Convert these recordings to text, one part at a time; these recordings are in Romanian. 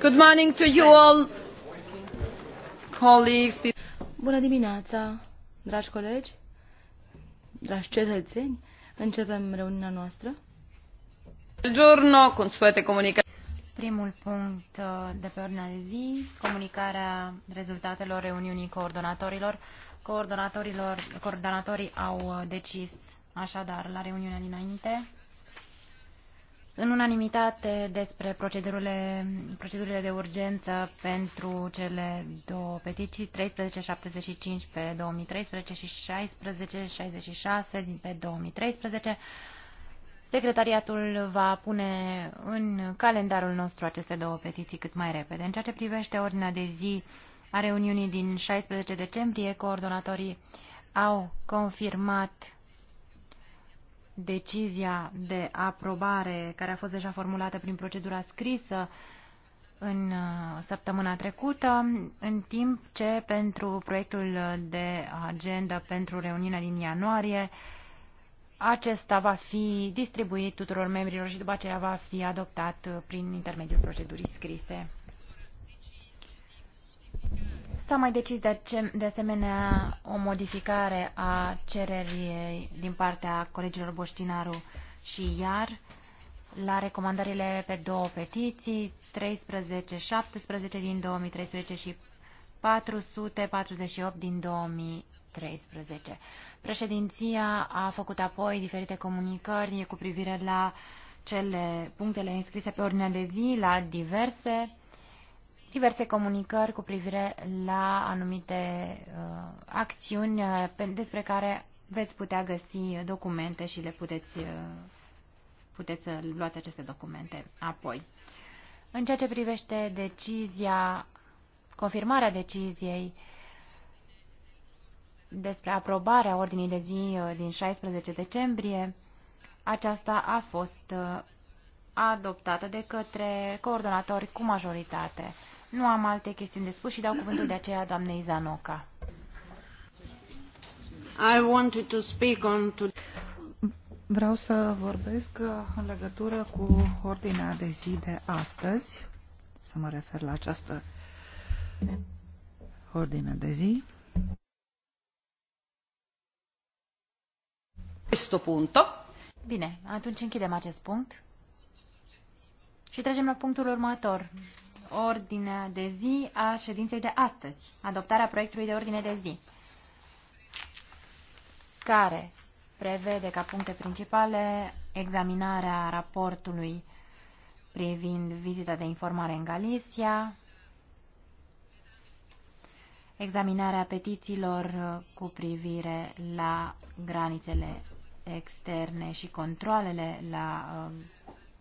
Good morning to you all, colleagues. Bună dimineața, dragi colegi, dragi cetățeni. Începem reuniunea noastră. Il giorno, consuete comunicare. Primul punct uh, de pe ordinea de zi, comunicarea rezultatelor reuniunii coordonatorilor. Coordonatorilor, coordonatorii au uh, decis așadar la reuniunea dinainte în unanimitate despre procedurile, procedurile de urgență pentru cele două petiții, 1375 pe 2013 și 1666 pe 2013. Secretariatul va pune în calendarul nostru aceste două petiții cât mai repede. În ceea ce privește ordinea de zi a reuniunii din 16 decembrie, coordonatorii au confirmat decizia de aprobare care a fost deja formulată prin procedura scrisă în uh, săptămâna trecută, în timp ce pentru proiectul de agenda pentru reuniunea din ianuarie, acesta va fi distribuit tuturor membrilor și după aceea va fi adoptat prin intermediul procedurii scrise. S-a mai decis de, de asemenea o modificare a cererii din partea colegilor Boștinaru și Iar la recomandările pe două petiții, 13-17 din 2013 și 448 din 2013. Președinția a făcut apoi diferite comunicări cu privire la cele punctele înscrise pe ordinea de zi, la diverse diverse comunicări cu privire la anumite uh, acțiuni uh, pe, despre care veți putea găsi documente și le puteți, uh, puteți să luați aceste documente apoi. În ceea ce privește decizia, confirmarea deciziei despre aprobarea ordinii de zi uh, din 16 decembrie, aceasta a fost uh, adoptată de către coordonatori cu majoritate. Nu am alte chestiuni de spus și dau cuvântul de aceea doamnei Zanoca. I wanted to speak on to... Vreau să vorbesc în legătură cu ordinea de zi de astăzi, să mă refer la această ordine de zi. Bine, atunci închidem acest punct și trecem la punctul următor, ordinea de zi a ședinței de astăzi, adoptarea proiectului de ordine de zi, care prevede ca puncte principale examinarea raportului privind vizita de informare în Galicia, examinarea petițiilor cu privire la granițele externe și controlele la uh,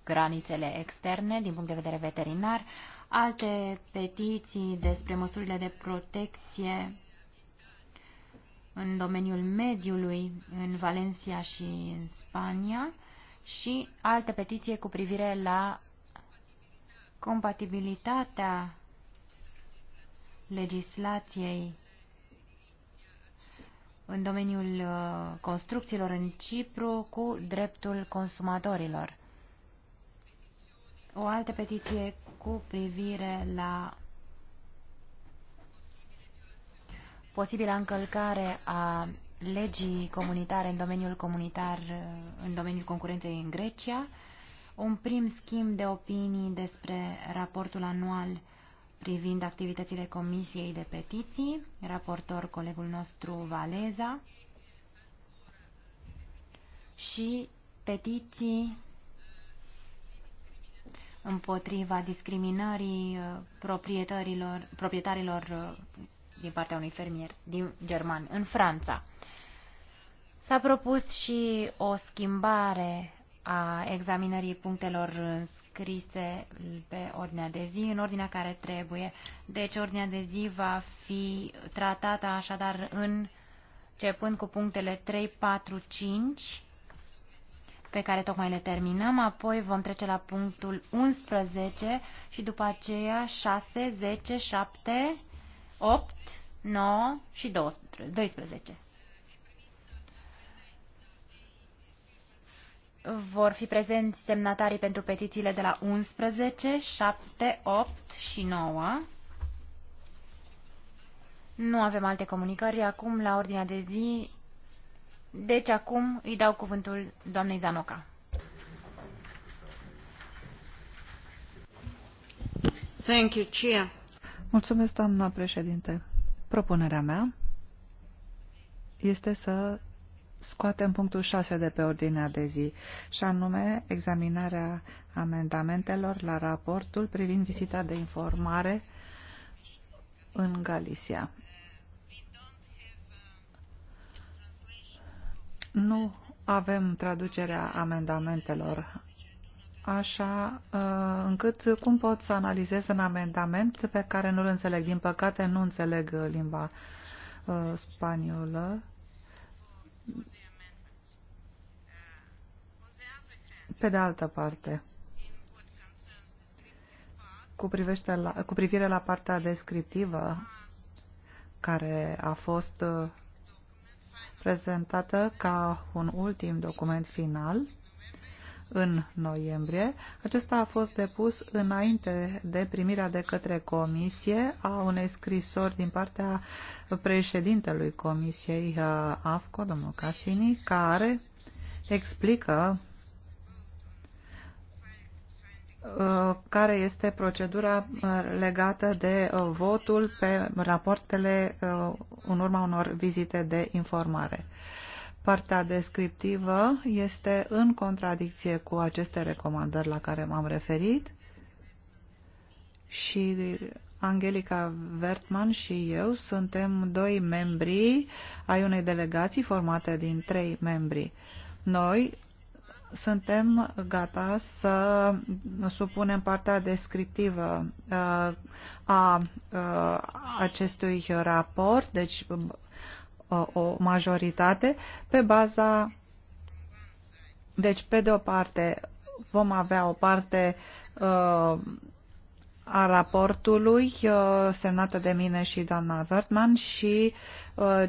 granițele externe din punct de vedere veterinar, alte petiții despre măsurile de protecție în domeniul mediului în Valencia și în Spania și alte petiție cu privire la compatibilitatea legislației în domeniul uh, construcțiilor în Cipru cu dreptul consumatorilor o altă petiție cu privire la posibilă încălcare a legii comunitare în domeniul comunitar, în domeniul concurenței în Grecia, un prim schimb de opinii despre raportul anual privind activitățile Comisiei de Petiții, raportor colegul nostru Valeza, și petiții împotriva discriminării uh, proprietarilor, proprietarilor uh, din partea unui fermier din german în Franța. S-a propus și o schimbare a examinării punctelor scrise pe ordinea de zi, în ordinea care trebuie. Deci ordinea de zi va fi tratată așadar în, începând cu punctele 3, 4, 5, pe care tocmai le terminăm, apoi vom trece la punctul 11 și după aceea 6, 10, 7, 8, 9 și 12. Vor fi prezenți semnatarii pentru petițiile de la 11, 7, 8 și 9. Nu avem alte comunicări. Acum, la ordinea de zi, deci acum îi dau cuvântul doamnei Zanoca. Thank you, Chia. Mulțumesc, doamna președinte. Propunerea mea este să scoatem punctul 6 de pe ordinea de zi, și anume examinarea amendamentelor la raportul privind vizita de informare în Galicia. Nu avem traducerea amendamentelor, așa uh, încât cum pot să analizez un amendament pe care nu-l înțeleg? Din păcate nu înțeleg uh, limba uh, spaniolă. Pe de altă parte, cu, privește la, cu privire la partea descriptivă care a fost prezentată ca un ultim document final în noiembrie. Acesta a fost depus înainte de primirea de către comisie a unei scrisori din partea președintelui comisiei uh, AFCO, domnul Casini, care explică Uh, care este procedura uh, legată de uh, votul pe rapoartele în urma unor vizite de informare. Partea descriptivă este în contradicție cu aceste recomandări la care m-am referit și Angelica Vertman și eu suntem doi membri ai unei delegații formate din trei membri. Noi suntem gata să supunem partea descriptivă uh, a uh, acestui raport, deci um, o majoritate, pe baza. Deci, pe de o parte, vom avea o parte uh, a raportului semnată de mine și doamna Wertmann și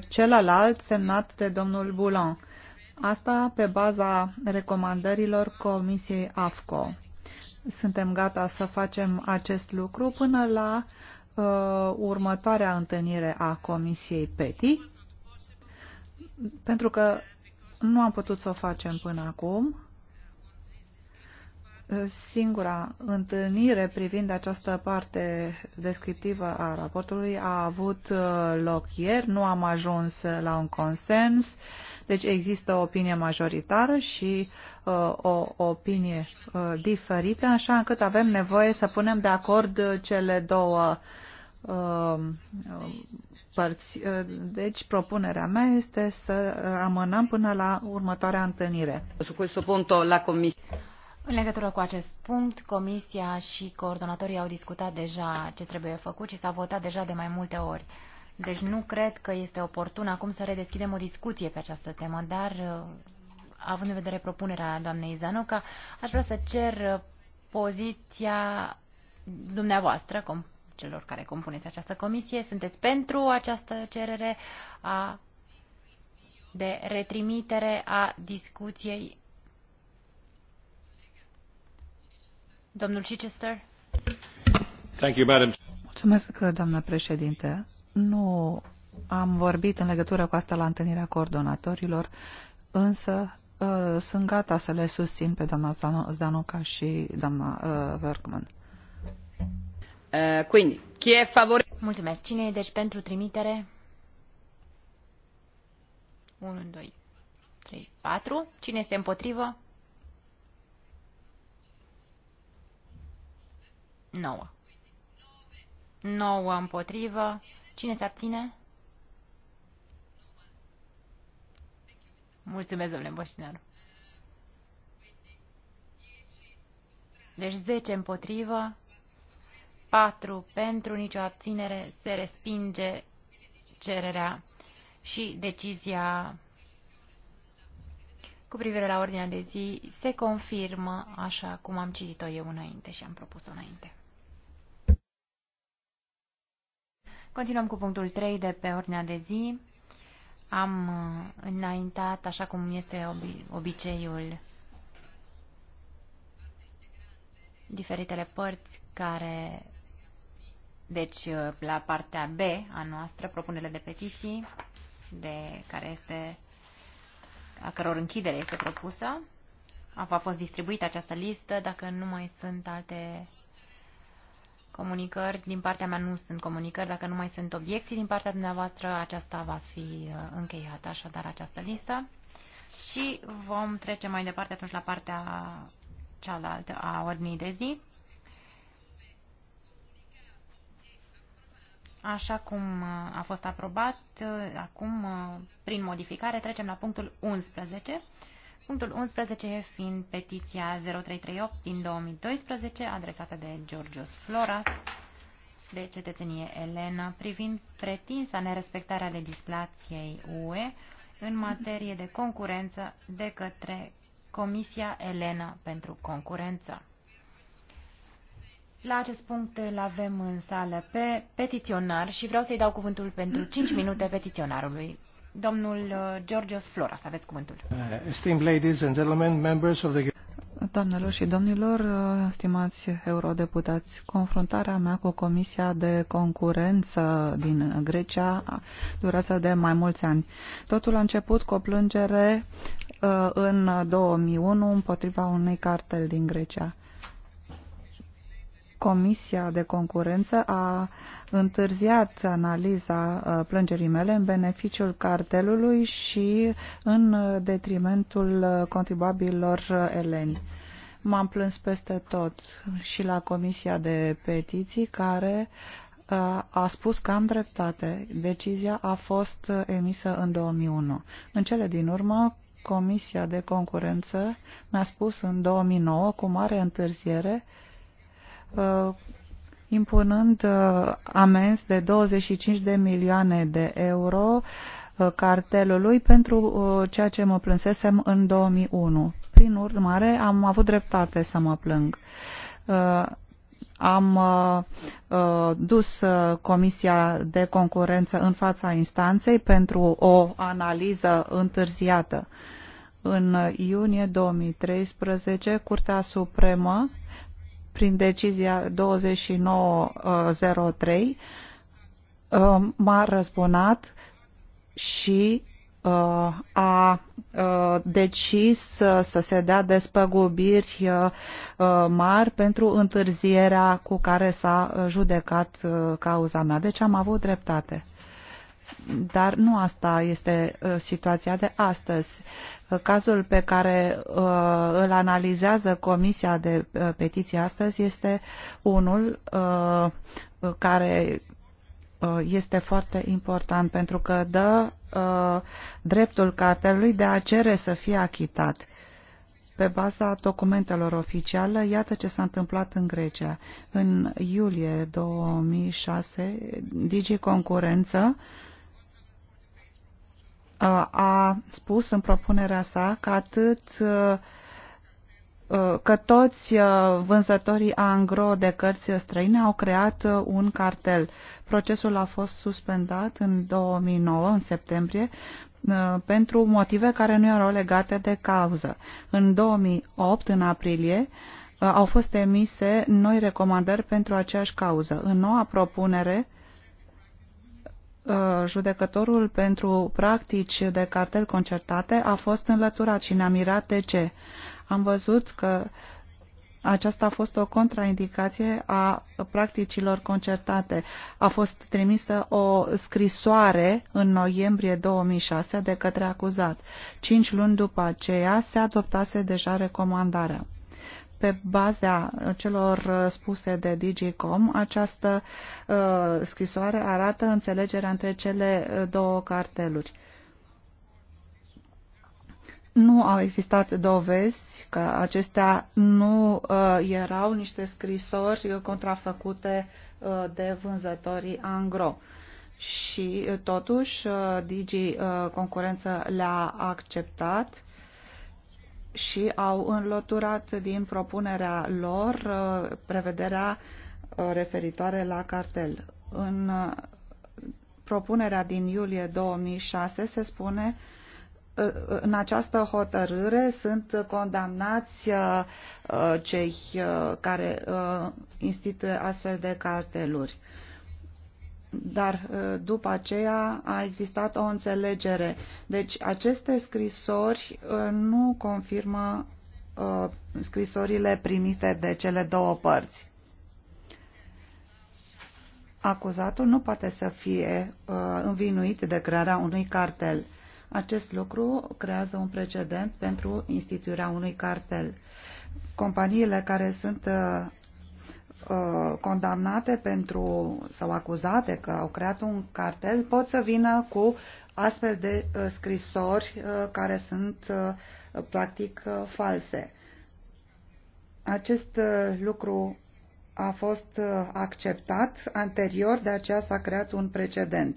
celălalt semnat de domnul Boulogne. Asta pe baza recomandărilor Comisiei AFCO. Suntem gata să facem acest lucru până la uh, următoarea întâlnire a Comisiei PETI, pentru că nu am putut să o facem până acum. Singura întâlnire privind această parte descriptivă a raportului a avut uh, loc ieri, nu am ajuns la un consens. Uh, deci există o opinie majoritară și uh, o opinie uh, diferită, așa încât avem nevoie să punem de acord cele două uh, părți. Uh, deci propunerea mea este să amânăm până la următoarea întâlnire. În legătură cu acest punct, Comisia și coordonatorii au discutat deja ce trebuie făcut și s-a votat deja de mai multe ori. Deci nu cred că este oportun acum să redeschidem o discuție pe această temă, dar uh, având în vedere propunerea doamnei Zanoca, aș vrea să cer uh, poziția dumneavoastră, cum celor care compuneți această comisie, sunteți pentru această cerere a, de retrimitere a discuției? Domnul Chichester? Thank you, madam. Mulțumesc, doamnă președinte. Nu am vorbit în legătură cu asta la întâlnirea coordonatorilor, însă uh, sunt gata să le susțin pe doamna Zanoca și doamna uh, Bergman. Uh, quindi, chi e favore... Mulțumesc. Cine e deci pentru trimitere? 1, 2, 3, 4. Cine este împotrivă? 9. 9 împotrivă. Cine se abține? Mulțumesc, domnule Boștinaru. Deci 10 împotrivă, 4 pentru, nicio abținere, se respinge cererea și decizia cu privire la ordinea de zi se confirmă așa cum am citit-o eu înainte și am propus-o înainte. Continuăm cu punctul 3 de pe ordinea de zi. Am uh, înaintat, așa cum este obi obiceiul, diferitele părți care, deci uh, la partea B a noastră, propunerile de petiții, de care este, a căror închidere este propusă. A fost distribuită această listă, dacă nu mai sunt alte comunicări. Din partea mea nu sunt comunicări. Dacă nu mai sunt obiecții din partea dumneavoastră, aceasta va fi uh, încheiată, așadar, această listă. Și vom trece mai departe atunci la partea cealaltă a ordinii de zi. Așa cum uh, a fost aprobat, uh, acum, prin modificare, trecem la punctul 11 Punctul 11 fiind petiția 0338 din 2012, adresată de Georgios Floras, de cetățenie Elena, privind pretinsa nerespectarea legislației UE în materie de concurență de către Comisia Elena pentru Concurență. La acest punct îl avem în sală pe petiționar și vreau să-i dau cuvântul pentru 5 minute petiționarului. Domnul uh, Georgios Floras, aveți cuvântul. Uh, esteemed Doamnelor și domnilor, uh, stimați eurodeputați, confruntarea mea cu Comisia de Concurență din Grecia durează de mai mulți ani. Totul a început cu o plângere în 2001 împotriva unui cartel din Grecia. Comisia de Concurență a întârziat analiza uh, plângerii mele în beneficiul cartelului și în detrimentul uh, contribuabililor uh, eleni. M-am plâns peste tot și la Comisia de Petiții care a spus că am dreptate. Decizia a fost emisă în 2001. În cele din urmă, Comisia de Concurență mi-a spus în 2009, cu mare întârziere, Uh, impunând uh, amenzi de 25 de milioane de euro uh, cartelului pentru ceea ce mă plânsesem în 2001. Prin urmare, am avut dreptate să mă plâng. Am dus Comisia de Concurență în fața instanței pentru o analiză întârziată. În iunie 2013, Curtea Supremă prin decizia 2903 uh, uh, m-a răzbunat și uh, a decis să se dea despăgubiri mari pentru întârzierea cu care s-a judecat cauza mea. Deci am avut dreptate. Dar nu asta este uh, situația de astăzi. Cazul pe care uh, îl analizează Comisia de uh, Petiție astăzi este unul care este foarte important pentru că dă dreptul cartelului de a cere să fie achitat pe baza documentelor oficiale, iată ce s-a întâmplat în Grecia. În iulie 2006, Digi Concurență a spus în propunerea sa că atât uh, că toți uh, vânzătorii angro de cărți străine au creat uh, un cartel. Procesul a fost suspendat în 2009, în septembrie, pentru motive care nu erau legate de cauză. În 2008, în aprilie, au fost emise noi recomandări pentru aceeași cauză. În noua propunere, Uh, judecătorul pentru practici de cartel concertate a fost înlăturat și ne-am mirat de ce. Am văzut că aceasta a fost o contraindicație a practicilor concertate. A fost trimisă o scrisoare în noiembrie 2006 de către acuzat. Cinci luni după aceea se adoptase deja recomandarea pe baza celor spuse de DigiCom, această uh, scrisoare arată înțelegerea între cele uh, două carteluri. Nu au existat dovezi că acestea nu uh, erau niște scrisori contrafăcute uh, de vânzătorii angro. Și uh, totuși, uh, Digi Concurență le-a acceptat și au înlăturat din propunerea lor uh, prevederea uh, referitoare la cartel. În uh, propunerea din iulie 2006 se spune în această hotărâre sunt condamnați cei care instituie astfel de carteluri dar uh, după aceea a existat o înțelegere. Deci aceste scrisori uh, nu confirmă uh, scrisorile primite de cele două părți. Acuzatul nu poate să fie învinuit de crearea unui cartel. Acest lucru creează un precedent pentru instituirea unui cartel. Companiile care sunt Uh, condamnate pentru sau acuzate că au creat un cartel pot să vină cu astfel de uh, scrisori uh, care sunt practic false. Acest lucru a fost acceptat anterior, de aceea s-a creat un precedent.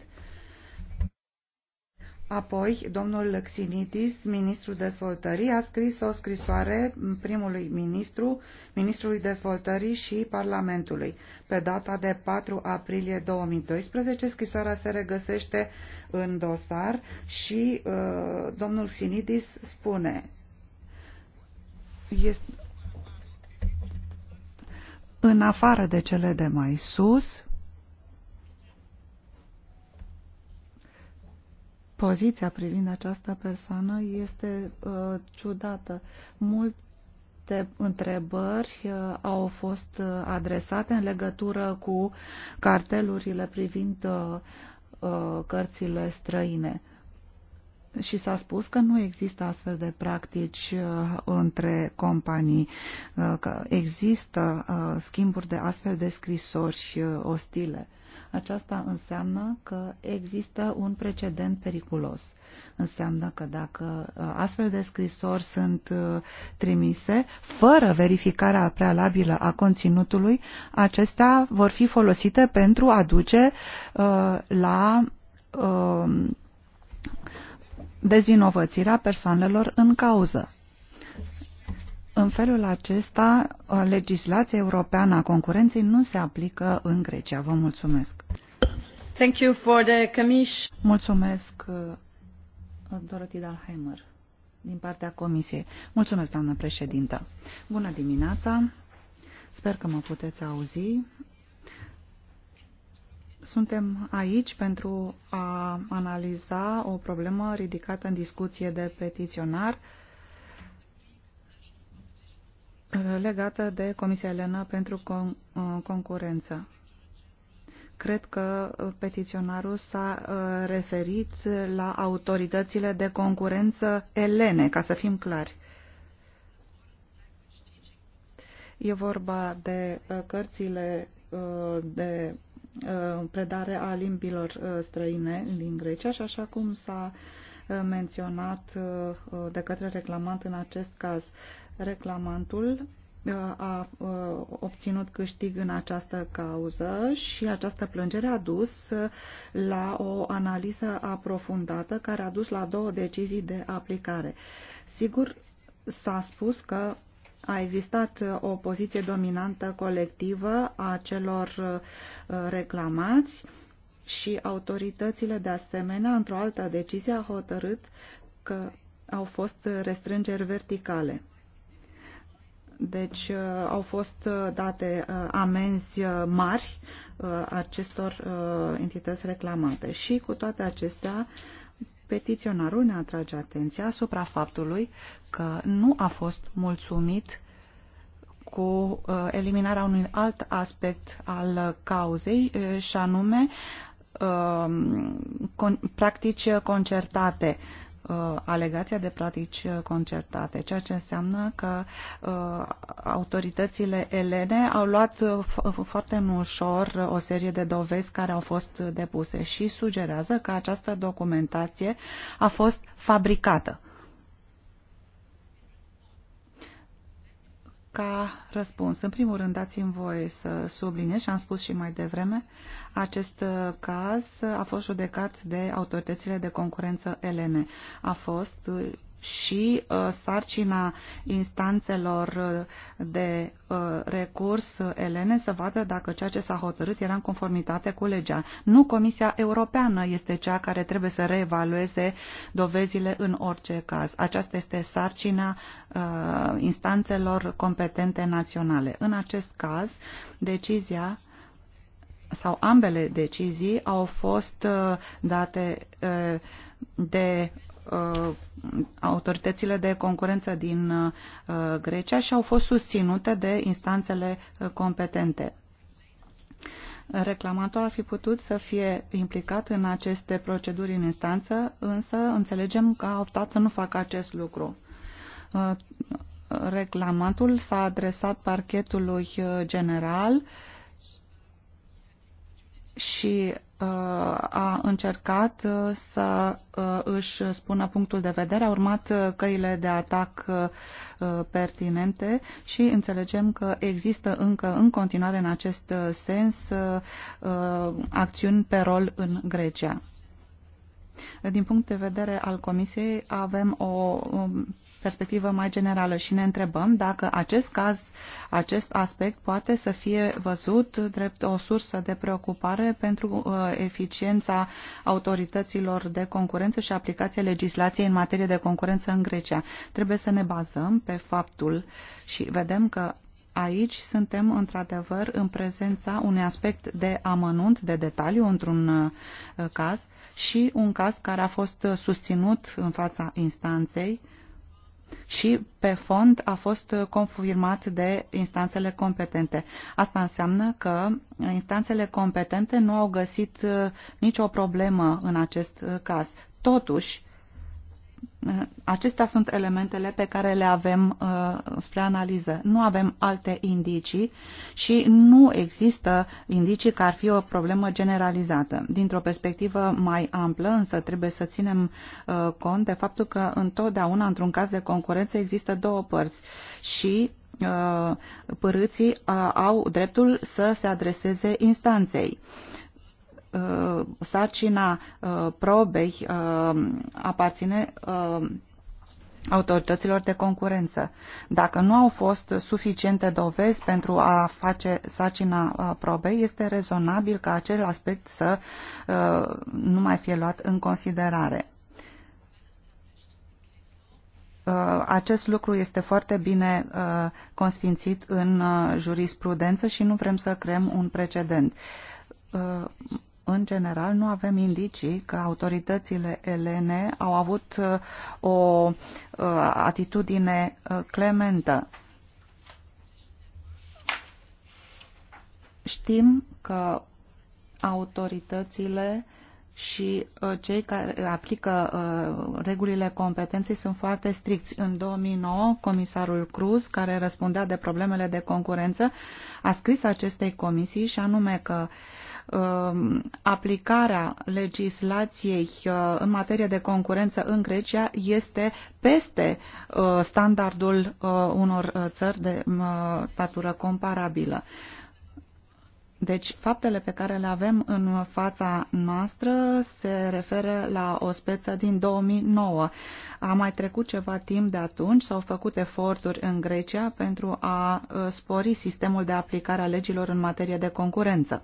Apoi, domnul Xinitis, ministrul dezvoltării, a scris o scrisoare primului ministru, ministrului dezvoltării și Parlamentului. Pe data de 4 aprilie 2012, scrisoarea se regăsește în dosar și uh, domnul Xinitis spune este, în afară de cele de mai sus, Poziția privind această persoană este uh, ciudată. Multe întrebări uh, au fost uh, adresate în legătură cu cartelurile privind uh, uh, cărțile străine. Și s-a spus că nu există astfel de practici uh, între companii, uh, că există uh, schimburi de astfel de scrisori uh, ostile. Uh, aceasta înseamnă că există un precedent periculos. Înseamnă că dacă uh, astfel de scrisori sunt uh, trimise, fără verificarea prealabilă a conținutului, acestea vor fi folosite pentru a duce uh, la uh, dezvinovățirea persoanelor în cauză. În felul acesta, legislația europeană a concurenței nu se aplică în Grecia. Vă mulțumesc. Thank you for the commission. Mulțumesc, uh, Dorothy Dalheimer, din partea Comisiei. Mulțumesc, doamnă președintă. Bună dimineața. Sper că mă puteți auzi. Suntem aici pentru a analiza o problemă ridicată în discuție de petiționar, legată de Comisia Elena pentru con uh, concurență. Cred că petiționarul s-a uh, referit la autoritățile de concurență elene, ca să fim clari. E vorba de uh, cărțile de predare a limbilor străine din Grecia și așa cum s-a menționat de către reclamant în acest caz reclamantul uh, a uh, obținut câștig în această cauză și această plângere a dus uh, la o analiză aprofundată care a dus la două decizii de aplicare. Sigur, s-a spus că a existat o poziție dominantă colectivă a celor reclamați și autoritățile de asemenea, într-o altă decizie, a hotărât că au fost restrângeri verticale. Deci uh, au fost uh, date uh, amenzi mari acestor entități reclamante și cu toate acestea petiționarul ne atrage atenția asupra faptului că nu a fost mulțumit cu eliminarea unui alt aspect al cauzei și anume practici concertate Uh, alegația de practici uh, concertate, ceea ce înseamnă că uh, autoritățile elene au luat foarte în ușor o serie de dovezi care au fost depuse și sugerează că această documentație a fost fabricată. ca răspuns. În primul rând, dați-mi voie să subliniez și am spus și mai devreme, acest caz a fost judecat de autoritățile de concurență elene. A fost și uh, sarcina instanțelor uh, de uh, recurs elene să vadă dacă ceea ce s-a hotărât era în conformitate cu legea. Nu Comisia Europeană este cea care trebuie să reevalueze dovezile în orice caz. Aceasta este sarcina instanțelor competente naționale. În acest caz, decizia sau ambele decizii au fost date de Uh, autoritățile de concurență din uh, Grecia și au fost susținute de instanțele uh, competente. Reclamatorul ar fi putut să fie implicat în aceste proceduri în instanță, însă înțelegem că a optat să nu facă acest lucru. Reclamatul s-a adresat parchetului general și uh, a încercat uh, să uh, își spună punctul de vedere, a urmat căile de atac pertinente și înțelegem că există încă în continuare în acest sens acțiuni pe rol în Grecia. Din punct de vedere al Comisiei, avem o um, perspectivă mai generală și ne întrebăm dacă acest caz, acest aspect poate să fie văzut drept o sursă de preocupare pentru uh, eficiența autorităților de concurență și aplicația legislației în materie de concurență în Grecia. Trebuie să ne bazăm pe faptul și vedem că Aici suntem într-adevăr în prezența unui aspect de amănunt, de detaliu într-un uh, caz și un caz care a fost susținut în fața instanței și pe fond a fost confirmat de instanțele competente. Asta înseamnă că instanțele competente nu au găsit uh, nicio problemă în acest uh, caz. Totuși, Acestea sunt elementele pe care le avem uh, spre analiză. Nu avem alte indicii și nu există indicii că ar fi o problemă generalizată. Dintr-o perspectivă mai amplă, însă trebuie să ținem uh, cont de faptul că întotdeauna, într-un caz de concurență, există două părți și uh, părâții uh, au dreptul să se adreseze instanței. Uh, sarcina uh, probei uh, aparține autorităților de concurență. Dacă nu au fost suficiente dovezi pentru a face sacina probei, este rezonabil ca acel aspect să nu mai fie luat în considerare. Acest lucru este foarte bine consfințit în jurisprudență și nu vrem să creăm un precedent în general, nu avem indicii că autoritățile elene au avut uh, o uh, atitudine uh, clementă. Știm că autoritățile și cei care aplică regulile competenței sunt foarte stricți. În 2009, comisarul Cruz, care răspundea de problemele de concurență, a scris acestei comisii și anume că uh, Um, aplicarea legislației uh, în materie de concurență în Grecia este peste uh, standardul uh, unor țări de statură comparabilă. Deci, faptele pe care le avem în fața noastră se referă la o speță din 2009. A mai trecut ceva timp de atunci, s-au făcut eforturi în Grecia pentru a spori sistemul de aplicare a legilor în materie de concurență.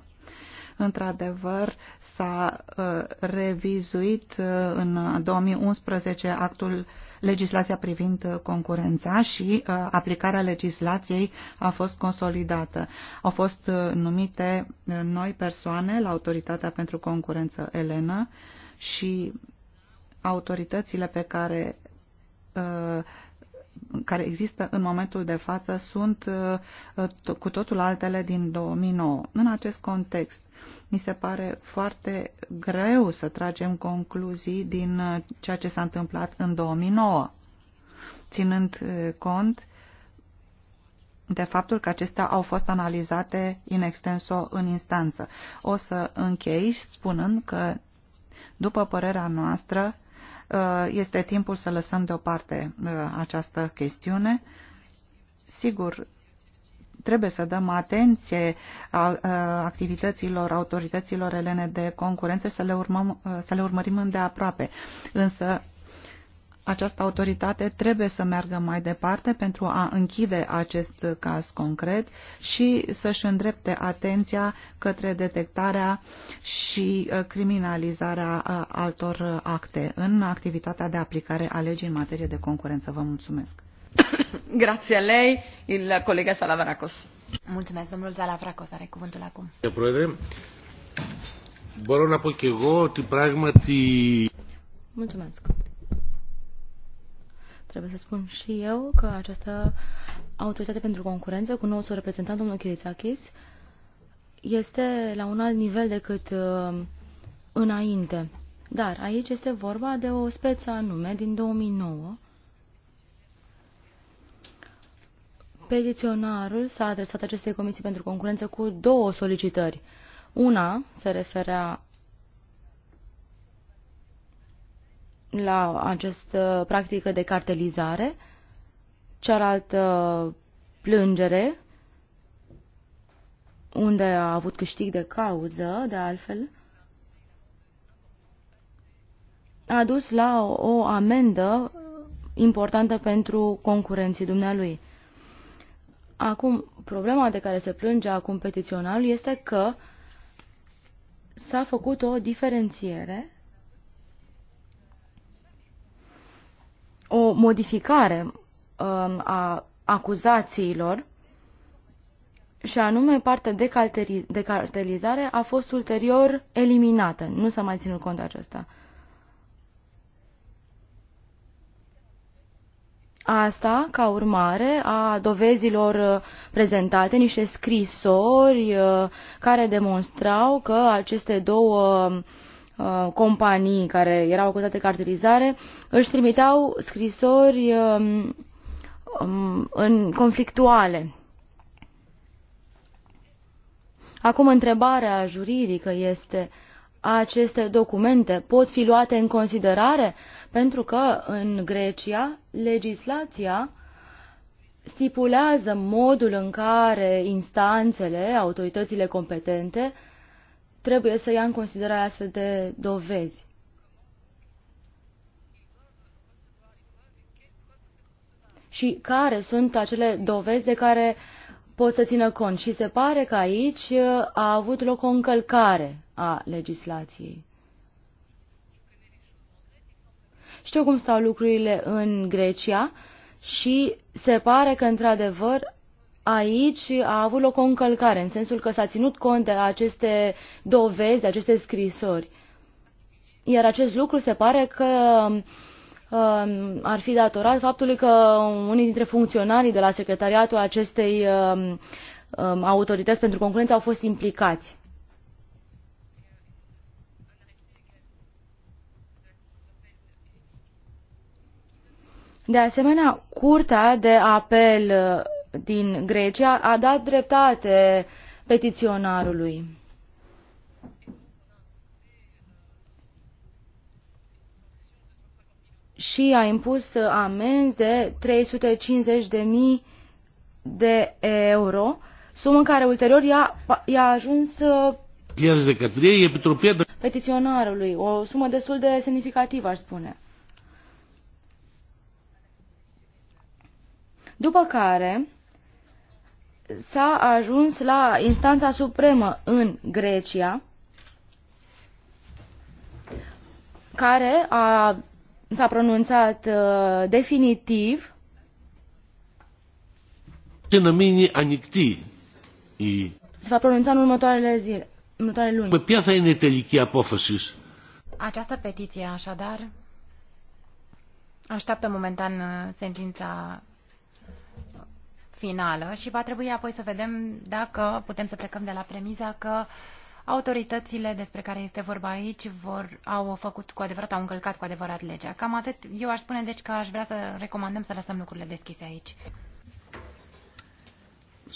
Într-adevăr, s-a uh, revizuit uh, în 2011 actul legislația privind uh, concurența și aplicarea legislației a fost consolidată. Au fost numite noi persoane la Autoritatea pentru Concurență Elena și autoritățile pe care care există în momentul de față sunt cu totul altele din 2009. În acest context, mi se pare foarte greu să tragem concluzii din uh, ceea ce s-a întâmplat în 2009, ținând uh, cont de faptul că acestea au fost analizate in extenso în instanță. O să închei spunând că, după părerea noastră, uh, este timpul să lăsăm deoparte această chestiune. Sigur, trebuie să dăm atenție a, a, activităților autorităților elene de concurență și să le, urmăm, să le urmărim îndeaproape. Însă această autoritate trebuie să meargă mai departe pentru a închide acest caz concret și să-și îndrepte atenția către detectarea și criminalizarea altor acte în activitatea de aplicare a legii în materie de concurență. Vă mulțumesc! a Mulțumesc, Μπορώ να πω και εγώ ότι πράγματι... Mulțumesc. Trebuie să spun și eu că această autoritate pentru concurență cu nou reprezentant, domnul Chirițachis, este la un alt nivel decât uh, înainte. Dar aici este vorba de o speță anume din 2009 Petiționarul s-a adresat acestei comisii pentru concurență cu două solicitări. Una se referea la această practică de cartelizare, cealaltă plângere, unde a avut câștig de cauză, de altfel, a dus la o amendă importantă pentru concurenții dumnealui. Acum, problema de care se plânge acum petiționalul este că s-a făcut o diferențiere, o modificare um, a acuzațiilor și anume partea de, de cartelizare a fost ulterior eliminată. Nu s-a mai ținut cont de aceasta. Asta ca urmare a dovezilor uh, prezentate, niște scrisori uh, care demonstrau că aceste două uh, companii care erau acuzate cartelizare își trimiteau scrisori um, um, în conflictuale. Acum întrebarea juridică este aceste documente pot fi luate în considerare? Pentru că în Grecia legislația stipulează modul în care instanțele, autoritățile competente, trebuie să ia în considerare astfel de dovezi. Și care sunt acele dovezi de care pot să țină cont? Și se pare că aici a avut loc o încălcare a legislației. Știu cum stau lucrurile în Grecia și se pare că, într-adevăr, aici a avut loc o încălcare, în sensul că s-a ținut cont de aceste dovezi, de aceste scrisori. Iar acest lucru se pare că um, ar fi datorat faptului că unii dintre funcționarii de la secretariatul acestei um, um, autorități pentru concurență au fost implicați. De asemenea, Curtea de Apel uh, din Grecia a dat dreptate petiționarului. și a impus uh, amenzi de 350.000 de euro, sumă care ulterior i-a, i-a ajuns uh, Petiționarului, o sumă destul de semnificativă, aș spune. După care s-a ajuns la instanța supremă în Grecia, care a, s-a pronunțat uh, definitiv ce numini anicti. Se va pronunța în următoarele zile, următoarele luni. Pe piața e netelichia apofăsis. Această petiție, așadar, așteaptă momentan uh, sentința finală și va trebui apoi să vedem dacă putem să plecăm de la premiza că autoritățile despre care este vorba aici vor, au făcut cu adevărat, au încălcat cu adevărat legea. Cam atât. Eu aș spune deci că aș vrea să recomandăm să lăsăm lucrurile deschise aici.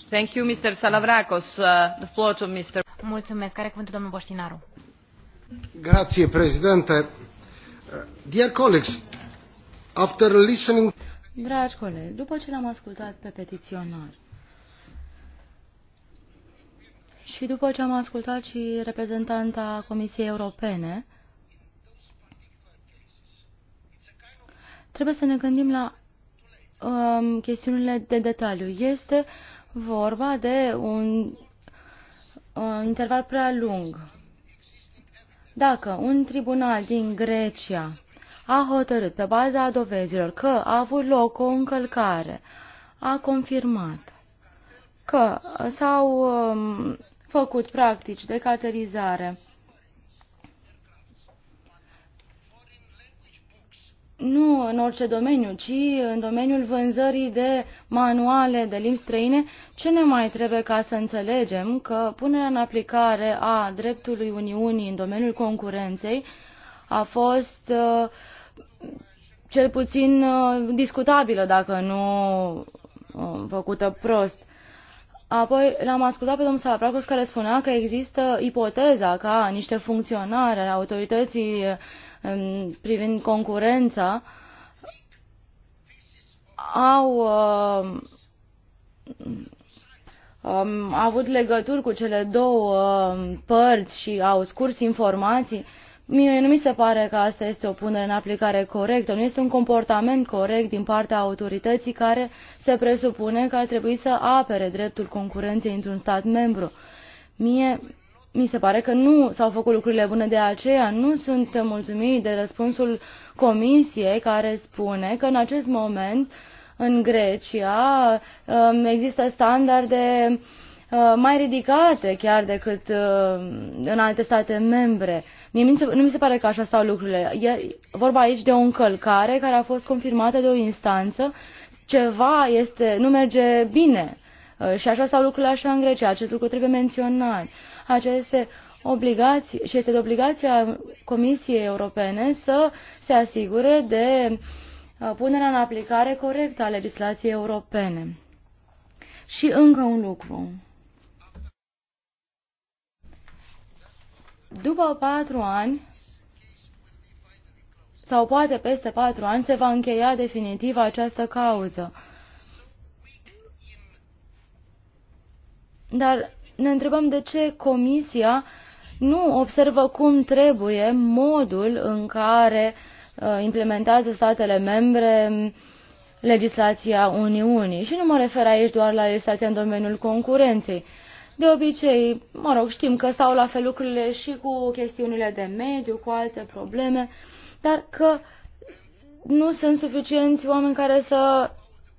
Thank you, Mr. Salavrakos. Uh, the floor to Mr. Mulțumesc. Care cuvântul domnul Boștinaru? Grazie, președinte. Uh, dear colleagues, after listening Dragi colegi, după ce l-am ascultat pe petiționar și după ce am ascultat și reprezentanta Comisiei Europene, trebuie să ne gândim la um, chestiunile de detaliu. Este vorba de un uh, interval prea lung. Dacă un tribunal din Grecia a hotărât pe baza dovezilor că a avut loc o încălcare, a confirmat că s-au um, făcut practici de caterizare. Nu în orice domeniu, ci în domeniul vânzării de manuale de limbi străine, ce ne mai trebuie ca să înțelegem că punerea în aplicare a dreptului Uniunii în domeniul concurenței a fost uh, cel puțin uh, discutabilă, dacă nu uh, făcută prost. Apoi l-am ascultat pe domnul Salapracos care spunea că există ipoteza ca niște funcționari ale autorității um, privind concurența au uh, um, avut legături cu cele două um, părți și au scurs informații. Mie nu mi se pare că asta este o punere în aplicare corectă, nu este un comportament corect din partea autorității care se presupune că ar trebui să apere dreptul concurenței într-un stat membru. Mie mi se pare că nu s-au făcut lucrurile bune, de aceea nu sunt mulțumit de răspunsul comisiei care spune că în acest moment în Grecia um, există standarde uh, mai ridicate chiar decât uh, în alte state membre Mie nu mi se pare că așa stau lucrurile. E vorba aici de o încălcare care a fost confirmată de o instanță. Ceva este, nu merge bine. Uh, și așa stau lucrurile așa în Grecia. Acest lucru trebuie menționat. Aceste obligații, și este de obligația Comisiei Europene să se asigure de uh, punerea în aplicare corectă a legislației europene. Și încă un lucru. După patru ani, sau poate peste patru ani, se va încheia definitiv această cauză. Dar ne întrebăm de ce Comisia nu observă cum trebuie modul în care uh, implementează statele membre um, legislația Uniunii. Și nu mă refer aici doar la legislația în domeniul concurenței. De obicei, mă rog, știm că stau la fel lucrurile și cu chestiunile de mediu, cu alte probleme, dar că nu sunt suficienți oameni care să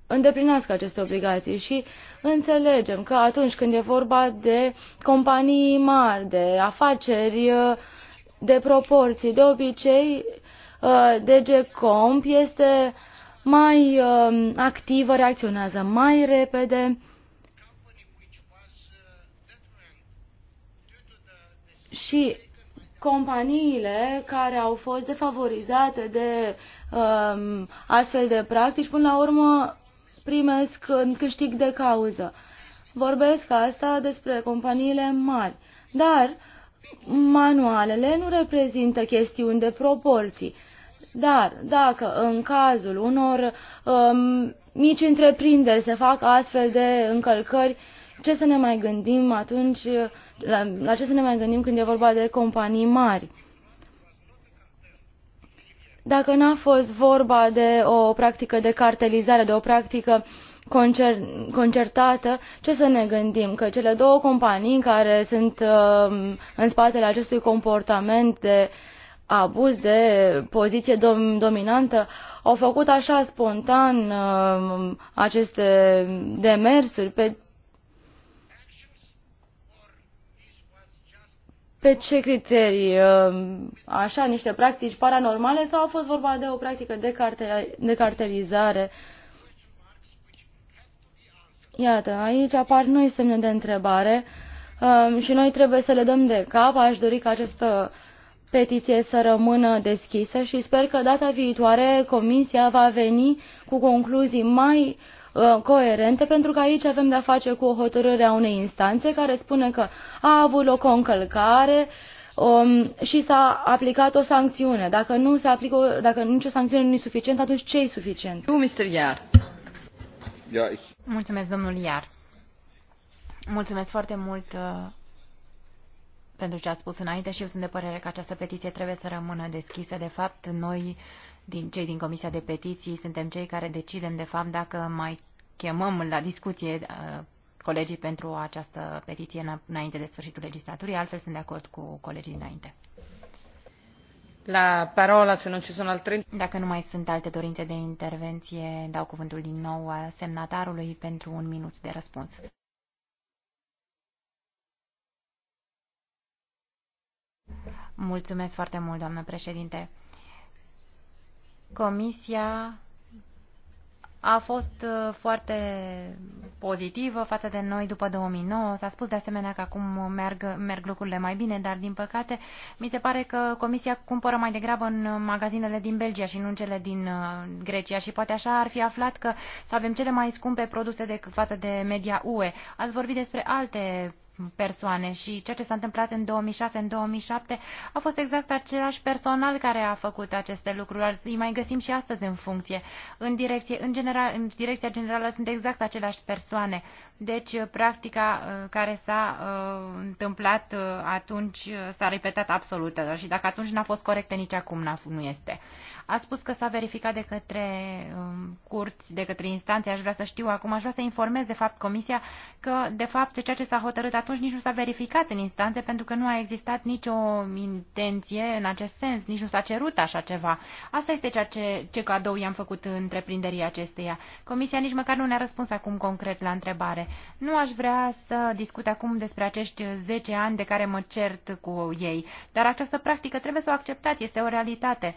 îndeplinească aceste obligații și înțelegem că atunci când e vorba de companii mari, de afaceri, uh, de proporții, de obicei uh, DG Comp este mai uh, activă, reacționează mai repede și companiile care au fost defavorizate de um, astfel de practici, până la urmă primesc câștig de cauză. Vorbesc asta despre companiile mari, dar manualele nu reprezintă chestiuni de proporții. Dar dacă în cazul unor um, mici întreprinderi se fac astfel de încălcări, ce să ne mai gândim atunci la, la ce să ne mai gândim când e vorba de companii mari? Dacă n-a fost vorba de o practică de cartelizare, de o practică concer, concertată, ce să ne gândim? Că cele două companii care sunt uh, în spatele acestui comportament de abuz, de poziție dom- dominantă, au făcut așa spontan uh, aceste demersuri pe Pe ce criterii? Ă, așa, niște practici paranormale sau a fost vorba de o practică de, cartel, de cartelizare? Iată, aici apar noi semne de întrebare ă, și noi trebuie să le dăm de cap. Aș dori ca această petiție să rămână deschisă și sper că data viitoare Comisia va veni cu concluzii mai uh, Uh, coerente, pentru că aici avem de-a face cu o hotărâre a unei instanțe care spune că a avut loc o încălcare um, și s-a aplicat o sancțiune. Dacă, nu se aplică, dacă nicio sancțiune nu e suficientă, atunci ce e suficient? Tu, Mr. Iar. Mulțumesc, domnul Iar. Mulțumesc foarte mult uh, pentru ce ați spus înainte și eu sunt de părere că această petiție trebuie să rămână deschisă. De fapt, noi din cei din Comisia de Petiții suntem cei care decidem, de fapt, dacă mai chemăm la discuție uh, colegii pentru această petiție înainte de sfârșitul legislaturii, altfel sunt de acord cu colegii dinainte. La parola, se nu ci sunt altri... Dacă nu mai sunt alte dorințe de intervenție, dau cuvântul din nou semnatarului pentru un minut de răspuns. Mulțumesc foarte mult, doamnă președinte. Comisia a fost uh, foarte pozitivă față de noi după 2009. S-a spus de asemenea că acum merg, merg lucrurile mai bine, dar din păcate mi se pare că Comisia cumpără mai degrabă în magazinele din Belgia și nu în cele din uh, Grecia și poate așa ar fi aflat că să avem cele mai scumpe produse de, față de media UE. Ați vorbit despre alte persoane și ceea ce s-a întâmplat în 2006-2007 în a fost exact același personal care a făcut aceste lucruri. Îi mai găsim și astăzi în funcție. În, direcție, în, general, în direcția generală sunt exact aceleași persoane. Deci, uh, practica uh, care s-a uh, întâmplat atunci s-a repetat absolut. Și dacă atunci n-a fost corectă, nici acum nu este. A spus că s-a verificat de către um, curți, de către instanțe. Aș vrea să știu acum, aș vrea să informez de fapt Comisia că de fapt ceea ce s-a hotărât atunci nici nu s-a verificat în instanțe pentru că nu a existat nicio intenție în acest sens, nici nu s-a cerut așa ceva. Asta este ceea ce, ce cadou i-am făcut întreprinderii acesteia. Comisia nici măcar nu ne-a răspuns acum concret la întrebare. Nu aș vrea să discut acum despre acești 10 ani de care mă cert cu ei, dar această practică trebuie să o acceptați, este o realitate.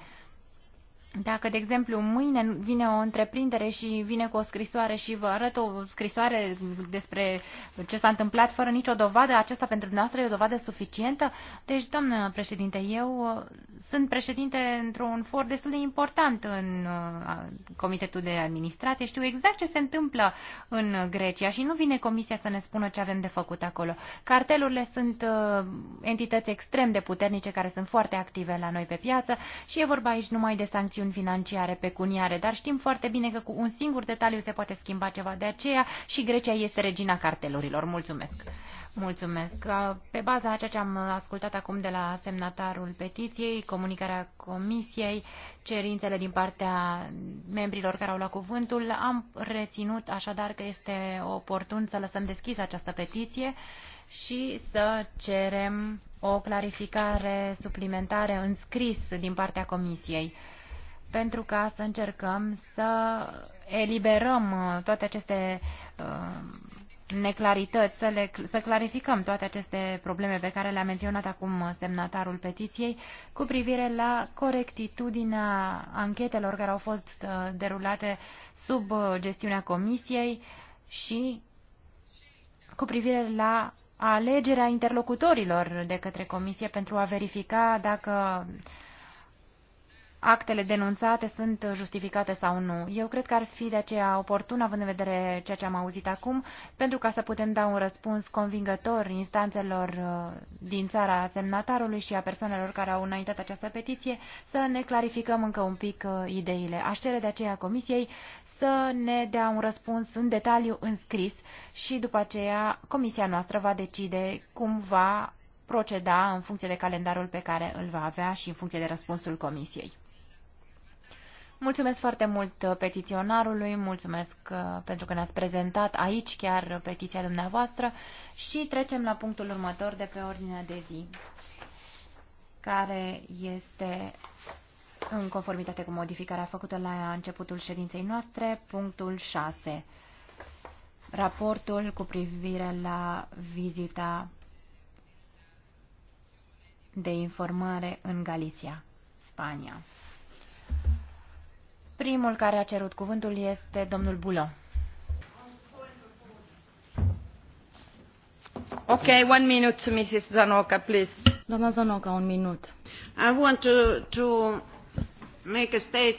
Dacă, de exemplu, mâine vine o întreprindere și vine cu o scrisoare și vă arăt o scrisoare despre ce s-a întâmplat fără nicio dovadă, aceasta pentru noastră e o dovadă suficientă? Deci, doamnă președinte, eu uh, sunt președinte într-un for destul de important în uh, Comitetul de Administrație, știu exact ce se întâmplă în Grecia și nu vine comisia să ne spună ce avem de făcut acolo. Cartelurile sunt uh, entități extrem de puternice care sunt foarte active la noi pe piață și e vorba aici numai de sancțiuni chestiuni financiare pecuniare, dar știm foarte bine că cu un singur detaliu se poate schimba ceva. De aceea și Grecia este regina cartelurilor. Mulțumesc! Mulțumesc. Pe baza a ceea ce am ascultat acum de la semnatarul petiției, comunicarea comisiei, cerințele din partea membrilor care au luat cuvântul, am reținut așadar că este oportun să lăsăm deschisă această petiție și să cerem o clarificare suplimentare în scris din partea comisiei pentru ca să încercăm să eliberăm uh, toate aceste uh, neclarități, să, le, să clarificăm toate aceste probleme pe care le-a menționat acum semnatarul petiției cu privire la corectitudinea anchetelor care au fost uh, derulate sub gestiunea comisiei și cu privire la alegerea interlocutorilor de către comisie pentru a verifica dacă uh, actele denunțate sunt justificate sau nu. Eu cred că ar fi de aceea oportun, având în vedere ceea ce am auzit acum, pentru ca să putem da un răspuns convingător instanțelor uh, din țara semnatarului și a persoanelor care au înaintat această petiție, să ne clarificăm încă un pic uh, ideile. Aș cere de aceea Comisiei să ne dea un răspuns în detaliu înscris. și după aceea Comisia noastră va decide cum va proceda în funcție de calendarul pe care îl va avea și în funcție de răspunsul Comisiei. Mulțumesc foarte mult uh, petiționarului, mulțumesc uh, pentru că ne-ați prezentat aici chiar petiția dumneavoastră și trecem la punctul următor de pe ordinea de zi, care este în conformitate cu modificarea făcută la începutul ședinței noastre, punctul 6. Raportul cu privire la vizita de informare în Galicia, Spania. Primul care a cerut cuvântul este domnul Bulon. Ok, one minute, Mrs. Zanoka, please. Doamna Zanoka, un minut. I want to, to make a state.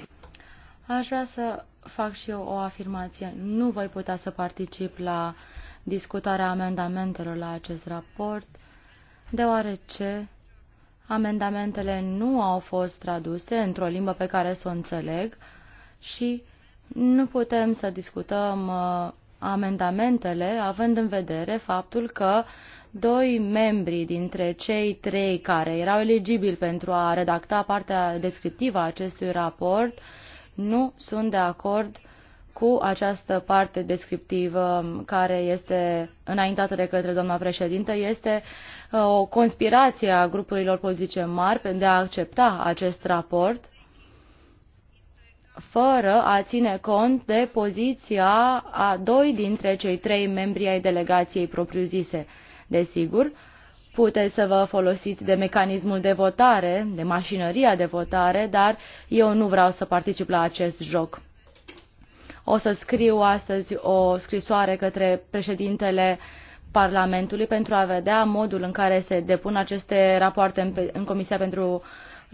Aș vrea să fac și eu o afirmație. Nu voi putea să particip la discutarea amendamentelor la acest raport, deoarece amendamentele nu au fost traduse într-o limbă pe care să o înțeleg, și nu putem să discutăm uh, amendamentele având în vedere faptul că doi membri dintre cei trei care erau eligibili pentru a redacta partea descriptivă a acestui raport nu sunt de acord cu această parte descriptivă care este înaintată de către doamna președintă. Este uh, o conspirație a grupurilor politice mari de a accepta acest raport fără a ține cont de poziția a doi dintre cei trei membri ai delegației propriu-zise. Desigur, puteți să vă folosiți de mecanismul de votare, de mașinăria de votare, dar eu nu vreau să particip la acest joc. O să scriu astăzi o scrisoare către președintele Parlamentului pentru a vedea modul în care se depun aceste rapoarte în, în Comisia pentru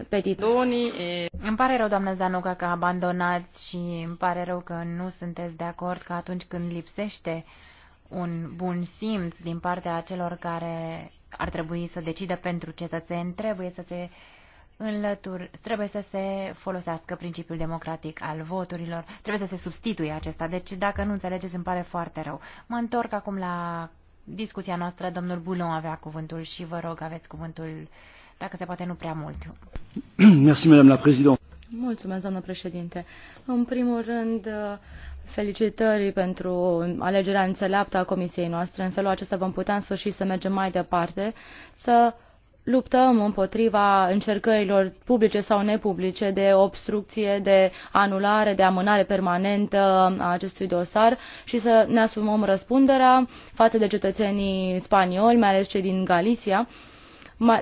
petiții. Îmi pare rău, doamnă Zanuca, că abandonați și îmi pare rău că nu sunteți de acord că atunci când lipsește un bun simț din partea celor care ar trebui să decidă pentru cetățeni, trebuie să se înlătur, trebuie să se folosească principiul democratic al voturilor, trebuie să se substituie acesta. Deci, dacă nu înțelegeți, îmi pare foarte rău. Mă întorc acum la discuția noastră. Domnul Bulon avea cuvântul și vă rog, aveți cuvântul dacă se poate nu prea mult. la Mulțumesc, doamnă președinte. În primul rând, felicitări pentru alegerea înțeleaptă a comisiei noastre. În felul acesta vom putea în sfârșit să mergem mai departe, să luptăm împotriva încercărilor publice sau nepublice de obstrucție, de anulare, de amânare permanentă a acestui dosar și să ne asumăm răspunderea față de cetățenii spanioli, mai ales cei din Galicia,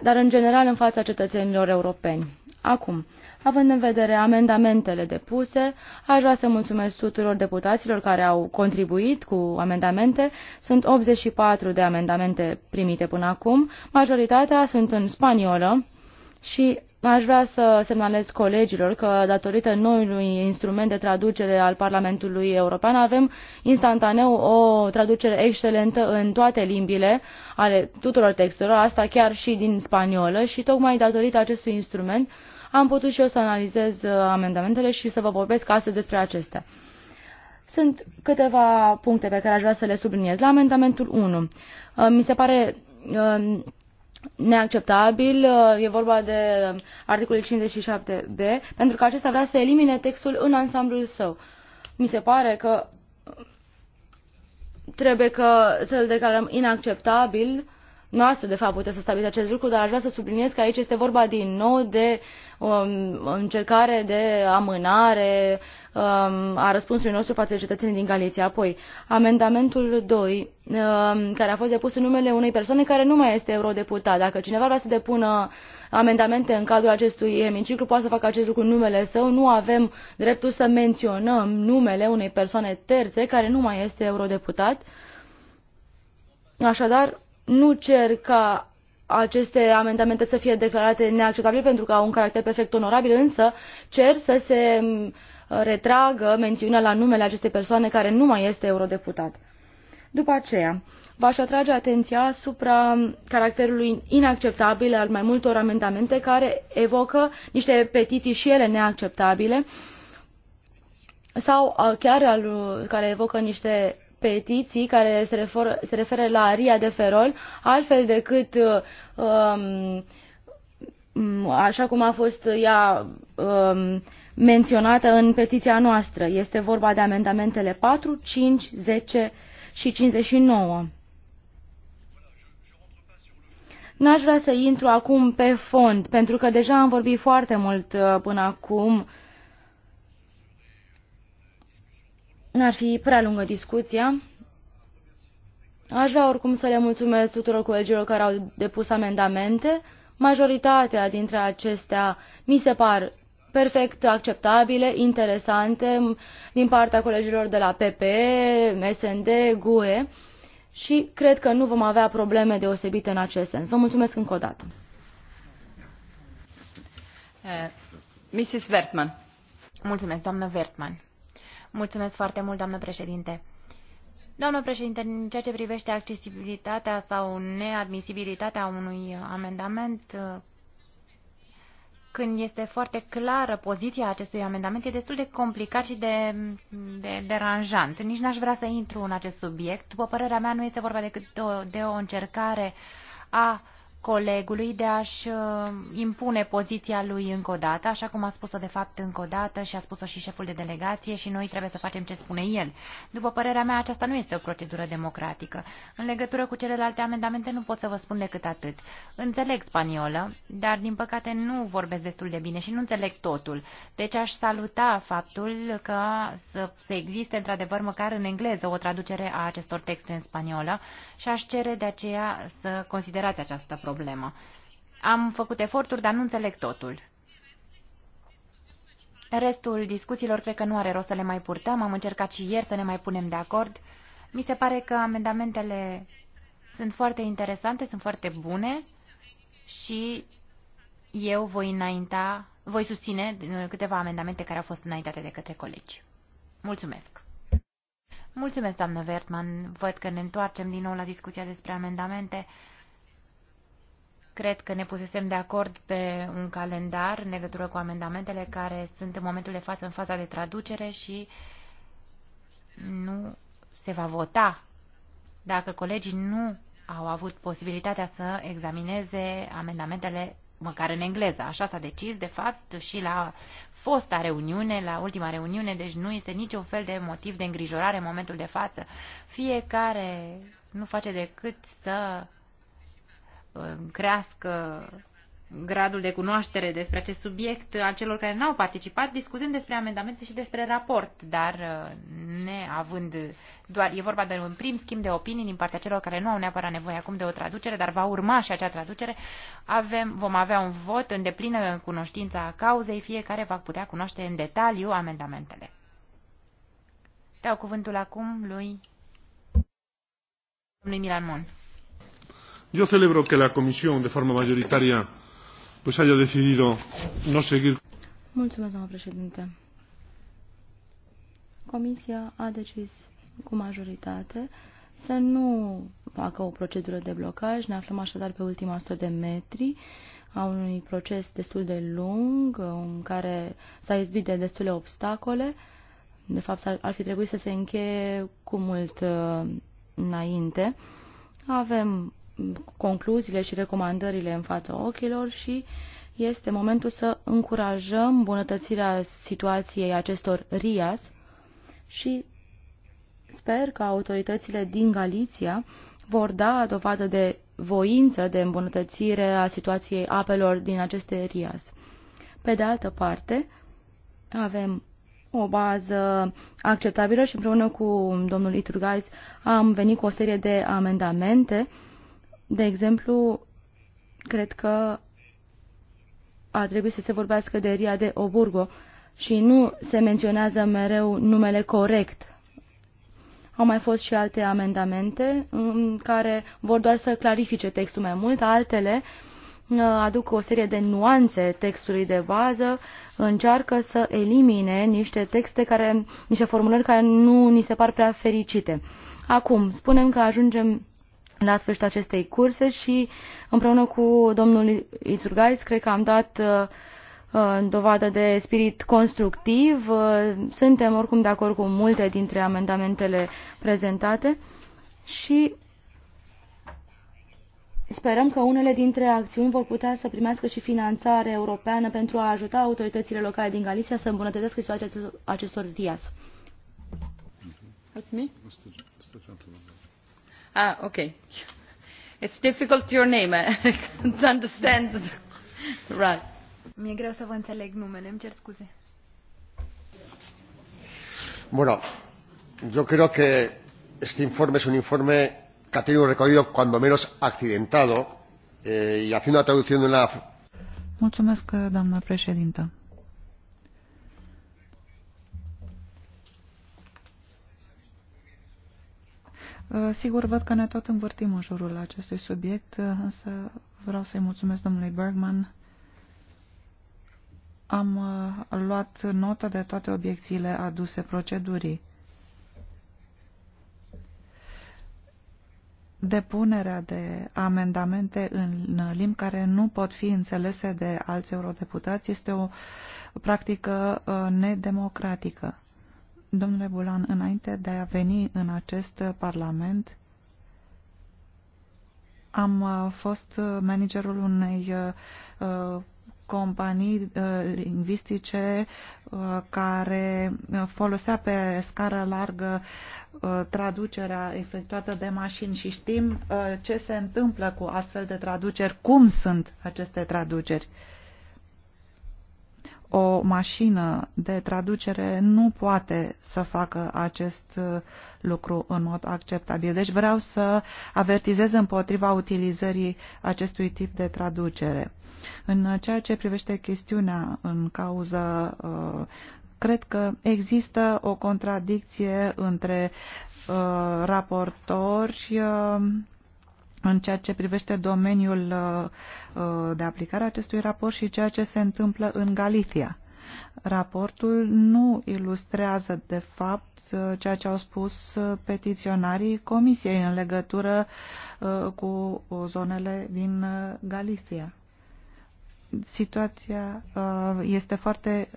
dar în general în fața cetățenilor europeni. Acum, având în vedere amendamentele depuse, aș vrea să mulțumesc tuturor deputaților care au contribuit cu amendamente. Sunt 84 de amendamente primite până acum, majoritatea sunt în spaniolă și Aș vrea să semnalez colegilor că, datorită noului instrument de traducere al Parlamentului European, avem instantaneu o traducere excelentă în toate limbile ale tuturor textelor, asta chiar și din spaniolă și tocmai datorită acestui instrument am putut și eu să analizez uh, amendamentele și să vă vorbesc astăzi despre acestea. Sunt câteva puncte pe care aș vrea să le subliniez. La amendamentul 1, uh, mi se pare uh, neacceptabil, uh, e vorba de um, articolul 57b, pentru că acesta vrea să elimine textul în ansamblul său. Mi se pare că um, trebuie că să-l declarăm inacceptabil uh, noastră, de fapt, puteți să stabiliți acest lucru, dar aș vrea să subliniez că aici este vorba din nou de um, încercare de amânare um, a răspunsului nostru față de cetățenii din Galiția. Apoi, amendamentul 2, um, care a fost depus în numele unei persoane care nu mai este eurodeputat. Dacă cineva vrea să depună amendamente în cadrul acestui emiciclu, poate să facă acest lucru în numele său. Nu avem dreptul să menționăm numele unei persoane terțe care nu mai este eurodeputat. Așadar, nu cer ca aceste amendamente să fie declarate neacceptabile pentru că au un caracter perfect onorabil, însă cer să se mm, retragă mențiunea la numele acestei persoane care nu mai este eurodeputat. După aceea, v-aș atrage atenția asupra caracterului inacceptabil al mai multor amendamente care evocă niște petiții și ele neacceptabile sau chiar al, care evocă niște petiții care se, refer, se referă la Ria de Ferol, altfel decât um, așa cum a fost ea um, menționată în petiția noastră. Este vorba de amendamentele 4, 5, 10 și 59. N-aș vrea să intru acum pe fond, pentru că deja am vorbit foarte mult uh, până acum N-ar fi prea lungă discuția. Aș vrea oricum să le mulțumesc tuturor colegilor care au depus amendamente. Majoritatea dintre acestea mi se par perfect acceptabile, interesante din partea colegilor de la PP, SND, GUE și cred că nu vom avea probleme deosebite în acest sens. Vă mulțumesc încă o dată. Eh, Mrs. Wertmann. Mulțumesc, doamnă Wertmann. Mulțumesc foarte mult, doamnă președinte. Doamnă președinte, în ceea ce privește accesibilitatea sau neadmisibilitatea unui amendament, când este foarte clară poziția acestui amendament, e destul de complicat și de, de deranjant. Nici n-aș vrea să intru în acest subiect. După părerea mea, nu este vorba decât de o, de o încercare a uh, colegului de a-și uh, impune poziția lui încă o dată, așa cum a spus-o de fapt încă o dată și a spus-o și șeful de delegație și noi trebuie să facem ce spune el. După părerea mea, aceasta nu este o procedură democratică. În legătură cu celelalte amendamente nu pot să vă spun decât atât. Înțeleg spaniolă, dar din păcate nu vorbesc destul de bine și nu înțeleg totul. Deci aș saluta faptul că să, să existe într-adevăr măcar în engleză o traducere a acestor texte în spaniolă și aș cere de aceea să considerați această problemă problemă. Am făcut eforturi, dar nu înțeleg totul. Restul discuțiilor cred că nu are rost să le mai purtăm. Am încercat și ieri să ne mai punem de acord. Mi se pare că amendamentele sunt foarte interesante, sunt foarte bune și eu voi înainta, voi susține uh, câteva amendamente care au fost înaintate de către colegi. Mulțumesc! Mulțumesc, doamnă Vertman. Văd că ne întoarcem din nou la discuția despre amendamente. Cred că ne pusesem de acord pe un calendar în legătură cu amendamentele care sunt în momentul de față în faza de traducere și nu se va vota dacă colegii nu au avut posibilitatea să examineze amendamentele măcar în engleză. Așa s-a decis, de fapt, și la fosta reuniune, la ultima reuniune, deci nu este niciun fel de motiv de îngrijorare în momentul de față. Fiecare nu face decât să Uh, crească gradul de cunoaștere despre acest subiect a celor care n-au participat, discutând despre amendamente și despre raport, dar uh, neavând doar, e vorba de un prim schimb de opinii din partea celor care nu au neapărat nevoie acum de o traducere, dar va urma și acea traducere, avem, vom avea un vot în deplină cunoștință a cauzei, fiecare va putea cunoaște în detaliu amendamentele. Dau cuvântul acum lui domnului Milan Mon yo celebro que la comisión de forma mayoritaria pues haya decidido no seguir Mulțumesc, președinte. Comisia a decis cu majoritate să nu facă o procedură de blocaj. Ne aflăm așadar pe ultima 100 de metri a unui proces destul de lung, în care s-a izbit de destule obstacole. De fapt, ar fi trebuit să se încheie cu mult uh, înainte. Avem concluziile și recomandările în fața ochilor și este momentul să încurajăm bunătățirea situației acestor RIAS și sper că autoritățile din Galiția vor da dovadă de voință de îmbunătățire a situației apelor din aceste RIAS. Pe de altă parte, avem o bază acceptabilă și împreună cu domnul Iturgaiz am venit cu o serie de amendamente de exemplu, cred că ar trebui să se vorbească de Ria de Oburgo și nu se menționează mereu numele corect. Au mai fost și alte amendamente în care vor doar să clarifice textul mai mult, altele uh, aduc o serie de nuanțe textului de bază, încearcă să elimine niște texte care, niște formulări care nu ni se par prea fericite. Acum, spunem că ajungem la sfârșitul acestei curse și împreună cu domnul Isurgais cred că am dat uh, uh, dovadă de spirit constructiv. Uh, suntem oricum de acord cu multe dintre amendamentele prezentate și Sperăm că unele dintre acțiuni vor putea să primească și finanțare europeană pentru a ajuta autoritățile locale din Galicia să îmbunătățească situația acestor, DIAS. Help Ah, okay. It's difficult your name. Eh? to understand. Right. Mi-e greu să vă înțeleg numele, îmi cer scuze. Bueno, yo creo que este informe es un informe que ha tenido un recorrido cuando menos accidentado eh, y haciendo la traducción de una. Mulțumesc, doamnă președintă. Uh, sigur, văd că ne tot învârtim în jurul acestui subiect, uh, însă vreau să-i mulțumesc domnului Bergman. Am uh, luat notă de toate obiecțiile aduse procedurii. Depunerea de amendamente în limbi care nu pot fi înțelese de alți eurodeputați este o practică nedemocratică. Domnule Bulan, înainte de a veni în acest parlament, am uh, fost uh, managerul unei uh, companii lingvistice care folosea pe scară largă traducerea efectuată de mașini și știm ce se întâmplă cu astfel de traduceri, cum sunt aceste traduceri. Uh, o mașină de traducere nu poate să facă acest uh, lucru în mod acceptabil. Deci vreau să avertizez împotriva utilizării acestui tip de traducere. În ceea ce privește chestiunea în cauză, uh, cred că există o contradicție între uh, raportori în ceea ce privește domeniul uh, uh, de aplicare a acestui raport și ceea ce se întâmplă în Galicia. Raportul nu ilustrează, de fapt, uh, ceea ce au spus petiționarii Comisiei în legătură cu zonele din Galicia. Situația este foarte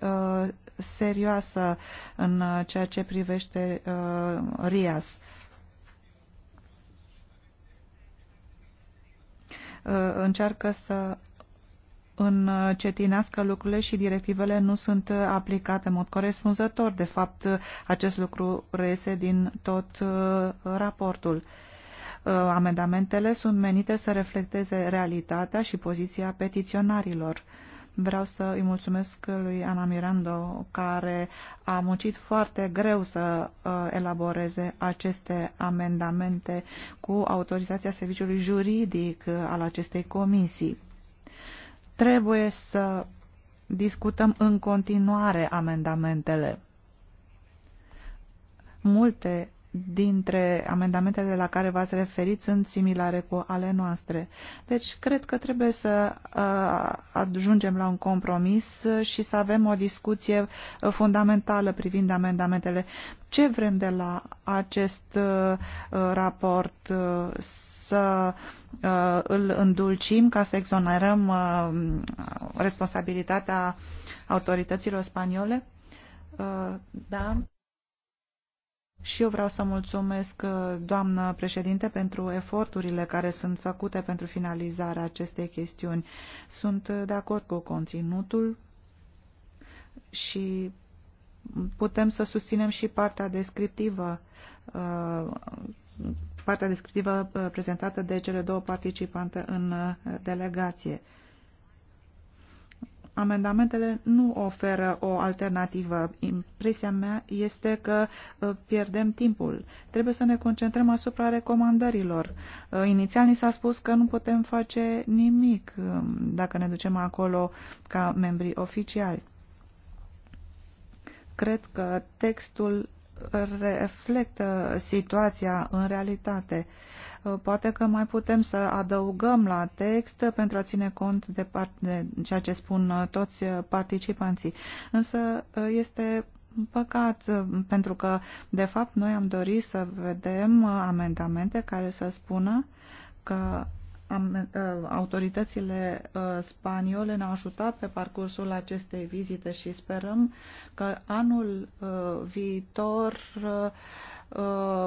serioasă în ceea ce privește RIAS Uh, încearcă să încetinească lucrurile și directivele nu sunt aplicate în mod corespunzător. De fapt, acest lucru reiese din tot uh, raportul. Uh, amendamentele sunt menite să reflecteze realitatea și poziția petiționarilor. Vreau să îi mulțumesc lui Ana Mirando, care a muncit foarte greu să uh, elaboreze aceste amendamente cu autorizația serviciului juridic uh, al acestei comisii. Trebuie să discutăm în continuare amendamentele. Multe dintre amendamentele la care v-ați referit sunt similare cu ale noastre. Deci, cred că trebuie să uh, ajungem la un compromis și să avem o discuție uh, fundamentală privind amendamentele. Ce vrem de la acest uh, raport? să îl îndulcim ca să exonerăm responsabilitatea autorităților spaniole? da. Și eu vreau să mulțumesc, uh, doamnă președinte, pentru eforturile care sunt făcute pentru finalizarea acestei chestiuni. Sunt uh, de acord cu conținutul și putem să susținem și partea descriptivă uh, partea descriptivă prezentată de cele două participante în delegație amendamentele nu oferă o alternativă. Impresia mea este că uh, pierdem timpul. Trebuie să ne concentrăm asupra recomandărilor. Uh, inițial ni s-a spus că nu putem face nimic um, dacă ne ducem acolo ca membri oficiali. Cred că textul reflectă situația în realitate. Uh, poate că mai putem să adăugăm la text pentru a ține cont de, part, de ceea ce spun uh, toți uh, participanții. Însă este păcat, pentru că, de fapt, noi am dorit să vedem amendamente care să spună că Uh, autoritățile uh, spaniole ne-au ajutat pe parcursul acestei vizite și sperăm că anul uh, viitor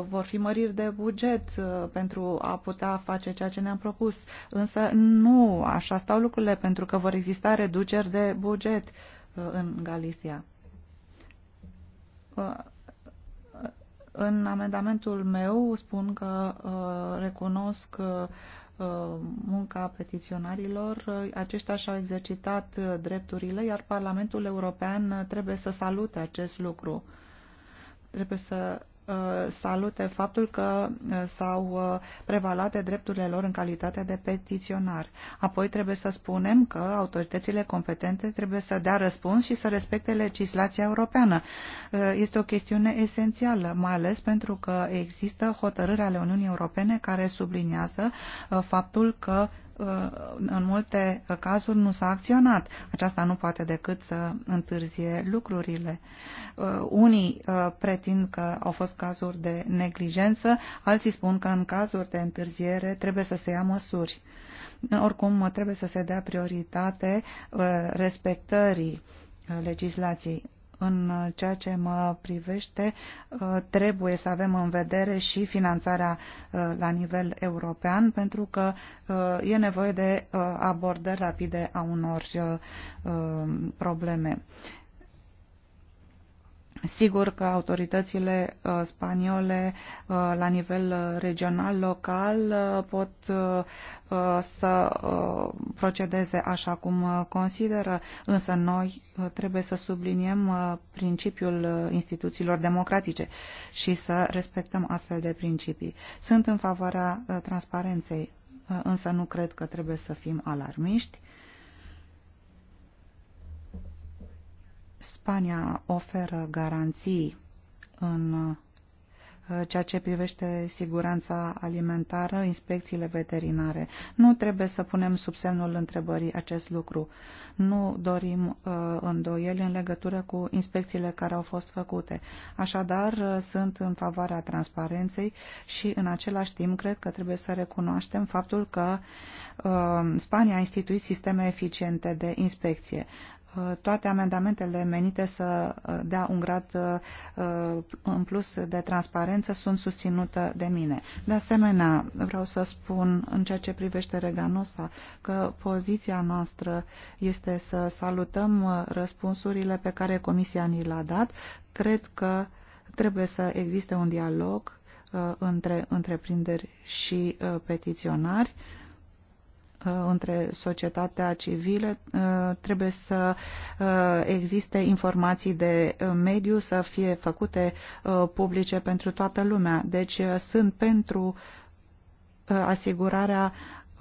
vor fi măriri de buget pentru a putea face ceea ce ne-am propus. Însă nu așa stau lucrurile, pentru că vor exista reduceri de buget în Galicia. În amendamentul meu spun că recunosc Uh, munca petiționarilor. Aceștia și-au exercitat drepturile, iar Parlamentul European trebuie să salute acest lucru. Trebuie să Uh, salute faptul că uh, s-au uh, prevalate drepturile lor în calitate de petiționar. Apoi trebuie să spunem că autoritățile competente trebuie să dea răspuns și să respecte legislația europeană. Este o chestiune esențială, mai ales pentru că există hotărâri ale Uniunii Europene care subliniază faptul că Uh, în multe cazuri nu s-a acționat. Aceasta nu poate decât să întârzie lucrurile. Uh, unii uh, pretind că au fost cazuri de neglijență, alții spun că în cazuri de întârziere trebuie să se ia măsuri. Oricum, trebuie să se dea prioritate respectării legislației în ceea ce mă privește, uh, trebuie să avem în vedere și finanțarea uh, la nivel european, pentru că uh, e nevoie de abordări rapide a unor probleme. Sigur că autoritățile uh, spaniole uh, la nivel uh, regional, local pot să procedeze așa cum consideră, însă noi trebuie să subliniem principiul instituțiilor democratice și să respectăm astfel de principii. Sunt în favoarea transparenței, însă nu cred că trebuie să fim alarmiști Spania oferă garanții în uh, ceea ce privește siguranța alimentară, inspecțiile veterinare. Nu trebuie să punem sub semnul întrebării acest lucru. Nu dorim uh, îndoieli în legătură cu inspecțiile care au fost făcute. Așadar, uh, sunt în favoarea transparenței și în același timp cred că trebuie să recunoaștem faptul că uh, Spania a instituit sisteme eficiente de inspecție toate amendamentele menite să uh, dea un grad uh, uh, în plus de transparență sunt susținute de mine. De asemenea, vreau să spun în ceea ce privește Reganosa că poziția noastră este să salutăm răspunsurile pe care Comisia ni le-a dat. Cred că trebuie să existe un dialog între întreprinderi și petiționari. Uh, între societatea civilă, uh, trebuie să uh, existe informații de mediu, să fie făcute publice pentru toată lumea. Deci sunt pentru asigurarea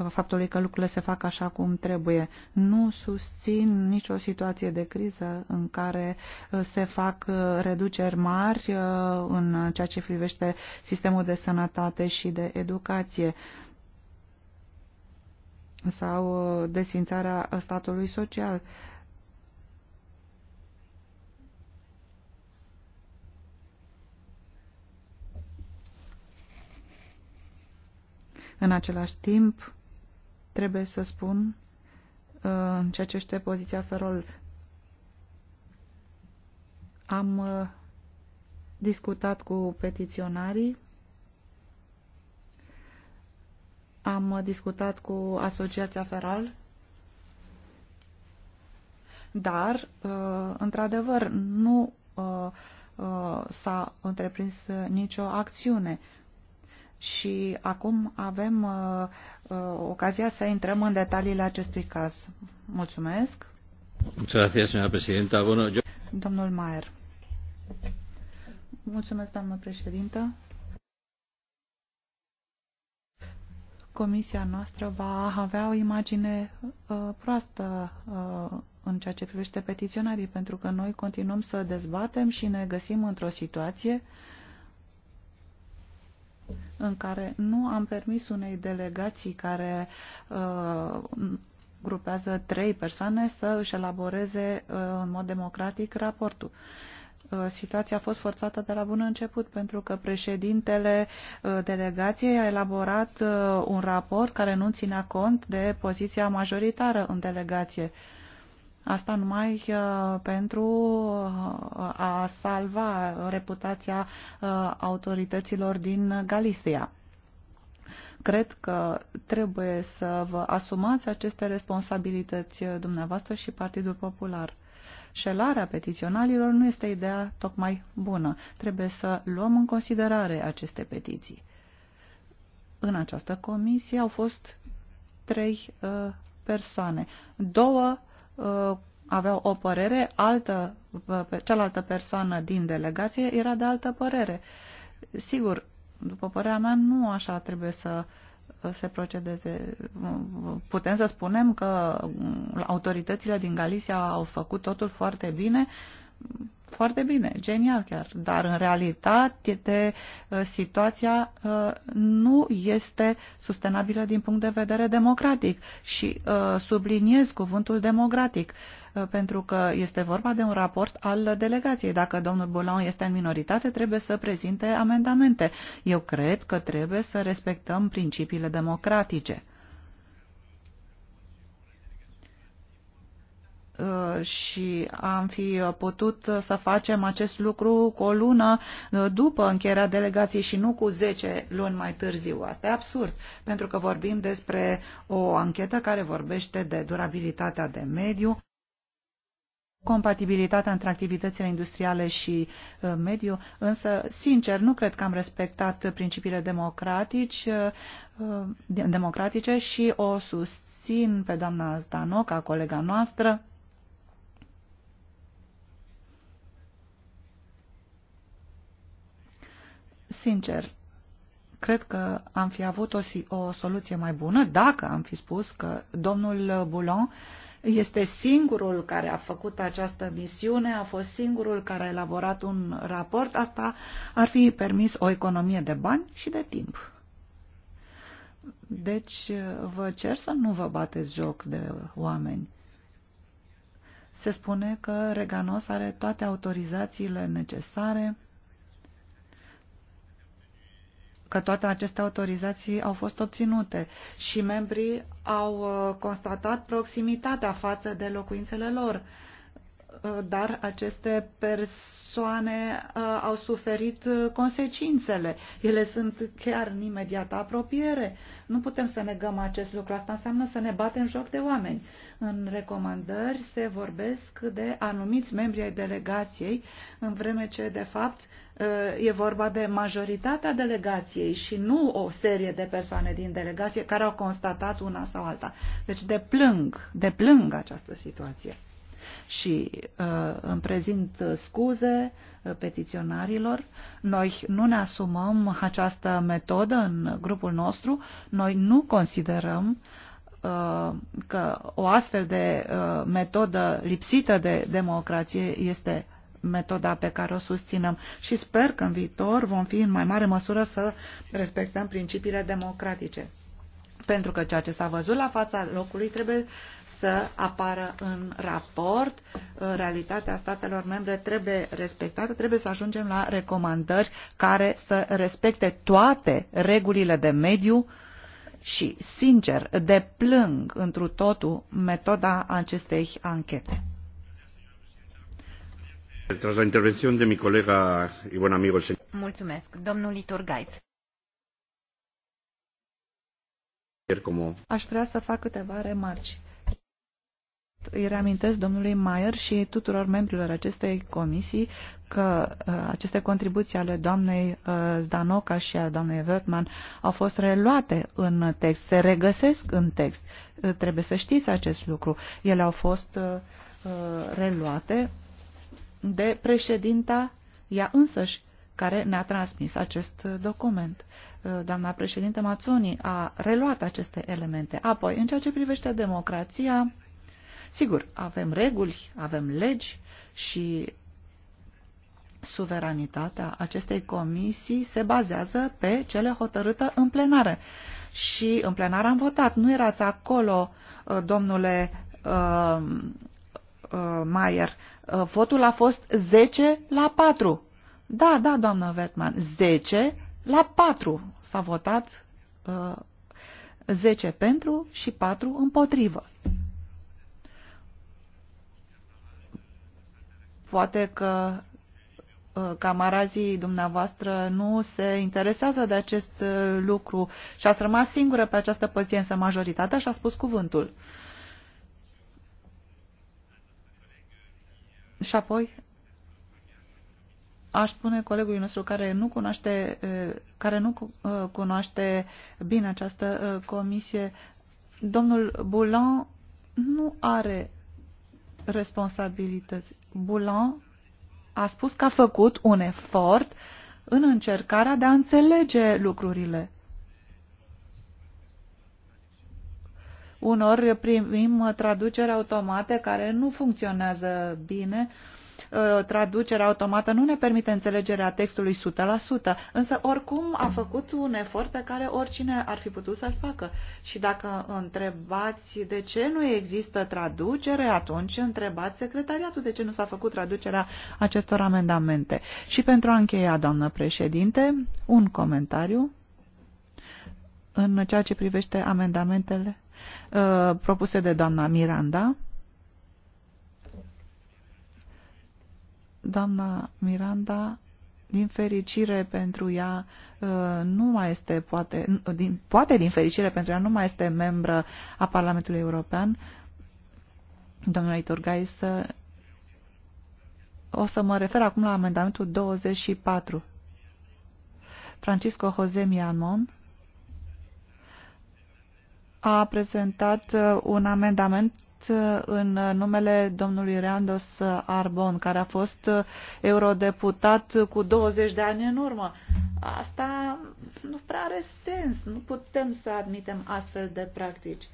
faptului că lucrurile se fac așa cum trebuie. Nu susțin nicio situație de criză în care se fac reduceri mari în ceea ce privește sistemul de sănătate și de educație sau uh, desfințarea statului social. În același timp, trebuie să spun uh, în ceea ce este poziția Ferol. Am uh, discutat cu petiționarii Am discutat cu Asociația Feral, dar, uh, într-adevăr, nu uh, uh, s-a întreprins nicio acțiune. Și acum avem ocazia să intrăm în detaliile acestui caz. Mulțumesc. Mulțumesc, doamna președintă. Domnul Maier. Mulțumesc, doamnă președintă. comisia noastră va avea o imagine uh, proastă uh, în ceea ce privește petiționarii, pentru că noi continuăm să dezbatem și ne găsim într-o situație în care nu am permis unei delegații care uh, grupează trei persoane să își elaboreze uh, în mod democratic raportul. Uh, Uh, situația a fost forțată de la bun început, pentru că președintele uh, delegației a elaborat uh, un raport care nu ținea cont de poziția majoritară în delegație. Asta numai pentru a salva reputația autorităților din Galicia cred că trebuie să vă asumați aceste responsabilități dumneavoastră și Partidul Popular. Șelarea petiționalilor nu este ideea tocmai bună. Trebuie să luăm în considerare aceste petiții. În această comisie au fost trei uh, persoane. Două uh, aveau o părere, altă, uh, cealaltă persoană din delegație era de altă părere. Sigur, după părerea mea, nu așa trebuie să uh, se procedeze. Putem să spunem că autoritățile din Galicia au făcut totul foarte bine foarte bine, genial chiar, dar în realitate uh, situația uh, nu este sustenabilă din punct de vedere democratic și uh, subliniez cuvântul democratic pentru că este vorba de un raport al delegației. Dacă domnul Bolan este în minoritate, trebuie să prezinte amendamente. Eu cred că trebuie să respectăm principiile democratice. Uh, și am fi putut să facem acest lucru cu o lună uh, după încheierea delegației și nu cu 10 luni mai târziu. Asta e absurd, pentru că vorbim despre o anchetă care vorbește de durabilitatea de mediu, compatibilitatea între activitățile industriale și uh, mediu, însă, sincer, nu cred că am respectat principiile democratici, democratice și o susțin pe doamna Zdanoca, colega noastră, Sincer, cred că am fi avut o, o soluție mai bună dacă am fi spus că domnul Boulon este singurul care a făcut această misiune, a fost singurul care a elaborat un raport. Asta ar fi permis o economie de bani și de timp. Deci vă cer să nu vă bateți joc de oameni. Se spune că Reganos are toate autorizațiile necesare că toate aceste autorizații au fost obținute și membrii au uh, constatat proximitatea față de locuințele lor. Uh, dar aceste persoane uh, au suferit consecințele. Ele sunt chiar în imediată apropiere. Nu putem să negăm acest lucru. Asta înseamnă să ne batem joc de oameni. În recomandări se vorbesc de anumiți membri ai delegației, în vreme ce, de fapt, Eh, e vorba de majoritatea delegației și nu o serie de persoane din delegație care au constatat una sau alta. Deci deplâng, deplâng această situație. Și uh, îmi prezint scuze eh, petiționarilor. Noi nu ne asumăm această metodă în grupul nostru. Noi nu considerăm uh, că o astfel de uh, metodă lipsită de democrație este metoda pe care o susținem și sper că în viitor vom fi în mai mare măsură să respectăm principiile democratice. Pentru că ceea ce s-a văzut la fața locului trebuie să apară în raport. Realitatea statelor membre trebuie respectată, trebuie să ajungem la recomandări care să respecte toate regulile de mediu și, sincer, deplâng întru totul metoda acestei anchete. Aș vrea să fac câteva remarci. Îi reamintesc domnului Mayer și tuturor membrilor acestei comisii că uh, aceste contribuții ale doamnei uh, Zdanoca și a doamnei Wertmann au fost reluate în text, se regăsesc în text. Uh, trebuie să știți acest lucru. Ele au fost uh, reluate de președinta ea însăși care ne-a transmis acest document. Uh, doamna președinte Mazzoni a reluat aceste elemente. Apoi, în ceea ce privește democrația, sigur, avem reguli, avem legi și suveranitatea acestei comisii se bazează pe cele hotărâtă în plenară. Și în plenar am votat. Nu erați acolo, uh, domnule uh, uh, Mayer. Uh, votul a fost 10 la 4. Da, da, doamnă Vetman, 10 la 4 s-a votat uh, 10 pentru și 4 împotrivă. Poate că uh, camarazii dumneavoastră nu se interesează de acest uh, lucru și ați rămas singură pe această poziție, însă majoritatea și-a spus cuvântul. Și apoi aș spune colegului nostru care nu cunoaște, care nu cunoaște bine această comisie, domnul Boulan nu are responsabilități. Boulan a spus că a făcut un efort în încercarea de a înțelege lucrurile. Unor primim traduceri automate care nu funcționează bine. Uh, traducerea automată nu ne permite înțelegerea textului 100%, însă oricum a făcut un efort pe care oricine ar fi putut să-l facă. Și dacă întrebați de ce nu există traducere, atunci întrebați secretariatul de ce nu s-a făcut traducerea acestor amendamente. Și pentru a încheia, doamnă președinte, un comentariu în ceea ce privește amendamentele Uh, propuse de doamna Miranda. Doamna Miranda, din fericire pentru ea, uh, nu mai este, poate din, poate din fericire pentru ea, nu mai este membră a Parlamentului European. Domnul Iturgais, uh, o să mă refer acum la amendamentul 24. Francisco José Mianmon a prezentat uh, un amendament uh, în numele domnului Randos Arbon, care a fost uh, eurodeputat cu 20 de ani în urmă. Asta nu prea are sens. Nu putem să admitem astfel de practici.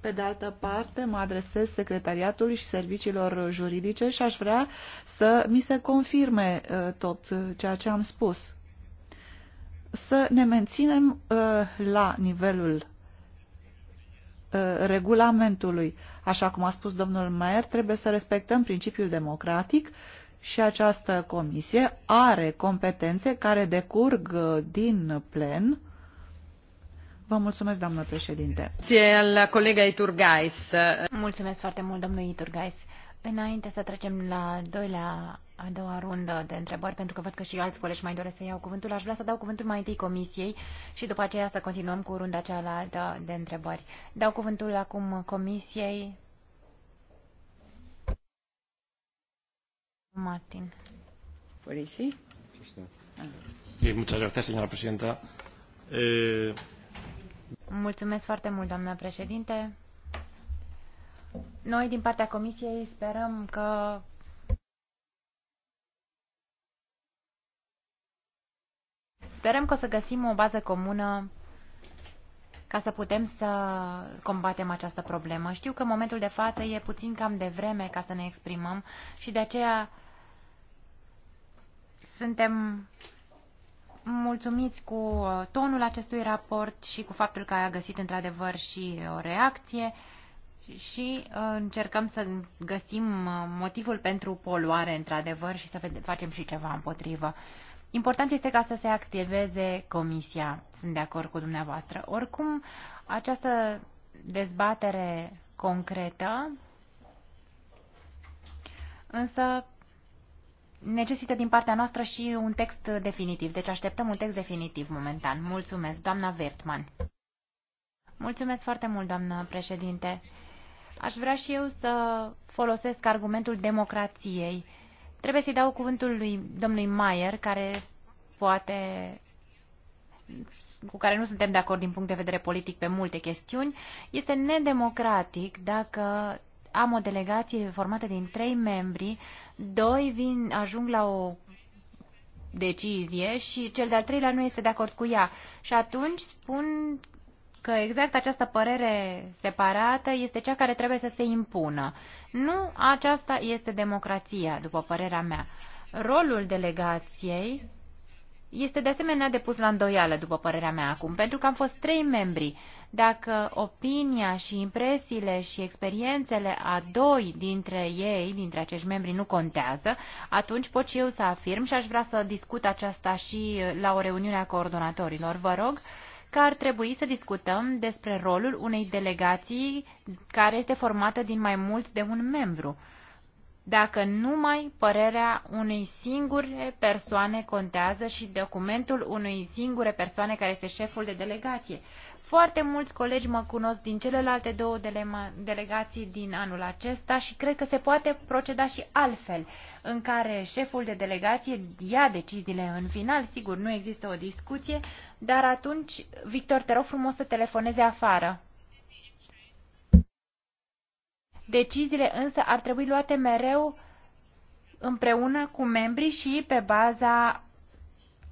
Pe de altă parte, mă adresez secretariatului și serviciilor juridice și aș vrea să mi se confirme tot ceea ce am spus. Să ne menținem la nivelul Uh, regulamentului. Așa cum a spus domnul Mayer, trebuie să respectăm principiul democratic și această comisie are competențe care decurg uh, din plen. Vă mulțumesc, doamnă președinte. La colega Iturgais. Mulțumesc foarte mult, domnul Iturgais. Înainte să trecem la doilea, a doua rundă de întrebări, pentru că văd că și alți colegi mai doresc să iau cuvântul, aș vrea să dau cuvântul mai întâi comisiei și după aceea să continuăm cu runda cealaltă de întrebări. Dau cuvântul acum comisiei. Martin. Polisi? Bien, muchas gracias, señora presidenta. Eh, Mulțumesc foarte mult, doamna președinte. Noi, din partea Comisiei, sperăm că sperăm că o să găsim o bază comună ca să putem să combatem această problemă. Știu că în momentul de față e puțin cam de vreme ca să ne exprimăm și de aceea suntem mulțumiți cu uh, tonul acestui raport și cu faptul că a găsit într-adevăr și uh, o reacție și uh, încercăm să găsim uh, motivul pentru poluare, într-adevăr, și să facem și ceva împotrivă. Important este ca să se activeze comisia. Sunt de acord cu dumneavoastră. Oricum, această dezbatere concretă însă necesită din partea noastră și un text definitiv. Deci așteptăm un text definitiv momentan. Mulțumesc, doamna Vertman. Mulțumesc foarte mult, doamnă președinte. Aș vrea și eu să folosesc argumentul democrației. Trebuie să-i dau cuvântul lui domnului Mayer, care poate cu care nu suntem de acord din punct de vedere politic pe multe chestiuni, este nedemocratic dacă am o delegație formată din trei membri, doi vin, ajung la o decizie și cel de-al treilea nu este de acord cu ea. Și atunci spun că exact această părere separată este cea care trebuie să se impună. Nu aceasta este democrația, după părerea mea. Rolul delegației este de asemenea depus la îndoială, după părerea mea acum, pentru că am fost trei membri. Dacă opinia și impresiile și experiențele a doi dintre ei, dintre acești membri, nu contează, atunci pot și eu să afirm și aș vrea să discut aceasta și la o reuniune a coordonatorilor. Vă rog că ar trebui să discutăm despre rolul unei delegații care este formată din mai mult de un membru, dacă numai părerea unei singure persoane contează și documentul unei singure persoane care este șeful de delegație. Foarte mulți colegi mă cunosc din celelalte două dele delegații din anul acesta și cred că se poate proceda și altfel, în care șeful de delegație ia deciziile în final, sigur, nu există o discuție, dar atunci, Victor, te rog frumos să telefoneze afară. Deciziile însă ar trebui luate mereu împreună cu membrii și pe baza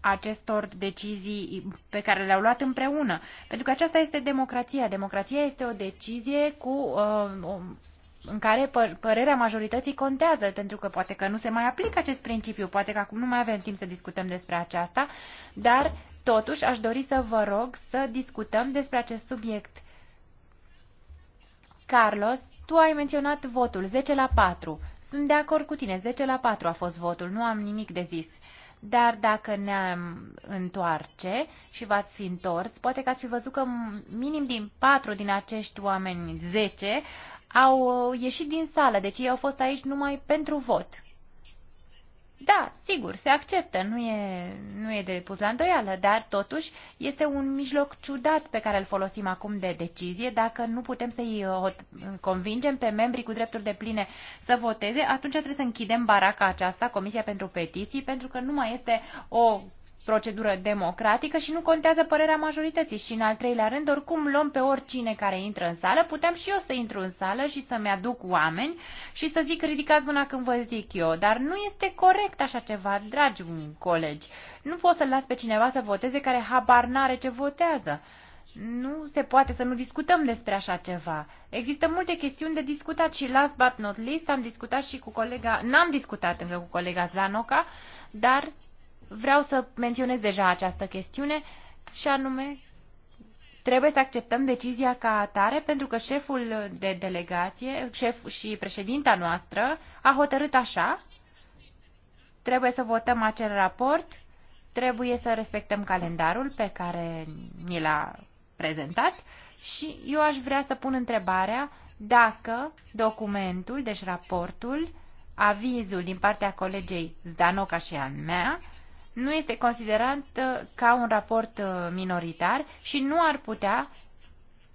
acestor decizii pe care le-au luat împreună. Pentru că aceasta este democrația. Democrația este o decizie cu, uh, în care părerea majorității contează, pentru că poate că nu se mai aplică acest principiu, poate că acum nu mai avem timp să discutăm despre aceasta, dar totuși aș dori să vă rog să discutăm despre acest subiect. Carlos, tu ai menționat votul 10 la 4. Sunt de acord cu tine, 10 la 4 a fost votul, nu am nimic de zis dar dacă ne-am întoarce și v-ați fi întors, poate că ați fi văzut că minim din patru din acești oameni, zece, au ieșit din sală, deci ei au fost aici numai pentru vot. Da, sigur, se acceptă, nu e, nu e de pus la îndoială, dar totuși este un mijloc ciudat pe care îl folosim acum de decizie. Dacă nu putem să-i uh, convingem pe membrii cu drepturi de pline să voteze, atunci trebuie să închidem baraca aceasta, Comisia pentru Petiții, pentru că nu mai este o procedură democratică și nu contează părerea majorității. Și în al treilea rând, oricum luăm pe oricine care intră în sală, puteam și eu să intru în sală și să-mi aduc oameni și să zic ridicați mâna când vă zic eu. Dar nu este corect așa ceva, dragi colegi. Nu pot să-l las pe cineva să voteze care habar n-are ce votează. Nu se poate să nu discutăm despre așa ceva. Există multe chestiuni de discutat și last but not least am discutat și cu colega, n-am discutat încă cu colega Zanoca, dar vreau să menționez deja această chestiune și anume trebuie să acceptăm decizia ca atare pentru că șeful de delegație șef și președinta noastră a hotărât așa. Trebuie să votăm acel raport, trebuie să respectăm calendarul pe care ni l-a prezentat și eu aș vrea să pun întrebarea dacă documentul, deci raportul, avizul din partea colegei Zdanoca și a mea, nu este considerat uh, ca un raport uh, minoritar și nu ar putea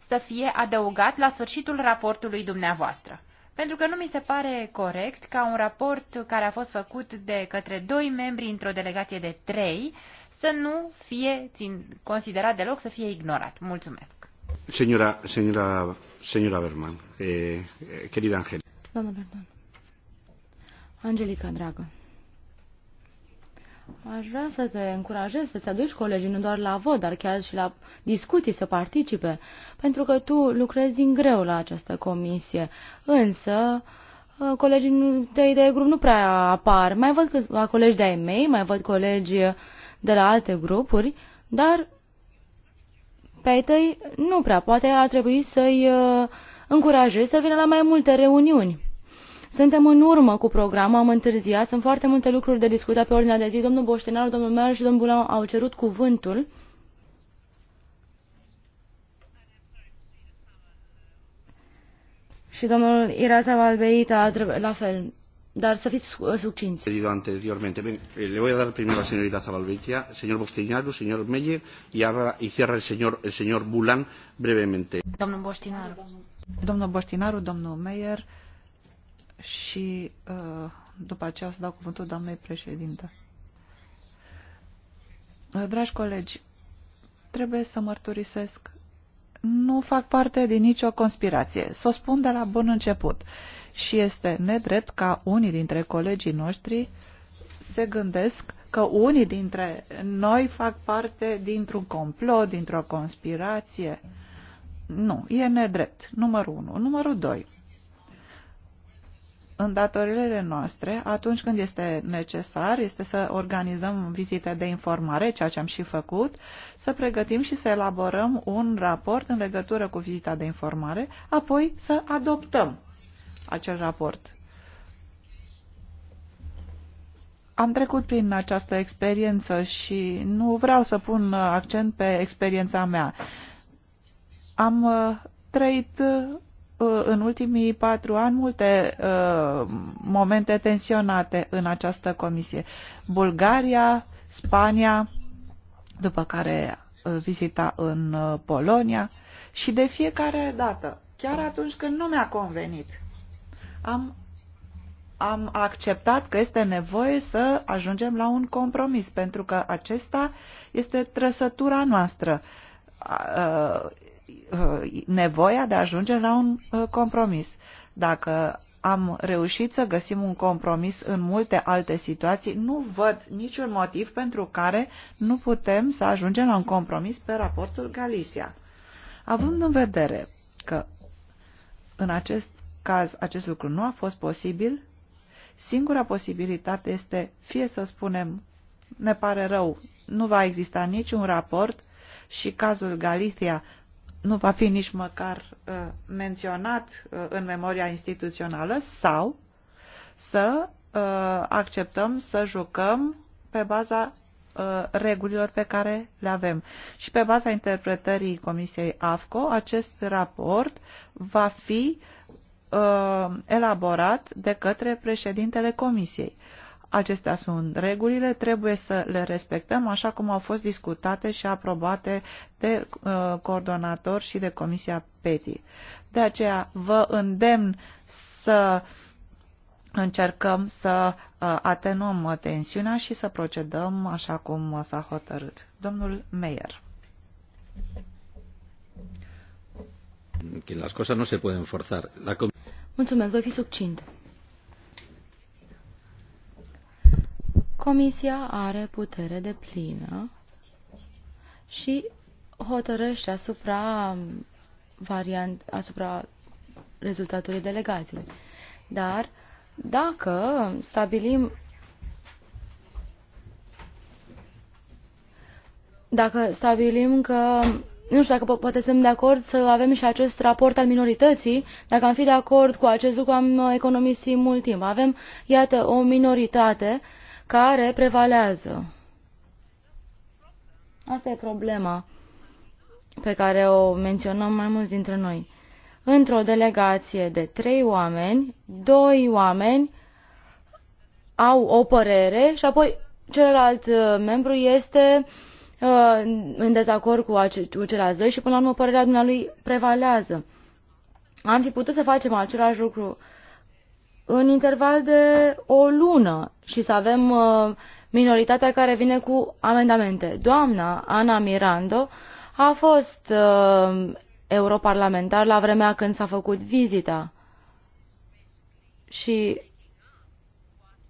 să fie adăugat la sfârșitul raportului dumneavoastră. Pentru că nu mi se pare corect ca un raport care a fost făcut de către doi membri într-o delegație de trei să nu fie țin, considerat deloc, să fie ignorat. Mulțumesc. Señora, señora, señora Berman, eh, eh, querida Angelica. Doamna Berman. Angelica, dragă. Aș vrea să te încurajez să-ți aduci colegii nu doar la vot, dar chiar și la discuții să participe, pentru că tu lucrezi din greu la această comisie. Însă, uh, colegii tăi de grup nu prea apar. Mai văd câțiva colegi de-ai mei, mai văd colegi de la alte grupuri, dar pe ai tăi nu prea. Poate ar trebui să-i uh, încurajezi să vină la mai multe reuniuni. Suntem în urmă cu programul, am întârziat, sunt foarte multe lucruri de discutat pe ordinea de zi. Domnul Boștenar, domnul Mer și domnul Bulan au cerut cuvântul. Și domnul Iraza Valbeita, la fel. Dar să fiți succinți. Pedido anteriormente. Bien, eh, le voy a dar primero a señor Iraza Valbeita, señor Bostinaru, señor Meyer y, ahora, y cierra el señor, el señor Bulan brevemente. Domnul Boștinaru. Domnul Boștinaru, domnul Meyer și uh, după aceea o să dau cuvântul doamnei președinte. Uh, dragi colegi, trebuie să mărturisesc, nu fac parte din nicio conspirație. Să o spun de la bun început. Și este nedrept ca unii dintre colegii noștri se gândesc că unii dintre noi fac parte dintr-un complot, dintr-o conspirație. Nu, e nedrept. Numărul 1. Numărul 2 îndatoririle noastre, atunci când este necesar, este să organizăm vizite de informare, ceea ce am și făcut, să pregătim și să elaborăm un raport în legătură cu vizita de informare, apoi să adoptăm acel raport. Am trecut prin această experiență și nu vreau să pun accent pe experiența mea. Am uh, trăit uh, Uh, în ultimii patru ani multe uh, momente tensionate în această comisie. Bulgaria, Spania, după care uh, vizita în uh, Polonia și de fiecare dată, chiar atunci când nu mi-a convenit, am, am acceptat că este nevoie să ajungem la un compromis, pentru că acesta este trăsătura noastră Uh, nevoia de a ajunge la un uh, compromis. Dacă am reușit să găsim un compromis în multe alte situații, nu văd niciun motiv pentru care nu putem să ajungem la un compromis pe raportul Galicia. Având în vedere că în acest caz acest lucru nu a fost posibil, singura posibilitate este fie să spunem ne pare rău, nu va exista niciun raport și cazul Galicia nu va fi nici măcar uh, menționat uh, în memoria instituțională sau să uh, acceptăm să jucăm pe baza regulilor pe care le avem. Și pe baza interpretării Comisiei AFCO, acest raport va fi elaborat de către președintele Comisiei. Acestea sunt regulile, trebuie să le respectăm așa cum au fost discutate și aprobate de uh, coordonator și de Comisia PETI. De aceea vă îndemn să încercăm să uh, atenuăm tensiunea și să procedăm așa cum s-a hotărât. Domnul Meyer. las cosas no se pueden forzar. La Mulțumesc, voi fi succint. Comisia are putere de plină și hotărăște asupra, variant, asupra rezultatului delegației. Dar dacă stabilim dacă stabilim că nu știu dacă po poate suntem de acord să avem și acest raport al minorității, dacă am fi de acord cu acest lucru am economisit mult timp. Avem, iată, o minoritate uh, care prevalează. Asta e problema pe care o menționăm mai mulți dintre noi. Într-o delegație de trei oameni, doi oameni au o părere și apoi celălalt uh, membru este uh, în dezacord cu, cu ceilalți doi și până la urmă părerea dumnealui prevalează. Am fi putut să facem același lucru în interval de o lună și să avem uh, minoritatea care vine cu amendamente. Doamna Ana Mirando a fost uh, europarlamentar la vremea când s-a făcut vizita și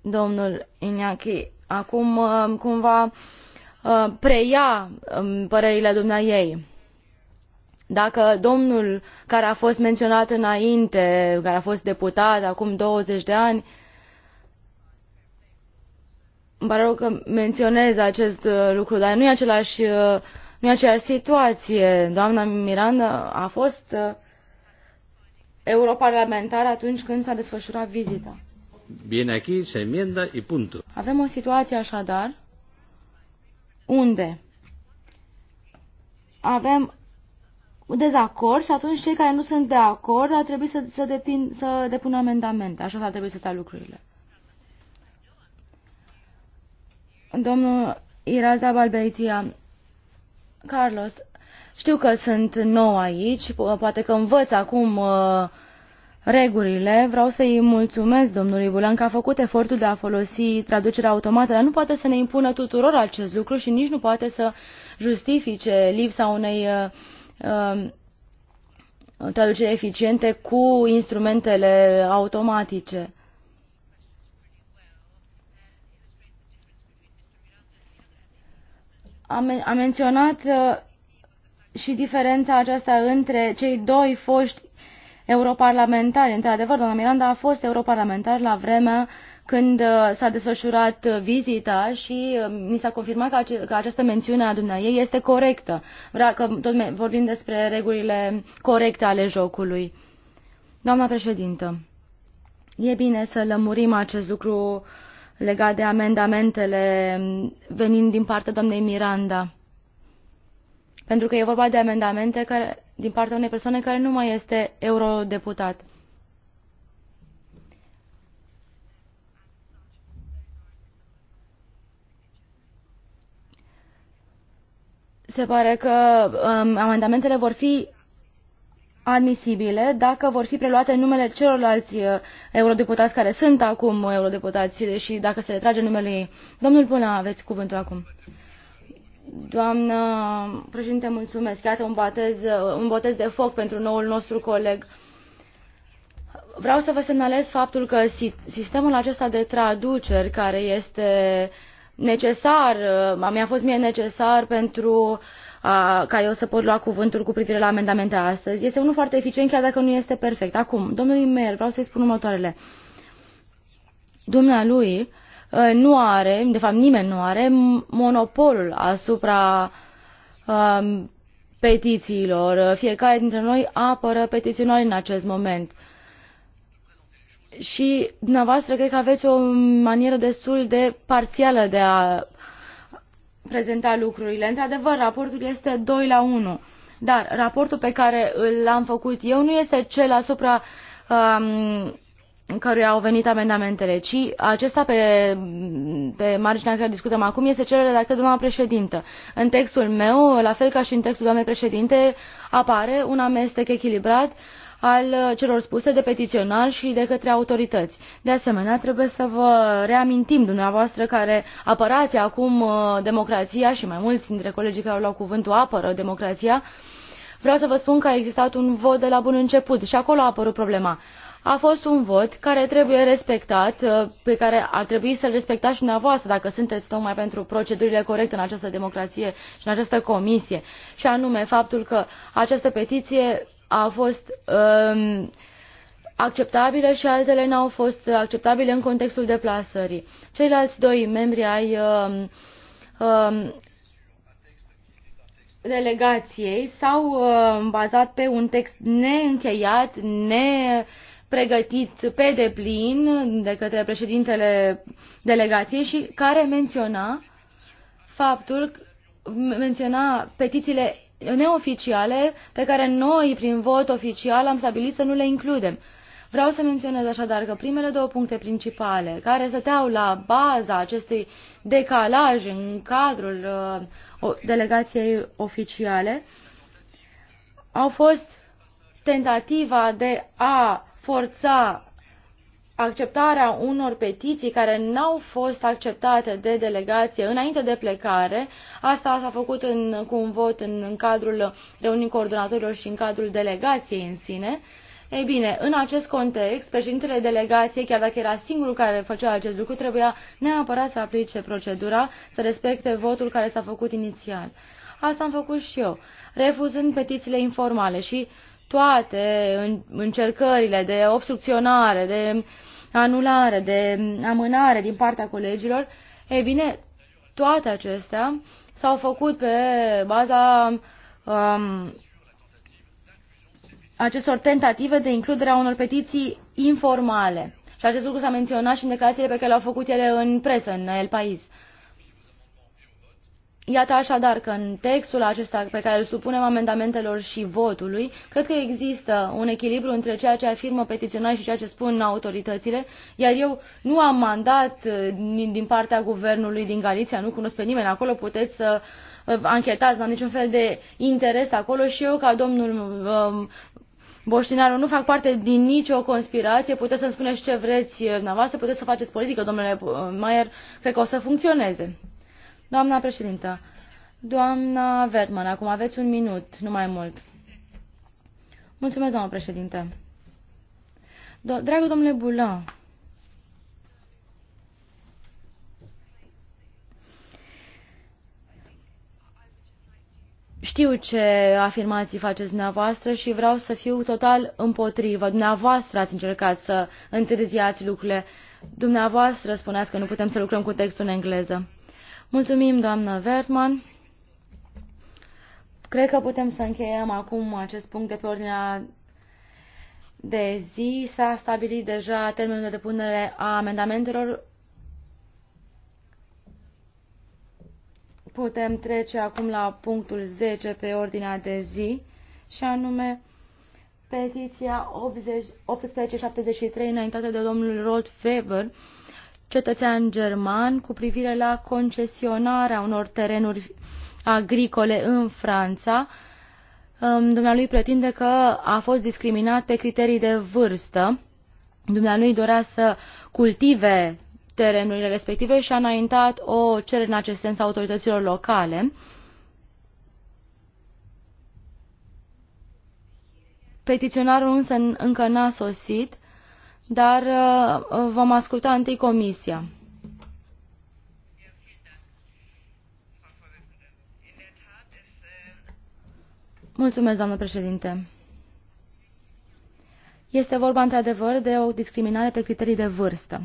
domnul Iñaki acum uh, cumva preia um, părerile dumneai ei dacă domnul care a fost menționat înainte, care a fost deputat acum 20 de ani, îmi pare rău că menționez acest uh, lucru, dar nu e același, uh, nu e aceeași situație. Doamna Miranda a fost uh, europarlamentar atunci când s-a desfășurat vizita. Bine aici, se emienda și punto. Avem o situație așadar unde avem dezacord și atunci cei care nu sunt de acord ar trebui să, să, depin, să depună amendamente. Așa ar trebui să stea lucrurile. Domnul Iraza Balbeitia, Carlos, știu că sunt nou aici, poate că învăț acum uh, regulile. Vreau să-i mulțumesc domnului Bulan că a făcut efortul de a folosi traducerea automată, dar nu poate să ne impună tuturor acest lucru și nici nu poate să justifice lipsa unei uh, Um, traduceri eficiente cu instrumentele automatice. a menționat uh, și diferența aceasta între cei doi foști europarlamentari. Într-adevăr, doamna Miranda a fost europarlamentar la vremea uh, când uh, s-a desfășurat uh, vizita și uh, mi s-a confirmat că, ace- că această mențiune a dumneavoastră este corectă. vreau că tot vorbim despre regulile corecte ale jocului. Doamna președintă, e bine să lămurim acest lucru legat de amendamentele um, venind din partea doamnei Miranda. Pentru că e vorba de amendamente care, din partea unei persoane care nu mai este eurodeputat. Se pare că um, amendamentele vor fi admisibile dacă vor fi preluate numele celorlalți uh, eurodeputați care sunt acum eurodeputați și dacă se retrage numele ei. Domnul Pula, aveți cuvântul acum. Doamnă președinte, mulțumesc. Iată un, batez, un botez de foc pentru noul nostru coleg. Vreau să vă semnalez faptul că sistemul acesta de traduceri care este uh, necesar, uh, mi-a fost mie necesar pentru a, uh, ca eu să pot lua cuvântul cu privire la amendamente astăzi. Este unul foarte eficient, chiar dacă nu este perfect. Acum, domnului Mer, vreau să-i spun următoarele. Dumnealui uh, nu are, de fapt nimeni nu are, monopolul asupra um, petițiilor. Fiecare dintre noi apără petiționari în acest moment și dumneavoastră cred că aveți o manieră destul de parțială de a prezenta lucrurile. Într-adevăr, raportul este 2 la 1, dar raportul pe care l-am făcut eu nu este cel asupra um, căruia au venit amendamentele, ci acesta pe, pe marginea care discutăm acum este cel redactat de doamna președintă. În textul meu, la fel ca și în textul doamnei președinte, apare un amestec echilibrat uh, al uh, celor spuse de petiționar și de către autorități. De asemenea, trebuie să vă reamintim dumneavoastră care apărați acum uh, democrația și mai mulți dintre colegii care au luat cuvântul apără democrația, vreau să vă spun că a existat un vot de la bun început și acolo a apărut problema. A fost un vot care trebuie respectat, uh, pe care ar trebui să-l respectați și dumneavoastră dacă sunteți tocmai pentru procedurile corecte în această democrație și în această comisie, și anume faptul că această petiție a fost um, acceptabilă și altele n-au fost acceptabile în contextul deplasării. Ceilalți doi membri ai um, um, delegației s-au um, bazat pe un text neîncheiat, nepregătit pe deplin de către președintele delegației și care menționa faptul menționa petițiile neoficiale pe care noi, prin vot oficial, am stabilit să nu le includem. Vreau să menționez așadar că primele două puncte principale care stăteau la baza acestui decalaj în cadrul uh, delegației oficiale au fost tentativa de a forța acceptarea unor petiții care n-au fost acceptate de delegație înainte de plecare. Asta s-a făcut în, cu un vot în, în cadrul reunii coordonatorilor și în cadrul delegației în sine. Ei bine, în acest context, președintele delegației, chiar dacă era singurul care făcea acest lucru, trebuia neapărat să aplice procedura, să respecte votul care s-a făcut inițial. Asta am făcut și eu, refuzând petițiile informale și toate încercările de obstrucționare, de anulare, de amânare din partea colegilor, e bine, toate acestea s-au făcut pe baza um, acestor tentative de includere a unor petiții informale. Și acest lucru s-a menționat și în declarațiile pe care le-au făcut ele în presă, în El País. Iată așadar că în textul acesta pe care îl supunem amendamentelor și votului, cred că există un echilibru între ceea ce afirmă petiționarii și ceea ce spun autoritățile, iar eu nu am mandat uh, din partea guvernului din Galiția, nu cunosc pe nimeni acolo, puteți să uh, anchetați, n-am niciun fel de interes acolo și eu ca domnul um, Boștinaru, nu fac parte din nicio conspirație, puteți să-mi spuneți ce vreți uh, dumneavoastră, puteți să faceți politică, domnule Maier, cred că o să funcționeze. Doamna președintă, doamna Vertman, acum aveți un minut, nu mai mult. Mulțumesc, doamna președinte. Do Dragă domnule Bulan, Știu ce afirmații faceți dumneavoastră și vreau să fiu total împotrivă. Dumneavoastră ați încercat să întârziați lucrurile. Dumneavoastră spuneați că nu putem să lucrăm cu textul în engleză. Mulțumim, doamnă Vertman. Cred că putem să încheiem acum acest punct de pe ordinea de zi. S-a stabilit deja termenul de depunere a amendamentelor. Putem trece acum la punctul 10 pe ordinea de zi și anume petiția 80, 1873 înaintată de domnul Rolf Weber cetățean german cu privire la concesionarea unor terenuri agricole în Franța. Dumnealui pretinde că a fost discriminat pe criterii de vârstă. Dumnealui dorea să cultive terenurile respective și a înaintat o cerere în acest sens a autorităților locale. Petiționarul însă încă n-a sosit dar uh, uh, vom asculta întâi Comisia. Mulțumesc, doamnă președinte. Este vorba, într-adevăr, de o discriminare pe criterii de vârstă.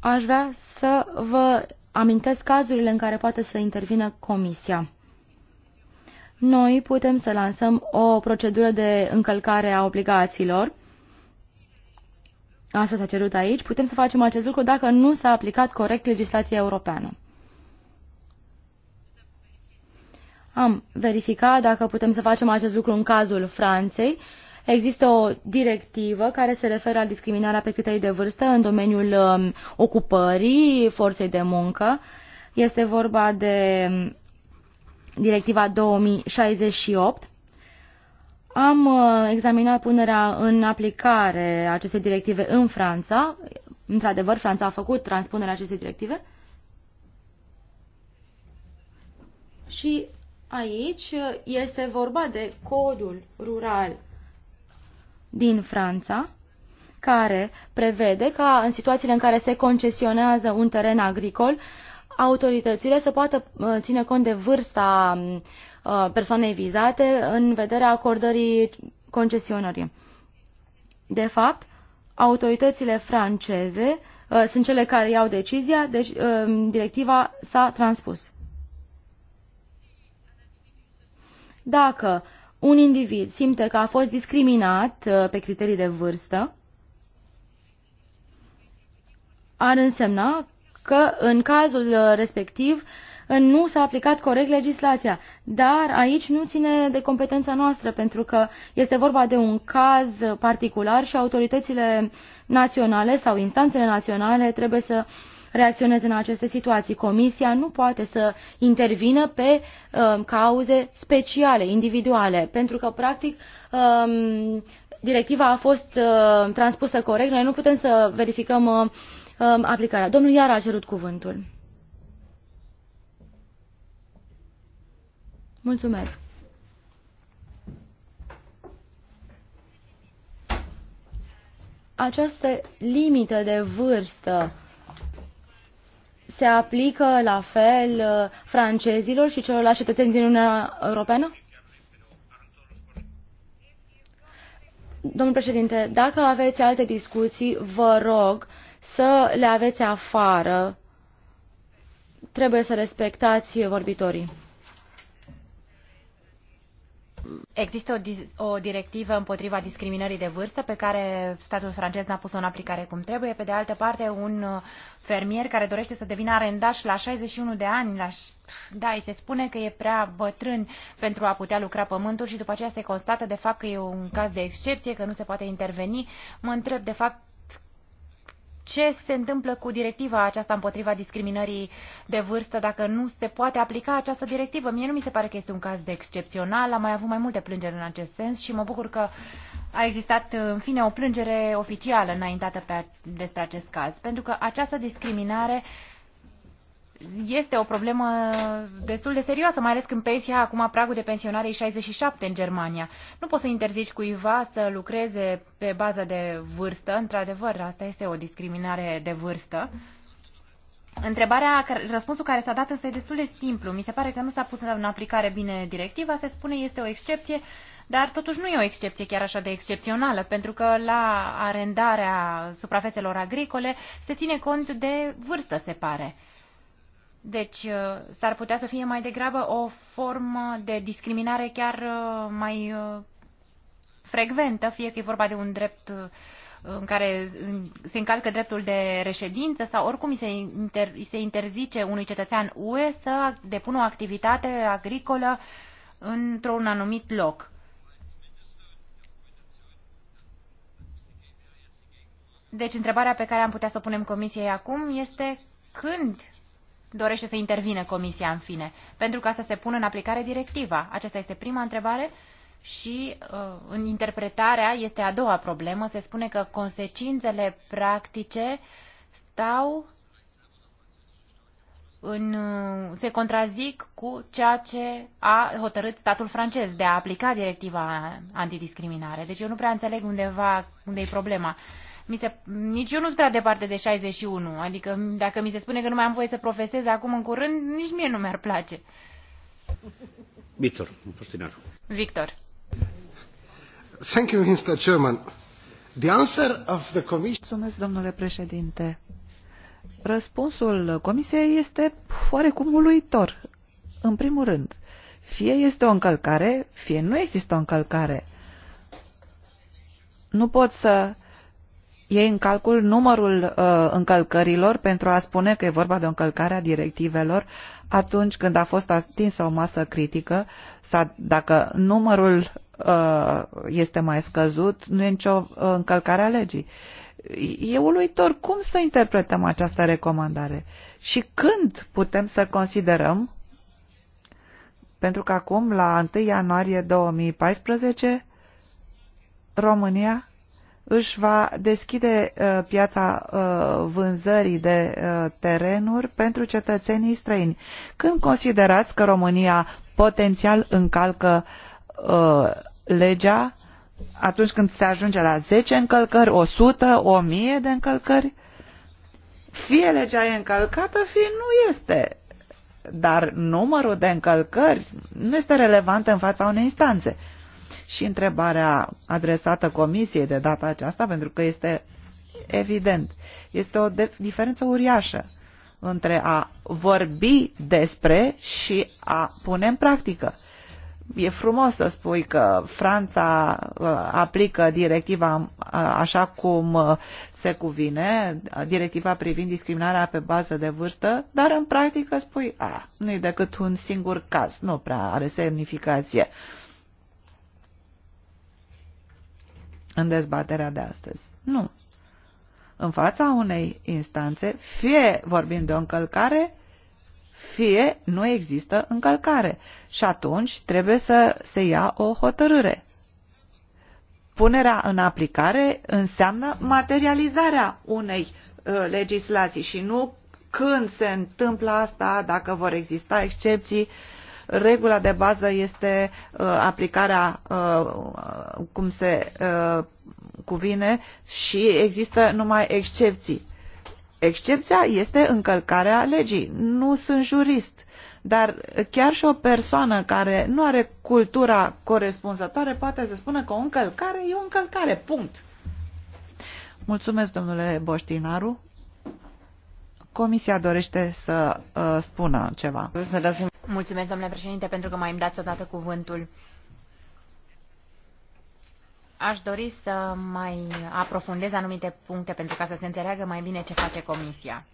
Aș vrea să vă amintesc cazurile în care poate să intervină Comisia noi putem să lansăm o procedură de încălcare a obligațiilor. Asta s-a cerut aici. Putem să facem acest lucru dacă nu s-a aplicat corect legislația europeană. Am verificat dacă putem să facem acest lucru în cazul Franței. Există o directivă care se referă la discriminarea pe criterii de vârstă în domeniul um, ocupării forței de muncă. Este vorba de um, directiva 2068. Am uh, examinat punerea în aplicare a acestei directive în Franța. Într-adevăr, Franța a făcut transpunerea acestei directive. Și aici este vorba de codul rural din Franța, care prevede ca în situațiile în care se concesionează un teren agricol, autoritățile să poată uh, ține cont de vârsta uh, persoanei vizate în vederea acordării concesionării. De fapt, autoritățile franceze uh, sunt cele care iau decizia, deci directiva s-a transpus. Dacă un individ simte că a fost discriminat pe criterii de vârstă, ar însemna că în cazul uh, respectiv uh, nu s-a aplicat corect legislația. Dar aici nu ține de competența noastră, pentru că este vorba de un caz particular și autoritățile naționale sau instanțele naționale trebuie să reacționeze în aceste situații. Comisia nu poate să intervină pe uh, cauze speciale, individuale, pentru că, practic, uh, directiva a fost uh, transpusă corect. Noi nu putem să verificăm uh, Um, aplicarea. Domnul Iar a cerut cuvântul. Mulțumesc. Această limită de vârstă se aplică la fel uh, francezilor și celorlalți cetățeni din Uniunea Europeană? Domnul președinte, dacă aveți alte discuții, vă rog să le aveți afară. Trebuie să respectați vorbitorii. Există o, o directivă împotriva discriminării de vârstă pe care statul francez n-a pus-o în aplicare cum trebuie. Pe de altă parte, un uh, fermier care dorește să devină arendaș la 61 de ani, la, da, îi se spune că e prea bătrân pentru a putea lucra pământul și după aceea se constată de fapt că e un caz de excepție, că nu se poate interveni. Mă întreb de fapt ce se întâmplă cu directiva aceasta împotriva discriminării de vârstă dacă nu se poate aplica această directivă. Mie nu mi se pare că este un caz de excepțional. Am mai avut mai multe plângeri în acest sens și mă bucur că a existat, în fine, o plângere oficială înaintată pe, despre acest caz. Pentru că această discriminare uh, este o problemă destul de serioasă, mai ales când pensia, acum pragul de pensionare e 67 în Germania. Nu poți să interzici cuiva să lucreze pe baza de vârstă, într-adevăr, asta este o discriminare de vârstă. Întrebarea, răspunsul care s-a dat însă e destul de simplu. Mi se pare că nu s-a pus în aplicare bine directiva, se spune este o excepție, dar totuși nu e o excepție chiar așa de excepțională, pentru că la arendarea suprafețelor agricole se ține cont de vârstă, se pare. Deci uh, s-ar putea să fie mai degrabă o formă de discriminare chiar uh, mai uh, frecventă, fie că e vorba de un drept în care se încalcă dreptul de reședință sau oricum îi se, inter, îi se interzice unui cetățean UE să depună o activitate agricolă într-un anumit loc. Deci întrebarea pe care am putea să o punem comisiei acum este când dorește să intervine Comisia în fine, pentru ca să se pună în aplicare directiva? Aceasta este prima întrebare. Și uh, în interpretarea este a doua problemă. Se spune că consecințele practice stau în, uh, se contrazic cu ceea ce a hotărât statul francez de a aplica directiva antidiscriminare. Deci eu nu prea înțeleg undeva unde e problema. Uh, mi se, nici eu nu sunt prea departe de 61, adică dacă mi se spune că nu mai am voie să profesez acum în curând, nici mie nu mi-ar place. Victor, Postinar. Victor. Thank you, Mr. Chairman. The answer of the commission... Mulțumesc, domnule președinte. Răspunsul comisiei este oarecum uluitor. În primul rând, fie este o încălcare, fie nu există o încălcare. Nu pot să iei în calcul numărul uh, încălcărilor pentru a spune că e vorba de o încălcare a directivelor atunci când a fost atinsă o masă critică sau dacă numărul uh, este mai scăzut, nu e nicio uh, încălcare a legii. E uluitor cum să interpretăm această recomandare și când putem să considerăm, pentru că acum, la 1 ianuarie 2014, România își va deschide uh, piața uh, vânzării de uh, terenuri pentru cetățenii străini. Când considerați că România potențial încalcă legea atunci când se ajunge la 10 încălcări, 100, 1000 de încălcări? Fie legea e încălcată, fie nu este. Dar numărul de încălcări nu este relevant în fața unei instanțe și întrebarea adresată Comisiei de data aceasta, pentru că este evident, este o diferență uriașă între a vorbi despre și a pune în practică. E frumos să spui că Franța uh, aplică directiva uh, așa cum uh, se cuvine, directiva privind discriminarea pe bază de vârstă, dar în practică spui, a, ah, nu e decât un singur caz, nu prea are semnificație. Uh, în dezbaterea de astăzi. Nu. În fața unei instanțe, fie vorbim de o încălcare, fie nu există încălcare. Și atunci trebuie să se ia o hotărâre. Punerea în aplicare înseamnă materializarea unei uh, legislații și nu când se întâmplă asta, dacă vor exista excepții, uh, Regula de bază este uh, aplicarea uh, cum se uh, cuvine și există numai excepții. Excepția este încălcarea legii. Nu sunt jurist dar chiar și o persoană care nu are cultura corespunzătoare poate să spună că o încălcare e o încălcare, punct. Mulțumesc, domnule Boștinaru. Comisia dorește să uh, spună ceva. Mulțumesc, domnule președinte, pentru că mai îmi dați odată cuvântul. Aș dori să mai aprofundez anumite puncte pentru ca să se înțeleagă mai bine ce face Comisia.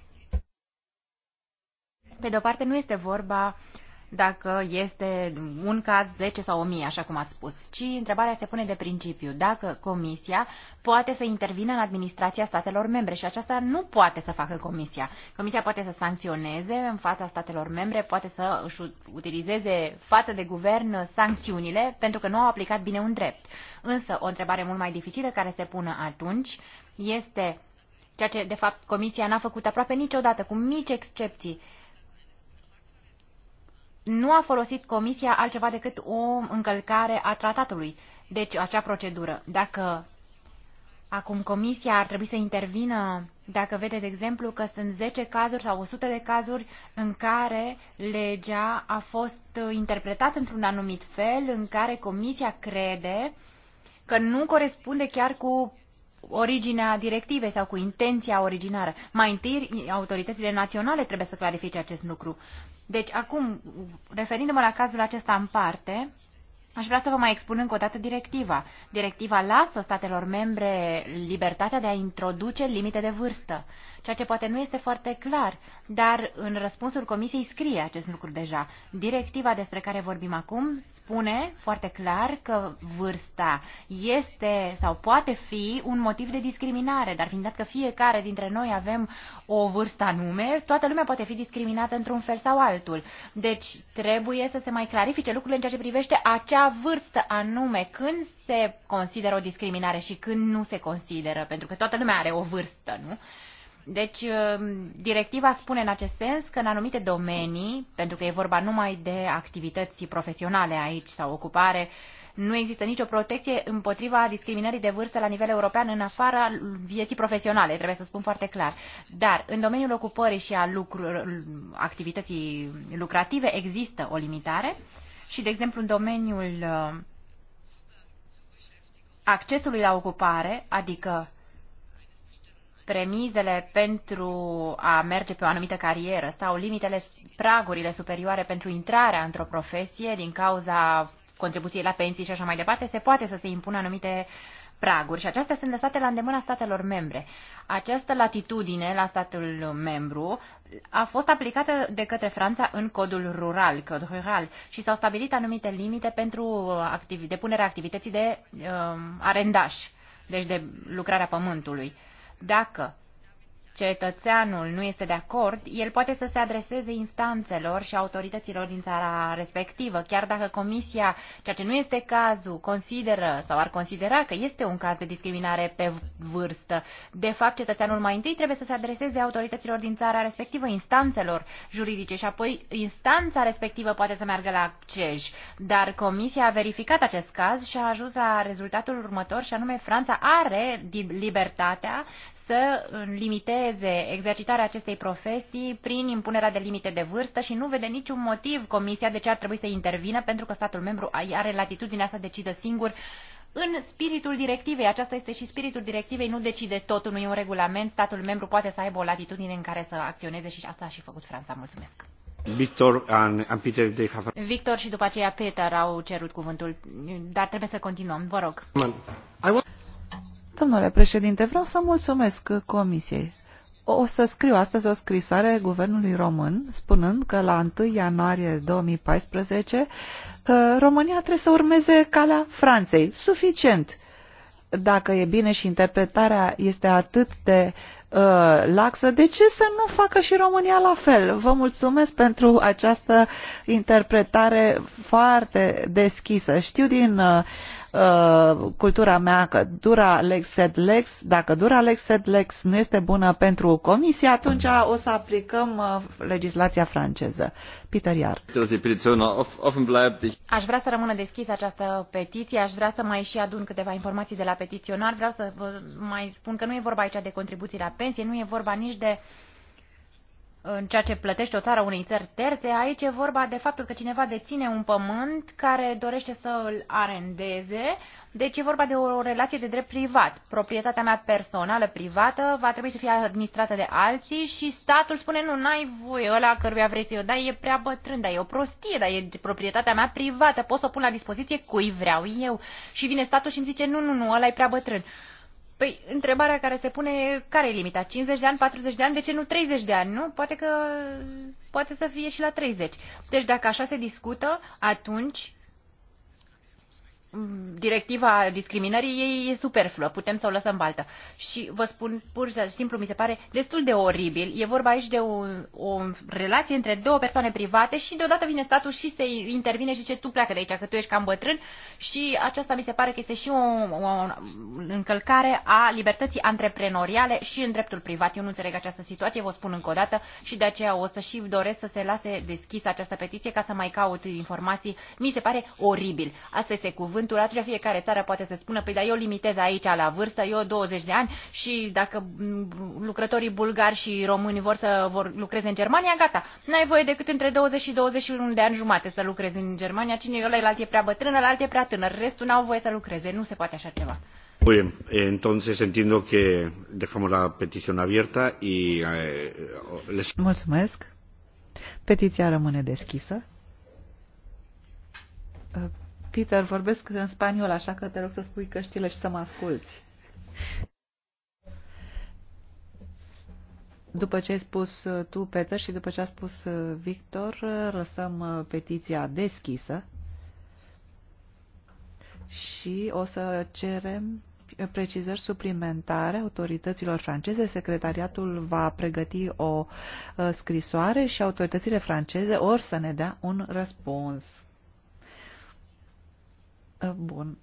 Pe de o parte, nu este vorba uh, dacă este un caz 10 sau 1000, așa cum ați spus, ci întrebarea se pune de principiu dacă Comisia poate să intervină în administrația statelor membre și aceasta nu poate să facă Comisia. Comisia poate să sancționeze în fața statelor membre, poate să își utilizeze față de guvern sancțiunile pentru că nu au aplicat bine un drept. Însă, o întrebare mult mai dificilă care se pune atunci este ceea ce, de fapt, Comisia n-a făcut aproape niciodată, cu mici excepții, nu a folosit Comisia altceva decât o încălcare a tratatului, deci acea procedură. Dacă acum Comisia ar trebui să intervină, dacă vede, de exemplu, că sunt 10 cazuri sau 100 de cazuri în care legea a fost interpretată într-un anumit fel, în care Comisia crede că nu corespunde chiar cu originea directivei sau cu intenția originară. Mai întâi, autoritățile naționale trebuie să clarifice acest lucru. Deci, acum, referindu-mă la cazul acesta în parte, aș vrea să vă mai expun încă o dată directiva. Directiva lasă statelor membre libertatea de a introduce limite de vârstă ceea ce poate nu este foarte clar, dar în răspunsul Comisiei scrie acest lucru deja. Directiva despre care vorbim acum spune foarte clar că vârsta este sau poate fi un motiv de discriminare, dar fiind dat că fiecare dintre noi avem o vârstă anume, toată lumea poate fi discriminată într-un fel sau altul. Deci trebuie să se mai clarifice lucrurile în ceea ce privește acea vârstă anume, când se consideră o discriminare și când nu se consideră, pentru că toată lumea are o vârstă, nu? Deci, um, directiva spune în acest sens că în anumite domenii, pentru că e vorba numai de activități profesionale aici sau ocupare, nu există nicio protecție împotriva discriminării de vârstă la nivel european în afara vieții profesionale, trebuie să spun foarte clar. Dar în domeniul ocupării și a lucru, activității lucrative există o limitare și, de exemplu, în domeniul uh, accesului la ocupare, adică premizele pentru a merge pe o anumită carieră sau limitele, pragurile superioare pentru intrarea într-o profesie din cauza contribuției la pensii și așa mai departe, se poate să se impună anumite praguri și acestea sunt lăsate la îndemâna statelor membre. Această latitudine la statul membru a fost aplicată de către Franța în codul rural, cod rural, și s-au stabilit anumite limite pentru activi, depunerea activității de uh, um, arendași, deci de lucrarea pământului. Dacă cetățeanul nu este de acord, el poate să se adreseze instanțelor și autorităților din țara respectivă, chiar dacă comisia, ceea ce nu este cazul, consideră sau ar considera că este un caz de discriminare pe vârstă. De fapt, cetățeanul mai întâi trebuie să se adreseze autorităților din țara respectivă, instanțelor juridice și apoi instanța respectivă poate să meargă la CEJ. Dar comisia a verificat acest caz și a ajuns la rezultatul următor și anume Franța are libertatea să limiteze exercitarea acestei profesii prin impunerea de limite de vârstă și nu vede niciun motiv Comisia de ce ar trebui să intervină pentru că statul membru are latitudinea să decidă singur în spiritul directivei. Aceasta este și spiritul directivei, nu decide totul, nu e un regulament. Statul membru poate să aibă o latitudine în care să acționeze și asta a și făcut Franța. Mulțumesc! Victor, and, and Peter, they have... Victor și după aceea Peter au cerut cuvântul, dar trebuie să continuăm. Vă rog. I want... Domnule președinte, vreau să mulțumesc Comisiei. O să scriu astăzi o scrisoare Guvernului Român spunând că la 1 ianuarie 2014 România trebuie să urmeze calea Franței. Suficient! Dacă e bine și interpretarea este atât de uh, laxă, de ce să nu facă și România la fel? Vă mulțumesc pentru această interpretare foarte deschisă. Știu din uh, Uh, cultura mea că dura lex sed lex, dacă dura lex sed lex nu este bună pentru comisie, atunci o să aplicăm uh, legislația franceză. Peter Iar. Aș vrea să rămână deschisă această petiție, aș vrea să mai și adun câteva informații de la petiționar, vreau să vă mai spun că nu e vorba aici de contribuții la pensie, nu e vorba nici de uh, în ceea ce plătește o țară unei țări terțe, aici e vorba de faptul că cineva deține un pământ care dorește să îl arendeze, deci e vorba de o relație de drept privat. Proprietatea mea personală, privată, va trebui să fie administrată de alții și statul spune nu, n-ai voie, ăla căruia vrei să-i o dai e prea bătrân, dar e o prostie, dar e proprietatea mea privată, pot să o pun la dispoziție cui vreau eu. Și vine statul și îmi zice nu, nu, nu, ăla e prea bătrân. Păi, întrebarea care se pune e care e limita? 50 de ani, 40 de ani, de ce nu 30 de ani, nu? Poate că poate să fie și la 30. Deci dacă așa se discută, atunci directiva discriminării e superfluă, putem să o lăsăm baltă. Și vă spun pur și simplu, mi se pare destul de oribil. E vorba aici de o, o relație între două persoane private și deodată vine statul și se intervine și zice tu pleacă de aici, că tu ești cam bătrân și aceasta mi se pare că este și o, o încălcare a libertății antreprenoriale și în dreptul privat. Eu nu înțeleg această situație, vă spun încă o dată și de aceea o să și doresc să se lase deschisă această petiție ca să mai caut informații. Mi se pare oribil. Asta este cuvânt cuvântul, acela, fiecare țară poate să spună, păi dar eu limitez aici la vârstă, eu 20 de ani și dacă mm, lucrătorii bulgari și români vor să vor lucreze în Germania, gata. N-ai voie decât între 20 și 21 de ani jumate să lucrezi în Germania. Cine e ăla, e prea bătrân, ăla e prea tânăr. Restul n-au voie să lucreze. Nu se poate așa ceva. Muy bien, entonces entiendo que dejamos la petición abierta y eh, les... Mulțumesc. Petiția rămâne deschisă. Peter, vorbesc în spaniol, așa că te rog să spui căștile și să mă asculți. După ce ai spus tu, Peter, și după ce a spus Victor, lăsăm petiția deschisă și o să cerem precizări suplimentare autorităților franceze. Secretariatul va pregăti o uh, scrisoare și autoritățile franceze or să ne dea un răspuns Eh, bun.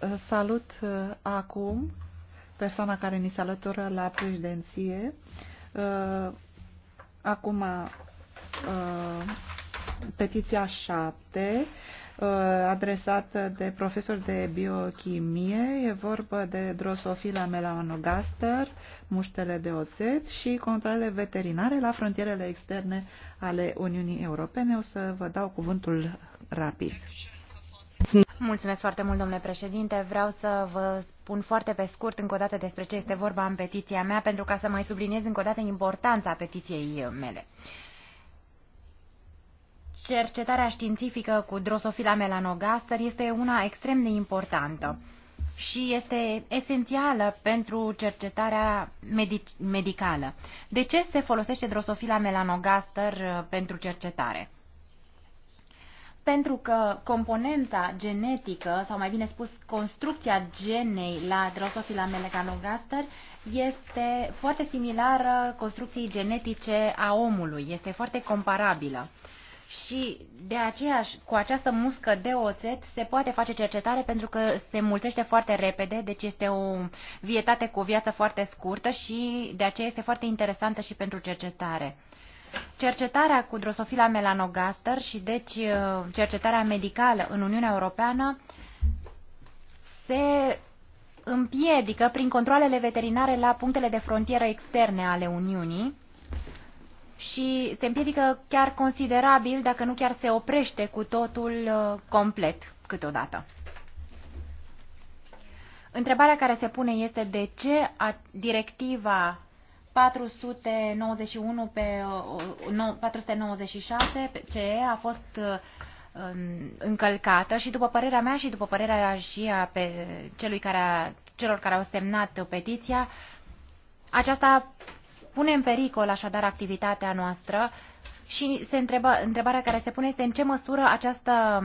Eh, salut eh, acum persoana care ni se alătură la președinție. Acum petiția 7 Uh, adresat de profesor de biochimie. E vorba de drosofila melanogaster, muștele de oțet și controlele veterinare la frontierele externe ale Uniunii Europene. O să vă dau cuvântul rapid. Mulțumesc foarte mult, domnule președinte. Vreau să vă spun foarte pe scurt încă o dată despre ce este vorba în petiția mea, pentru ca să mai subliniez încă o dată importanța petiției mele. Uh, cercetarea științifică cu drosofila melanogaster este una extrem de importantă și este esențială pentru cercetarea medic- medicală. De ce se folosește drosofila melanogaster uh, pentru cercetare? Pentru că componenta genetică, sau mai bine spus, construcția genei la drosofila melanogaster este foarte similară construcției genetice a omului, este foarte comparabilă și de aceea cu această muscă de oțet se poate face cercetare pentru că se mulțește foarte repede, deci este o vietate cu o viață foarte scurtă și de aceea este foarte interesantă și pentru cercetare. Cercetarea cu drosofila melanogaster și deci uh, cercetarea medicală în Uniunea Europeană se împiedică prin controlele veterinare la punctele de frontieră externe ale Uniunii, și se împiedică chiar considerabil, dacă nu chiar se oprește cu totul uh, complet câteodată. Întrebarea care se pune este de ce a, directiva 491 pe 497 uh, CE a fost uh, încălcată și după părerea mea și după părerea și a pe celui care a, celor care au semnat petiția, aceasta pune în pericol așadar activitatea noastră și se întrebă, întrebarea care se pune este în ce măsură această,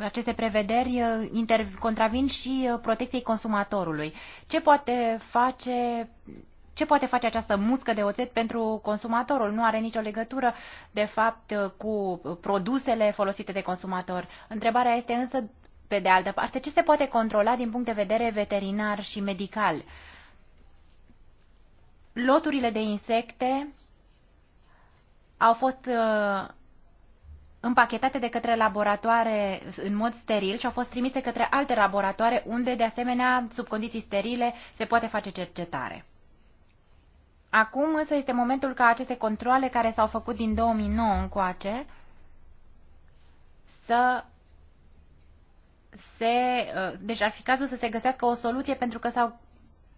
aceste prevederi uh, inter, contravin și uh, protecției consumatorului. Ce poate face ce poate face această muscă de oțet pentru consumatorul? Nu are nicio legătură, de fapt, uh, cu produsele folosite de consumator. Întrebarea este însă, pe de altă parte, ce se poate controla din punct de vedere veterinar și medical? Uh, loturile de insecte au fost uh, împachetate de către laboratoare în mod steril și au fost trimise către alte laboratoare unde, de asemenea, sub condiții sterile, se poate face cercetare. Acum însă este momentul ca aceste controle care s-au făcut din 2009 încoace să se, uh, deci ar fi cazul să se găsească o soluție pentru că s-au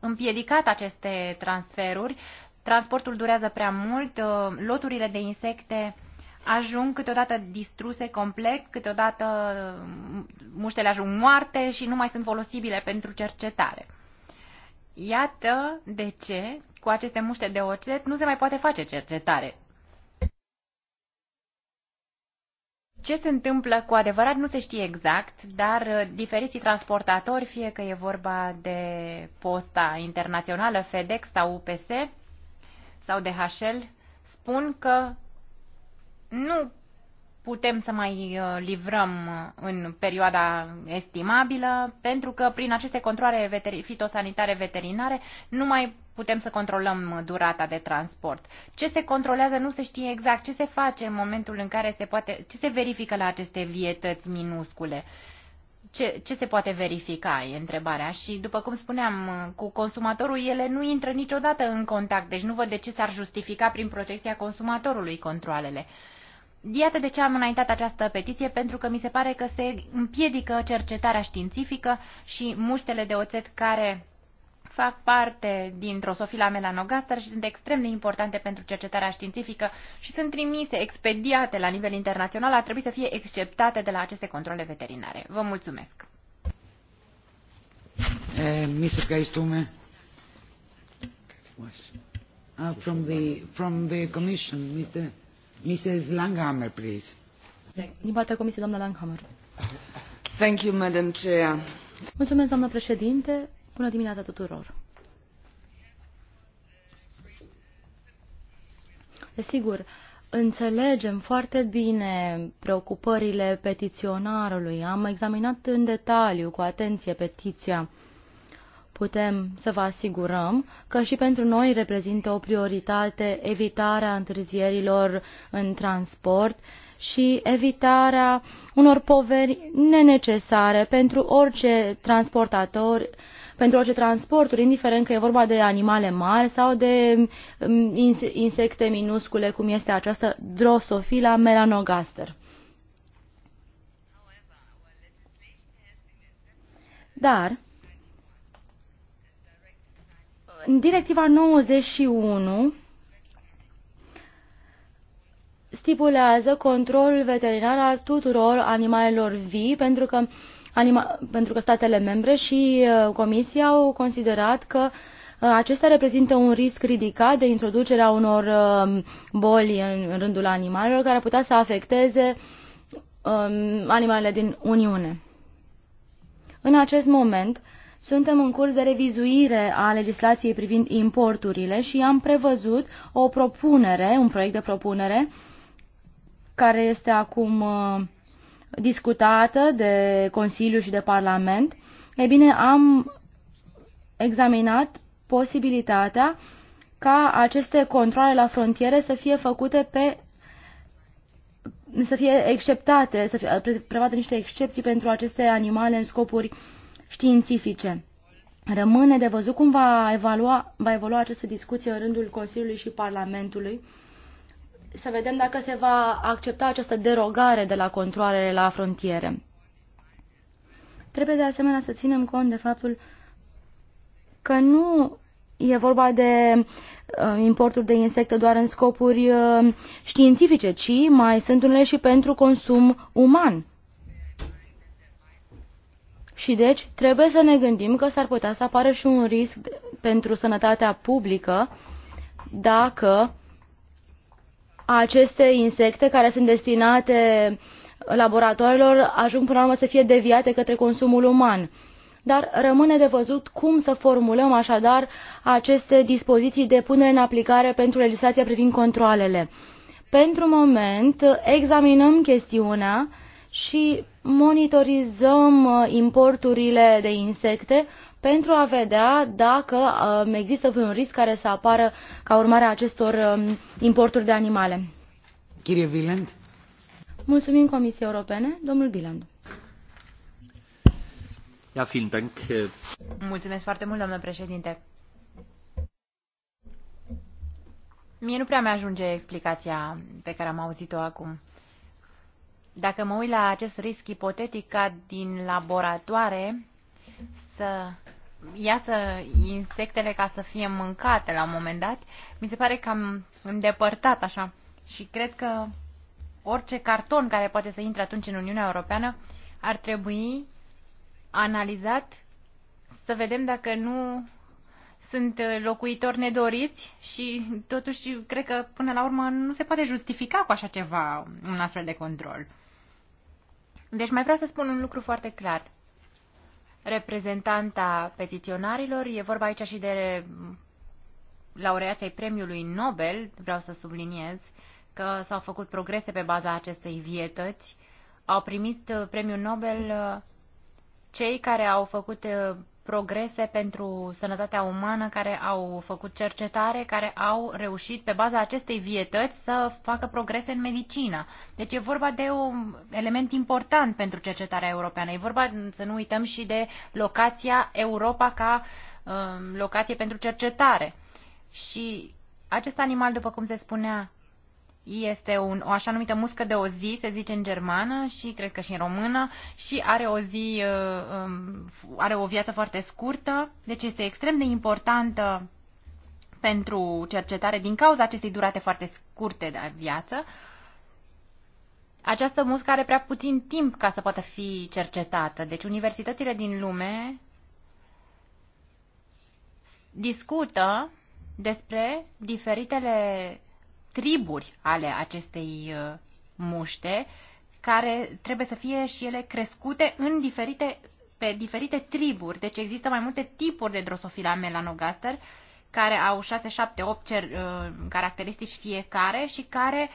împiedicat aceste transferuri. Transportul durează prea mult, uh, loturile de insecte ajung câteodată distruse complet, câteodată uh, muștele ajung moarte și nu mai sunt folosibile pentru cercetare. Iată de ce cu aceste muște de oțet nu se mai poate face cercetare. Ce se întâmplă cu adevărat nu se știe exact, dar uh, diferiții transportatori, fie că e vorba de posta internațională FedEx sau UPS sau de spun că nu putem să mai uh, livrăm uh, în perioada estimabilă, pentru că prin aceste controle veteri- fitosanitare veterinare nu mai putem să controlăm uh, durata de transport. Ce se controlează nu se știe exact, ce se face în momentul în care se poate, ce se verifică la aceste vietăți minuscule. Ce, ce se poate verifica, e întrebarea. Și, după cum spuneam, cu consumatorul ele nu intră niciodată în contact, deci nu văd de ce s-ar justifica prin protecția consumatorului controlele. Uh, Iată de ce am înaintat această petiție, pentru că mi se pare că se împiedică cercetarea științifică și muștele de oțet care fac parte din Drosophila melanogaster și sunt extrem de importante pentru cercetarea științifică și sunt trimise, expediate la nivel internațional, ar trebui să fie exceptate de la aceste controle veterinare. Vă mulțumesc! Eh, Mr. Gaistume, ah, from the, from the Commission, Mr. Mrs. Langhammer, please. Din partea Comisiei, doamna Langhammer. Thank you, Madam Chair. Mulțumesc, doamnă președinte. Bună dimineața tuturor. Desigur, înțelegem foarte bine preocupările petiționarului. Am examinat în detaliu, cu atenție, petiția putem să vă asigurăm că și pentru noi reprezintă o prioritate evitarea întârzierilor în transport și evitarea unor poveri nenecesare pentru orice transportator, pentru orice transporturi, indiferent că e vorba de animale mari sau de um, insecte minuscule, cum este această Drosophila melanogaster. Dar în directiva 91 stipulează controlul veterinar al tuturor animalelor vii, pentru că, anima, pentru că statele membre și uh, Comisia au considerat că uh, acesta reprezintă un risc ridicat de introducerea unor um, boli în, în rândul animalelor care putea să afecteze um, animalele din Uniune. În acest moment, uh, suntem în curs de revizuire a legislației privind importurile și am prevăzut o propunere, un proiect de propunere, care este acum uh, discutată de Consiliu și de Parlament. E bine, am examinat posibilitatea ca aceste controle la frontiere să fie făcute pe să fie exceptate, să fie uh, prevadă niște excepții pentru aceste animale în scopuri uh, științifice. Rămâne de văzut cum va, evalua, va evolua această discuție în rândul Consiliului și Parlamentului, să vedem dacă se va accepta această derogare de la controlele la frontiere. Trebuie de asemenea să ținem cont de faptul că nu e vorba de uh, importuri de insecte doar în scopuri uh, științifice, ci mai sunt unele și pentru consum uman. Și deci trebuie să ne gândim că s-ar putea să apară și un risc pentru sănătatea publică dacă aceste insecte care sunt destinate laboratoarelor ajung până la urmă să fie deviate către consumul uman. Dar rămâne de văzut cum să formulăm așadar aceste dispoziții de punere în aplicare pentru legislația privind controalele. Pentru moment examinăm chestiunea și monitorizăm uh, importurile de insecte pentru a vedea dacă uh, există vreun risc care să apară ca urmare a acestor um, importuri de animale. Chirie Viland. Mulțumim Comisiei Europene. Domnul Biland. Ja, vielen Dank. Eh. Mulțumesc foarte mult, domnule președinte. Mie nu prea mi-ajunge explicația pe care am auzit-o acum. Dacă mă uit la acest risc ipotetic ca din laboratoare să iasă insectele ca să fie mâncate la un moment dat, mi se pare că am îndepărtat așa. Și cred că orice carton care poate să intre atunci în Uniunea Europeană ar trebui analizat să vedem dacă nu sunt locuitori nedoriți și totuși cred că până la urmă nu se poate justifica cu așa ceva un astfel de control. Deci mai vreau să spun un lucru foarte clar. Reprezentanta petiționarilor, e vorba aici și de laureații premiului Nobel, vreau să subliniez că s-au făcut progrese pe baza acestei vietăți. Au primit premiul Nobel uh, cei care au făcut uh, progrese pentru sănătatea umană care au făcut cercetare, care au reușit pe baza acestei vietăți să facă progrese în medicină. Deci e vorba de un element important pentru cercetarea europeană. E vorba, să nu uităm, și de locația Europa ca um, locație pentru cercetare. Și acest animal, după cum se spunea, este un, o așa numită muscă de o zi, se zice în germană și cred că și în română, și are o zi, uh, um, are o viață foarte scurtă, deci este extrem de importantă pentru cercetare din cauza acestei durate foarte scurte de viață. Această muscă are prea puțin timp ca să poată fi cercetată, deci universitățile din lume discută despre diferitele triburi ale acestei uh, muște, care trebuie să fie și ele crescute în diferite, pe diferite triburi. Deci există mai multe tipuri de drosofila melanogaster care au 6, 7, 8 cer, uh, caracteristici fiecare și care,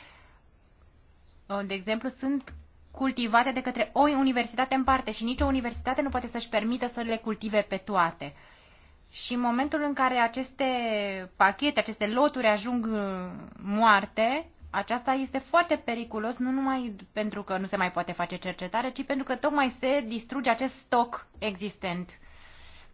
uh, de exemplu, sunt cultivate de către o universitate în parte și nicio universitate nu poate să-și permită să le cultive pe toate. Și în momentul în care aceste pachete, aceste loturi ajung uh, moarte, aceasta este foarte periculos, nu numai pentru că nu se mai poate face cercetare, ci pentru că tocmai se distruge acest stoc existent.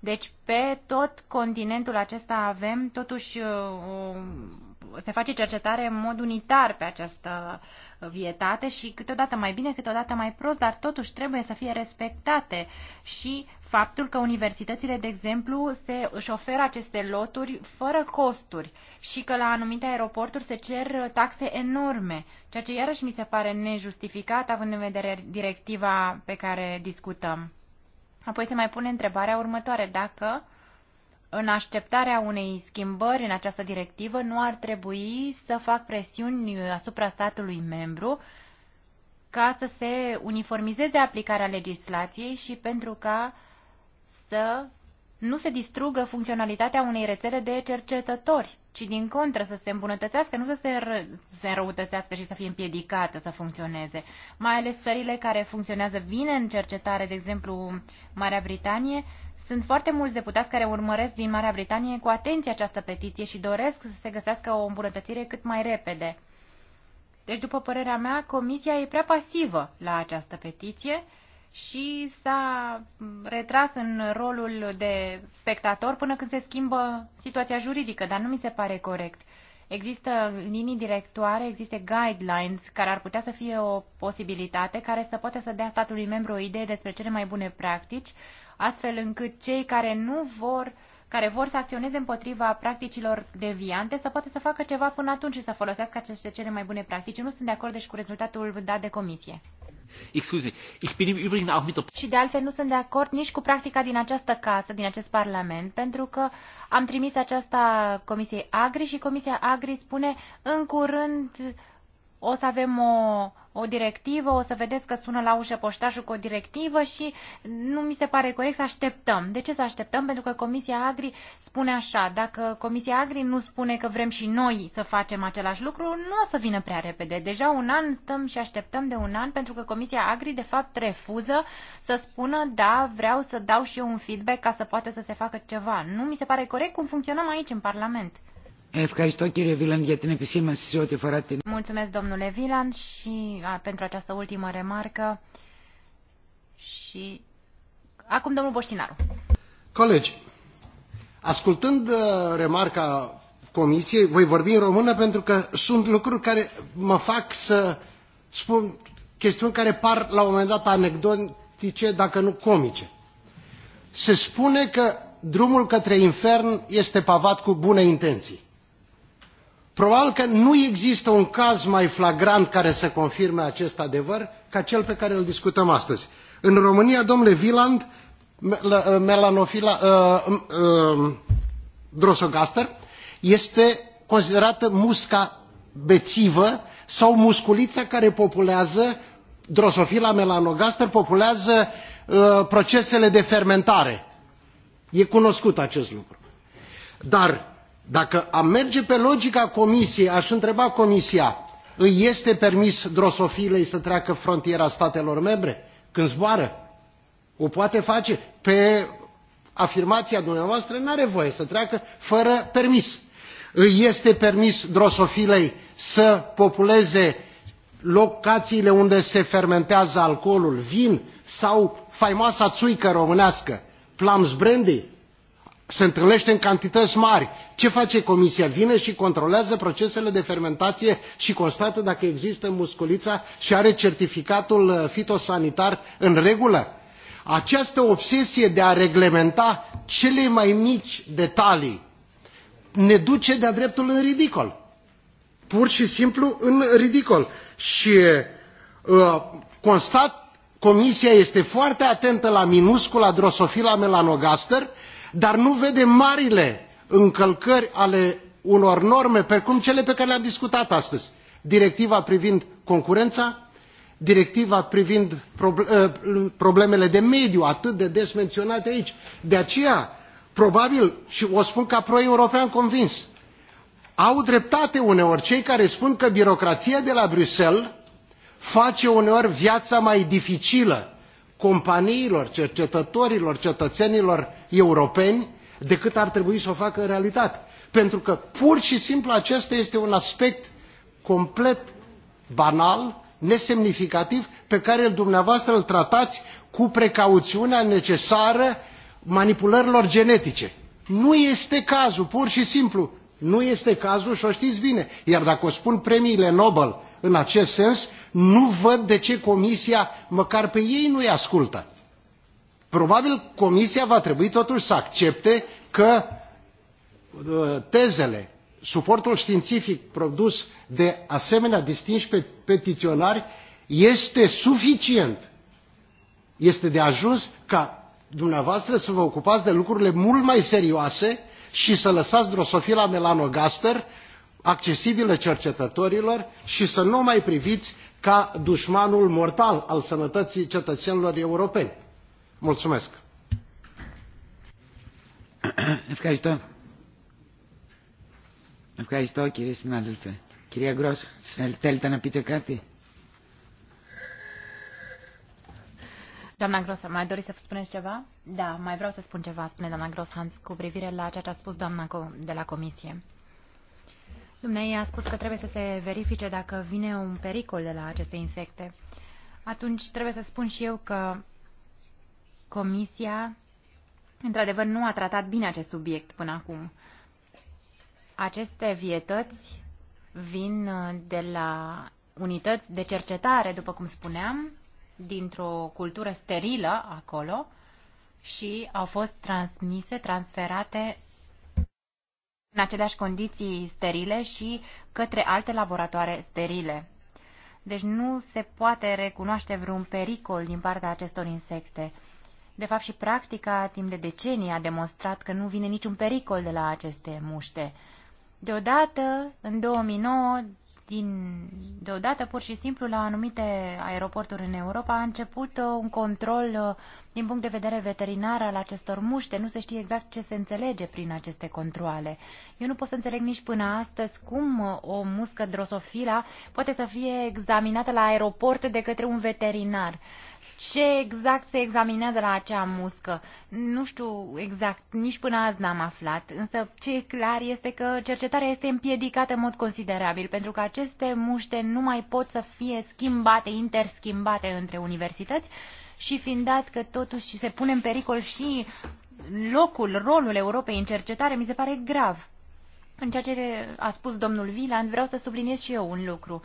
Deci pe tot continentul acesta avem, totuși uh, uh, se face cercetare în mod unitar pe această uh, vietate și câteodată mai bine, câteodată mai prost, dar totuși trebuie să fie respectate și faptul că universitățile, de exemplu, se, își oferă aceste loturi fără costuri și că la anumite aeroporturi se cer taxe enorme, ceea ce iarăși mi se pare nejustificat având în vedere directiva pe care discutăm. Apoi se mai pune întrebarea următoare, dacă în așteptarea unei schimbări în această directivă nu ar trebui să fac presiuni asupra statului membru ca să se uniformizeze aplicarea legislației și pentru ca să nu se distrugă funcționalitatea unei rețele de cercetători, ci din contră să se îmbunătățească, nu să se, ră, se înrăutățească și să fie împiedicată să funcționeze. Mai ales țările care funcționează bine în cercetare, de exemplu Marea Britanie, sunt foarte mulți deputați care urmăresc din Marea Britanie cu atenție această petiție și doresc să se găsească o îmbunătățire cât mai repede. Deci, după părerea mea, Comisia e prea pasivă la această petiție și s-a retras în rolul de spectator până când se schimbă situația juridică, dar nu mi se pare corect. Există linii directoare, există guidelines care ar putea să fie o posibilitate care să poată să dea statului membru o idee despre cele mai bune practici, astfel încât cei care nu vor uh, care vor să acționeze împotriva practicilor deviante să poată să facă ceva până atunci și să folosească aceste cele mai bune practici. Nu sunt de acord deci cu rezultatul dat de comisie. Excuse, ich bin auch mit Și de altfel nu sunt de acord nici cu practica din această casă, din acest parlament, pentru că am trimis aceasta Comisiei Agri și Comisia Agri spune în curând uh, o să avem o, o directivă, o să vedeți că sună la ușă poștașul cu o directivă și nu mi se pare corect să așteptăm. De ce să așteptăm? Pentru că Comisia Agri spune așa, dacă Comisia Agri nu spune că vrem și noi să facem același lucru, nu o să vină prea repede. Deja un an stăm și așteptăm de un an pentru că Comisia Agri de fapt refuză să spună da, vreau să dau și eu un feedback ca să poată să se facă ceva. Nu mi se pare corect cum funcționăm aici în Parlament. Mulțumesc, domnule Viland, și a, pentru această ultimă remarcă. Și acum domnul Boștinaru. Colegi, ascultând uh, remarca Comisiei, voi vorbi în română pentru că sunt lucruri care mă fac să spun chestiuni care par la un moment dat anecdotice, dacă nu comice. Se spune că drumul către infern este pavat cu bune intenții Probabil că nu există un caz mai flagrant care să confirme acest adevăr ca cel pe care îl discutăm astăzi. În România, domnule Viland, uh, melanofila, uh, uh, drosogaster, este considerată musca bețivă sau musculița care populează, drosofila melanogaster, populează uh, procesele de fermentare. E cunoscut acest lucru. Dar dacă am merge pe logica Comisiei, aș întreba Comisia, îi este permis drosofilei să treacă frontiera statelor membre când zboară? O poate face? Pe afirmația dumneavoastră nu are voie să treacă fără permis. Îi este permis drosofilei să populeze locațiile unde se fermentează alcoolul, vin sau faimoasa țuică românească, plums brandy? se întâlnește în cantități mari. Ce face Comisia? Vine și controlează procesele de fermentație și constată dacă există musculița și are certificatul uh, fitosanitar în regulă? Această obsesie de a reglementa cele mai mici detalii ne duce de-a dreptul în ridicol. Pur și simplu în ridicol. Și uh, constat Comisia este foarte atentă la minuscula drosofila melanogaster dar nu vede marile încălcări ale unor norme precum cele pe care le am discutat astăzi directiva privind concurența directiva privind eh, problemele de mediu atât de des menționate aici. de aceea probabil și o spun ca pro european convins au dreptate uneori cei care spun că birocrația de la bruxelles face uneori viața mai dificilă companiilor, cercetătorilor, cetățenilor europeni decât ar trebui să o facă în realitate. Pentru că pur și simplu acesta este un aspect complet banal, nesemnificativ, pe care dumneavoastră îl tratați cu precauțiunea necesară manipulărilor genetice. Nu este cazul, pur și simplu. Nu este cazul și o știți bine. Iar dacă o spun premiile Nobel în acest sens, nu văd de ce Comisia măcar pe ei nu-i ascultă. Probabil Comisia va trebui totuși să accepte că uh, tezele, suportul științific produs de asemenea distinși petiționari este suficient. Este de ajuns ca dumneavoastră să vă ocupați de lucrurile mult mai serioase și să lăsați drosofila melanogaster accesibile cercetătorilor și să nu mai priviți ca dușmanul mortal al sănătății cetățenilor europeni. Mulțumesc! Ευχαριστώ. Ευχαριστώ κύριε συνάδελφε. Κυρία Γκρός, θέλετε να πείτε κάτι? Doamna Gros, mai doriți să spuneți ceva? Da, mai vreau să spun ceva, spune doamna Gros Hans, cu privire la ceea ce a spus doamna de la Comisie. Dumnezeu a spus că trebuie să se verifice dacă vine un pericol de la aceste insecte. Atunci trebuie să spun și eu că Comisia, într-adevăr, nu a tratat bine acest subiect până acum. Aceste vietăți vin uh, de la unități de cercetare, după cum spuneam, dintr-o cultură sterilă acolo și au fost transmise, transferate în aceleași condiții sterile și către alte laboratoare sterile. Deci nu se poate recunoaște vreun pericol din partea acestor insecte. De fapt, și practica timp de decenii a demonstrat că nu vine niciun pericol de la aceste muște. Deodată, în 2009, din, deodată, pur și simplu, la anumite aeroporturi în Europa a început uh, un control uh, din punct de vedere veterinar al acestor muște. Nu se știe exact ce se înțelege prin aceste controle. Eu nu pot să înțeleg nici până astăzi cum uh, o muscă drosofila poate să fie examinată la aeroport de către un veterinar. Uh, ce exact se examinează la acea muscă. Nu știu exact, nici până azi n-am aflat, însă ce e clar este că cercetarea este împiedicată în mod considerabil, pentru că aceste muște nu mai pot să fie schimbate, interschimbate între universități și fiind dat că totuși se pune în pericol și locul, rolul Europei în cercetare, mi se pare grav. În ceea ce a spus domnul Viland, vreau să subliniez și eu un lucru. Uh,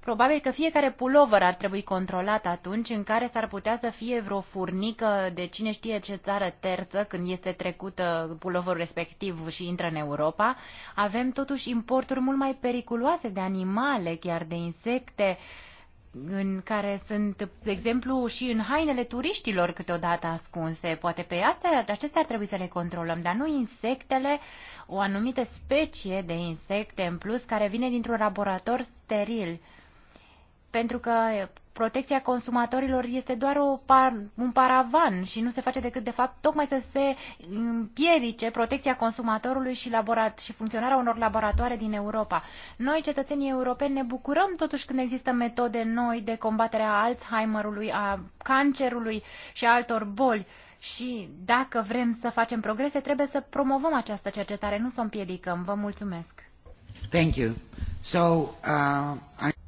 Probabil că fiecare pulover ar trebui controlat atunci în care s-ar putea să fie vreo furnică de cine știe ce țară terță când este trecută puloverul respectiv și intră în Europa. Avem totuși importuri mult mai periculoase de animale, chiar de insecte, în care sunt, de exemplu, și în hainele turiștilor câteodată ascunse. Poate pe astea, acestea ar trebui să le controlăm, dar nu insectele, o anumită specie de insecte în plus care vine dintr-un laborator steril pentru că protecția consumatorilor este doar o par, un paravan și nu se face decât, de fapt, tocmai să se împiedice protecția consumatorului și, laborat, și funcționarea unor laboratoare din Europa. Noi, cetățenii europeni, ne bucurăm totuși când există metode noi de combatere a Alzheimerului, a cancerului și a altor boli. Și dacă vrem să facem progrese, trebuie să promovăm această cercetare, nu să o împiedicăm. Vă mulțumesc! Thank you. So, uh, I...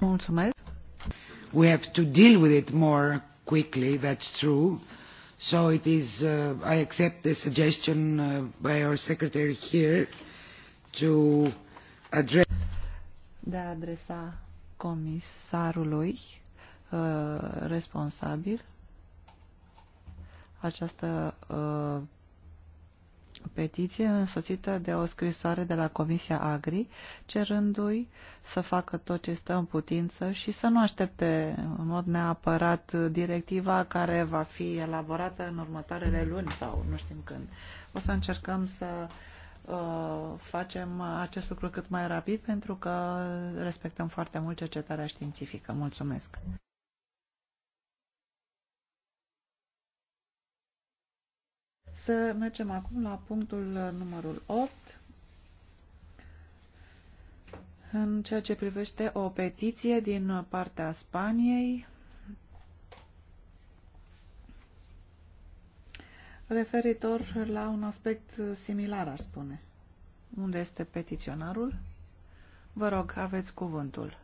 Mulțumesc. We have to deal with it more quickly, that's true. So it is, uh, I accept the suggestion uh, by our secretary here to address... De a adresa comisarului uh, responsabil această uh, petiție însoțită de o scrisoare de la Comisia Agri, cerându-i să facă tot ce stă în putință și să nu aștepte în mod neapărat directiva care va fi elaborată în următoarele luni sau nu știm când. O să încercăm să uh, facem acest lucru cât mai rapid pentru că respectăm foarte mult cercetarea științifică. Mulțumesc! Să mergem acum la punctul numărul 8. În ceea ce privește o petiție din partea Spaniei referitor la un aspect similar, ar spune. Unde este petiționarul? Vă rog, aveți cuvântul.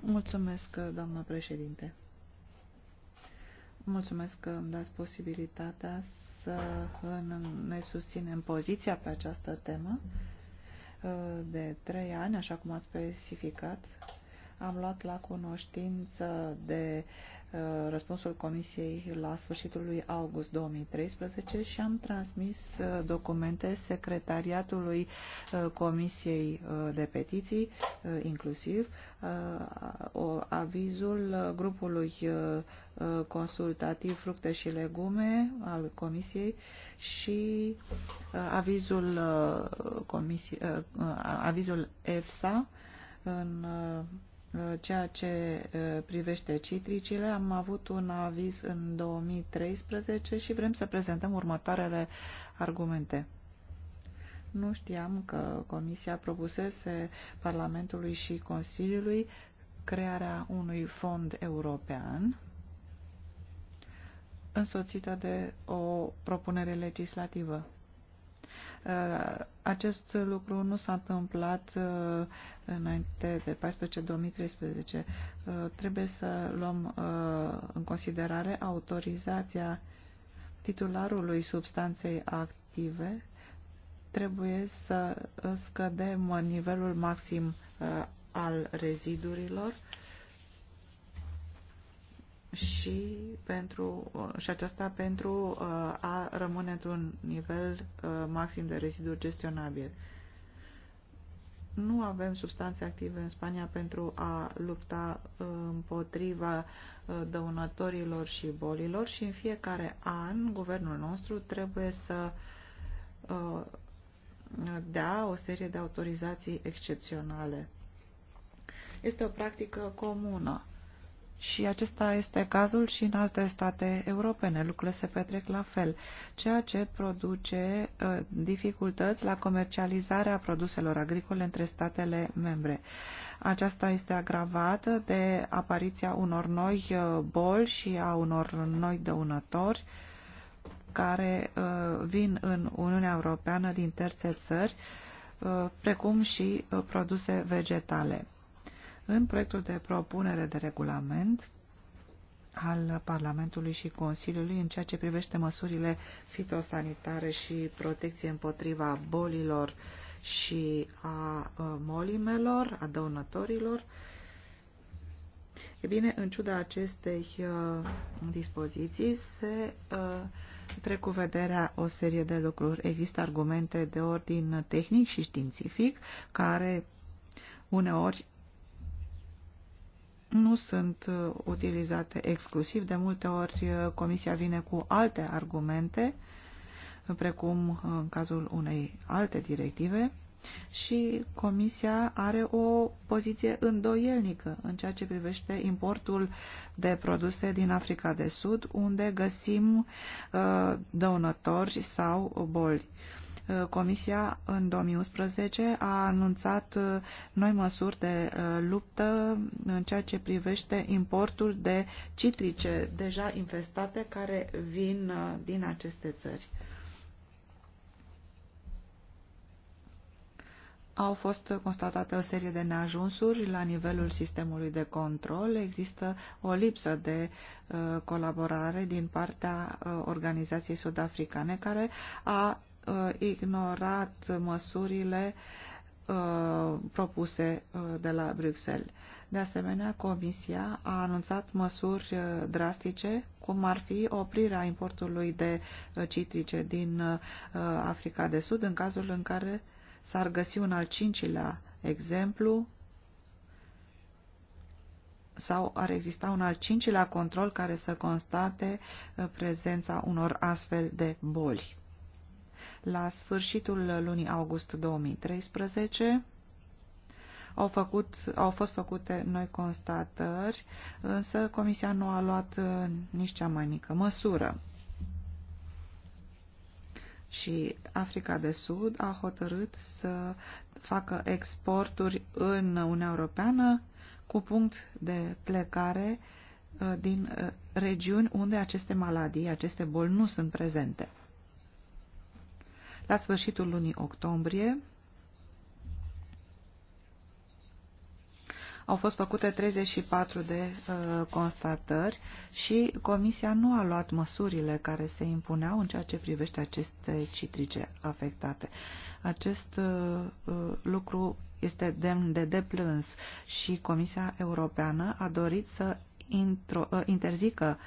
Mulțumesc, doamnă președinte. Mulțumesc că îmi dați posibilitatea să ne susținem poziția pe această temă. Uh, de trei ani, așa cum ați specificat, am luat la cunoștință de uh, Uh, răspunsul Comisiei la sfârșitul lui august 2013 și am transmis uh, documente secretariatului uh, Comisiei de Petiții, inclusiv avizul grupului consultativ fructe și legume al Comisiei și avizul, comisie, avizul EFSA în Uh, ceea ce uh, privește citricile, am avut un aviz în 2013 și vrem să prezentăm următoarele argumente. Nu știam că Comisia propusese Parlamentului și Consiliului crearea unui fond european însoțită de o propunere legislativă. Uh, acest lucru nu s-a întâmplat uh, înainte de 14-2013. Uh, trebuie să luăm în considerare autorizația titularului substanței active. Trebuie să scădem nivelul maxim al rezidurilor și, pentru, uh, și aceasta pentru uh, a rămâne într-un nivel uh, maxim de reziduri gestionabil. Nu avem substanțe active în Spania pentru a lupta împotriva dăunătorilor și bolilor și în fiecare an guvernul nostru trebuie să dea o serie de autorizații excepționale. Este o practică comună și acesta este cazul și în alte state europene. Lucrurile se petrec la fel, ceea ce produce uh, dificultăți la comercializarea produselor agricole între statele membre. Aceasta este agravată de apariția unor noi uh, boli și a unor noi dăunători care uh, vin în Uniunea Europeană din terțe țări, uh, precum și uh, produse vegetale. În proiectul de propunere de regulament al Parlamentului și Consiliului în ceea ce privește măsurile fitosanitare și protecție împotriva bolilor și a molimelor, a dăunătorilor. E bine, în ciuda acestei dispoziții se trec cu vederea o serie de lucruri. Există argumente de ordin tehnic și științific care uneori nu sunt uh, utilizate exclusiv. De multe ori uh, Comisia vine cu alte argumente, precum uh, în cazul unei alte directive, și Comisia are o poziție îndoielnică în ceea ce privește importul de produse din Africa de Sud, unde găsim dăunători sau boli. Uh, Uh, Comisia în 2011 a anunțat uh, noi măsuri de uh, luptă în ceea ce privește importul de citrice deja infestate care vin din aceste țări. Au fost constatate o serie de neajunsuri la nivelul sistemului de control. Există o lipsă de colaborare din partea organizației sud-africane care a Uh, ignorat măsurile uh, propuse uh, de la Bruxelles. De asemenea, Comisia a anunțat măsuri drastice, cum ar fi oprirea importului de citrice din Africa de Sud, în cazul în care s-ar găsi un al cincilea exemplu sau ar exista un al cincilea control care să constate prezența unor astfel de boli la sfârșitul lunii august 2013 au, făcut, au fost făcute noi constatări, însă Comisia nu a luat uh, nici cea mai mică măsură. Și Africa de Sud a hotărât să facă exporturi în Uniunea Europeană cu punct de plecare uh, din uh, regiuni unde aceste maladii, aceste boli nu sunt prezente. La sfârșitul lunii octombrie au fost făcute 34 de uh, constatări și Comisia nu a luat măsurile care se impuneau în ceea ce privește aceste citrice afectate. Acest uh, uh, lucru este demn de deplâns și Comisia Europeană a dorit să intro, uh, interzică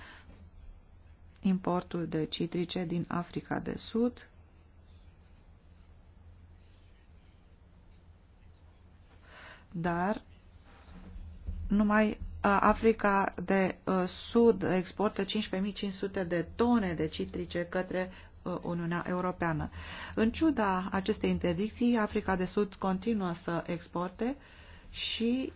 importul de citrice din Africa de Sud, dar numai Africa de Sud exportă 15.500 de tone de citrice către Uniunea Europeană. În ciuda acestei interdicții, Africa de Sud continuă să exporte și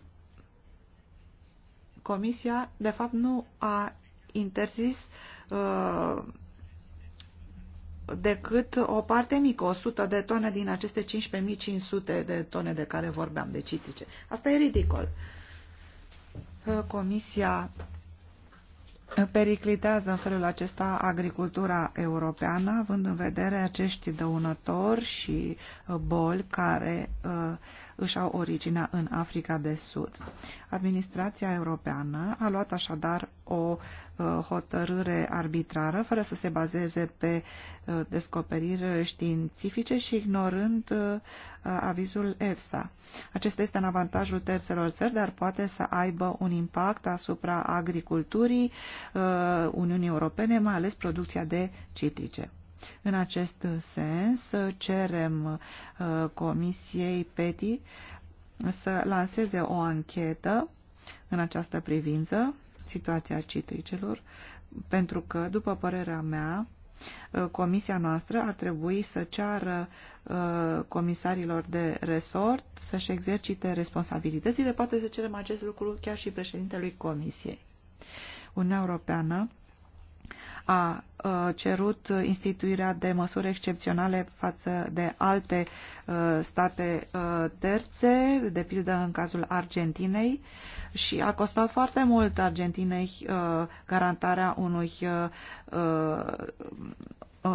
Comisia, de fapt, nu a interzis uh, decât o parte mică, 100 de tone din aceste 15.500 de tone de care vorbeam, de citrice. Asta e ridicol. Comisia periclitează în felul acesta agricultura europeană, având în vedere acești dăunători și boli care uh, își au originea în Africa de Sud. Administrația europeană a luat așadar o uh, hotărâre arbitrară, fără să se bazeze pe uh, descoperiri științifice și ignorând uh, avizul EFSA. Acesta este în avantajul terțelor țări, dar poate să aibă un impact asupra agriculturii Uniunii Europene, mai ales producția de citrice. În acest sens, cerem uh, Comisiei PETI să lanseze o anchetă în această privință, situația citricelor, pentru că, după părerea mea, uh, Comisia noastră ar trebui să ceară uh, comisarilor de resort să-și exercite responsabilitățile, poate să cerem acest lucru chiar și președintelui Comisiei. Uniunea Europeană a cerut instituirea de măsuri excepționale față de alte state terțe, de pildă în cazul Argentinei, și a costat foarte mult Argentinei garantarea unui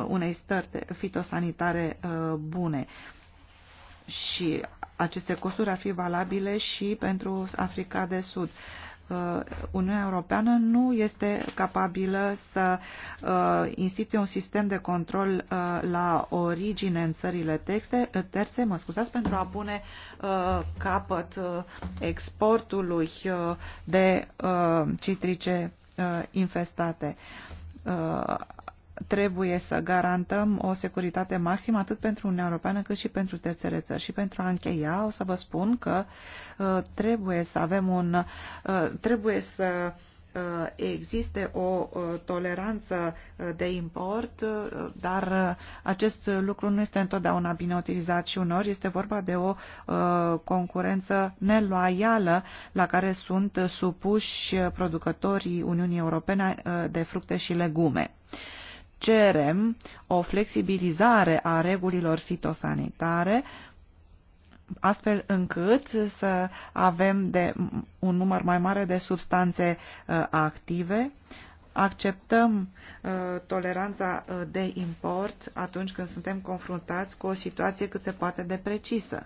unei stări fitosanitare bune. Și aceste costuri ar fi valabile și pentru Africa de Sud. Uh, Uh, Uniunea Europeană nu este capabilă să uh, instituie un sistem de control uh, la origine în țările texte, terțe, mă scuzați, pentru a pune capăt exportului de citrice infestate trebuie să garantăm o securitate maximă atât pentru Uniunea Europeană cât și pentru terțele țări. Și pentru a încheia, o să vă spun că uh, trebuie să avem un... Uh, trebuie să uh, existe o uh, toleranță uh, de import, dar acest lucru nu este întotdeauna bine utilizat și unor este vorba de o concurență neloială la care sunt supuși producătorii Uniunii Europene de fructe și legume cerem o flexibilizare a regulilor fitosanitare astfel încât să avem de un număr mai mare de substanțe uh, active. Acceptăm uh, toleranța uh, de import atunci când suntem confruntați cu o situație cât se poate de precisă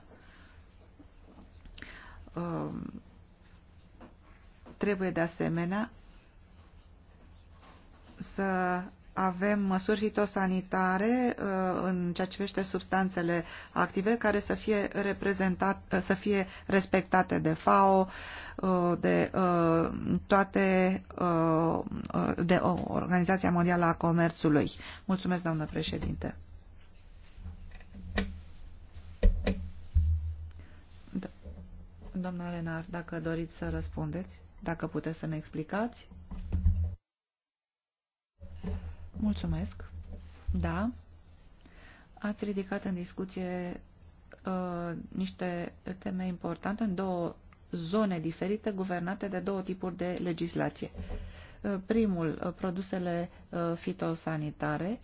um, trebuie de asemenea să avem măsuri fitosanitare uh, în ceea ce privește substanțele active care să fie, reprezentat, uh, să fie respectate de FAO, uh, de toate de Organizația Mondială a Comerțului. Mulțumesc, doamnă președinte. Da. Doamna Renar, dacă doriți să răspundeți, dacă puteți să ne explicați. Mulțumesc. Da. Ați ridicat în discuție uh, niște teme importante în două zone diferite, guvernate de două tipuri de legislație. Uh, primul, uh, produsele uh, fitosanitare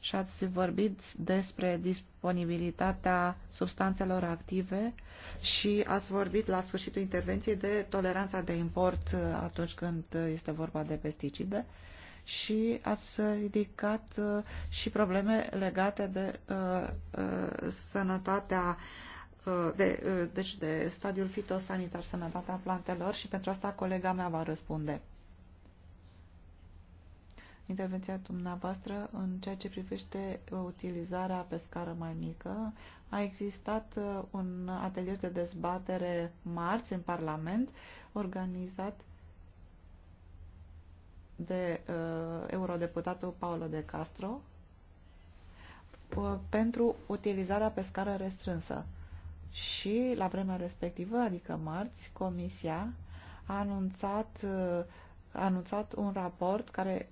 și ați vorbit despre disponibilitatea substanțelor active și ați vorbit la sfârșitul intervenției de toleranța de import uh, atunci când uh, este vorba de pesticide. Uh, și ați ridicat uh, și probleme legate de uh, uh, sănătatea de, deci de stadiul fitosanitar, sănătatea plantelor și pentru asta colega mea va răspunde. Intervenția dumneavoastră în ceea ce privește utilizarea pe scară mai mică. A existat un atelier de dezbatere marți în Parlament organizat de uh, eurodeputatul Paolo de Castro uh, pentru utilizarea pe scară restrânsă. Și la vremea respectivă, adică marți, Comisia a anunțat, uh, a anunțat un raport care,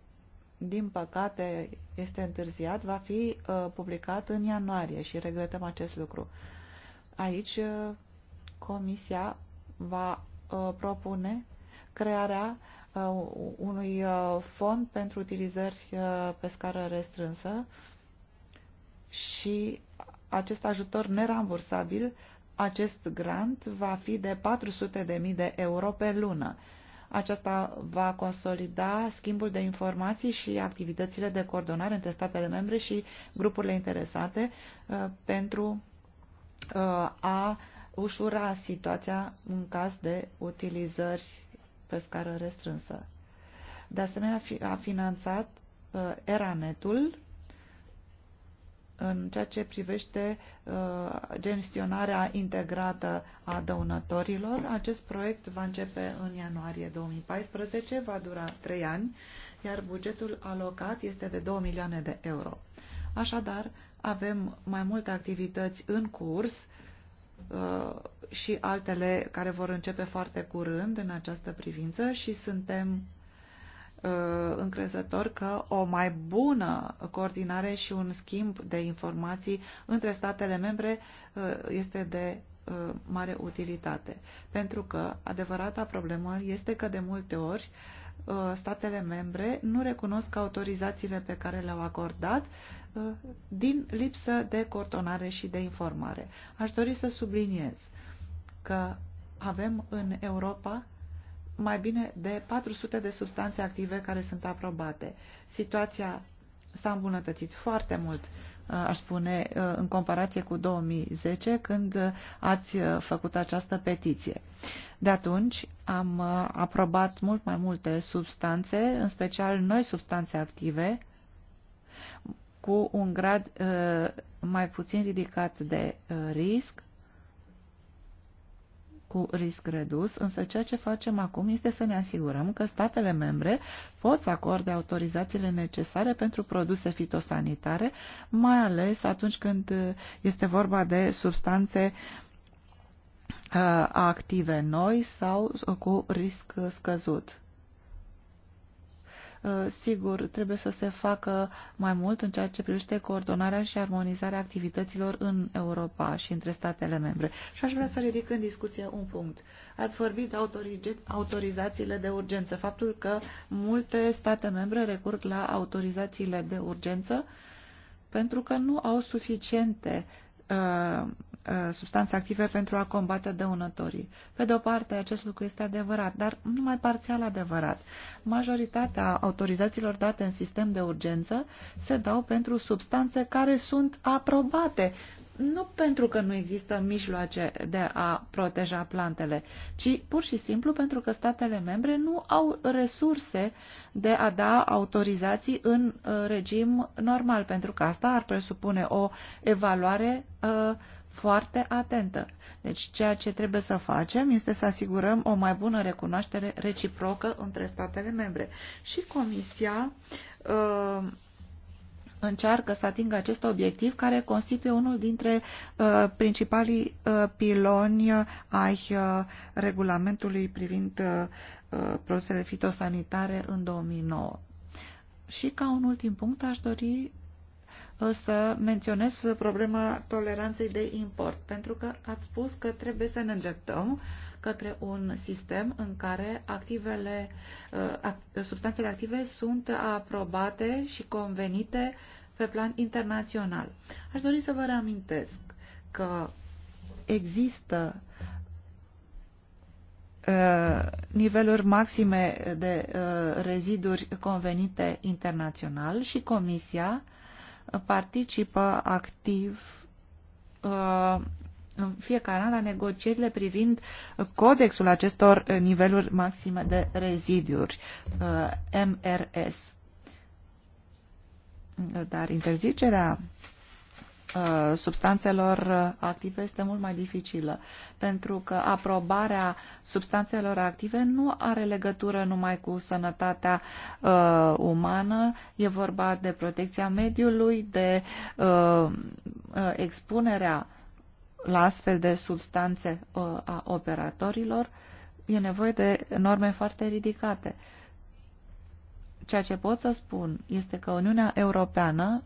din păcate, este întârziat, va fi uh, publicat în ianuarie și regretăm acest lucru. Aici uh, Comisia va uh, propune crearea uh, Uh, unui uh, fond pentru utilizări uh, pe scară restrânsă și acest ajutor nerambursabil, acest grant va fi de 400.000 de euro pe lună. Aceasta va consolida schimbul de informații și activitățile de coordonare între statele membre și grupurile interesate pentru a ușura situația în caz de utilizări pe scară restrânsă. De asemenea, a finanțat uh, eranetul în ceea ce privește uh, gestionarea integrată a dăunătorilor. Acest proiect va începe în ianuarie 2014, va dura 3 ani, iar bugetul alocat este de 2 milioane de euro. Așadar, avem mai multe activități în curs Uh, și altele care vor începe foarte curând în această privință și suntem uh, încrezător că o mai bună coordinare și un schimb de informații între statele membre uh, este de mare utilitate. Pentru că adevărata problemă este că de multe ori uh, Uh, statele membre nu recunosc autorizațiile pe care le-au acordat uh, din lipsă de coordonare și de informare. Aș dori să subliniez că avem în Europa mai bine de 400 de substanțe active care sunt aprobate. Situația s-a îmbunătățit foarte mult Uh, aș spune, uh, în comparație cu 2010, când uh, ați făcut această petiție. De atunci am aprobat mult mai multe substanțe, în special noi substanțe active, cu un grad mai puțin ridicat de risc, cu risc redus, însă ceea ce facem acum este să ne asigurăm că statele membre pot să acorde autorizațiile necesare pentru produse fitosanitare, mai ales atunci când este vorba de substanțe uh, active noi sau cu risc scăzut. Uh, sigur, trebuie să se facă mai mult în ceea ce privește coordonarea și armonizarea activităților în Europa și între statele membre. Și aș vrea să ridic în discuție un punct. Ați vorbit de autorizațiile de urgență, faptul că multe state membre recurg la autorizațiile de urgență pentru că nu au suficiente uh, Uh, uh, substanțe active pentru a combate dăunătorii. Pe de o parte, acest lucru este adevărat, dar numai parțial adevărat. Majoritatea autorizațiilor date în sistem de urgență se dau pentru substanțe care sunt aprobate nu pentru că nu există mijloace de a proteja plantele, ci pur și simplu pentru că statele membre nu au resurse de a da autorizații în uh, regim normal, pentru că asta ar presupune o evaluare uh, foarte atentă. Deci ceea ce trebuie să facem este să asigurăm o mai bună recunoaștere reciprocă între statele membre. Și Comisia uh, încearcă să atingă acest obiectiv care constituie unul dintre uh, principalii uh, piloni uh, ai uh, regulamentului privind uh, uh produsele fitosanitare în 2009. Și ca un ultim punct aș dori uh, să menționez problema toleranței de import, pentru că ați spus că trebuie să ne îndreptăm uh, către un sistem în care activele, uh, substanțele active sunt aprobate și convenite pe plan internațional. Aș dori să vă reamintesc că există uh, niveluri maxime de uh, reziduri convenite internațional și Comisia participă activ în fiecare an la negocierile privind codexul acestor eh, niveluri maxime de reziduri, eh, MRS. Dar interzicerea eh, substanțelor active este mult mai dificilă, pentru că aprobarea substanțelor active nu are legătură numai cu sănătatea uh, umană, e vorba de protecția mediului, de uh, expunerea la astfel de substanțe uh, a operatorilor, e nevoie de norme foarte ridicate. Ceea ce pot să spun este că Uniunea Europeană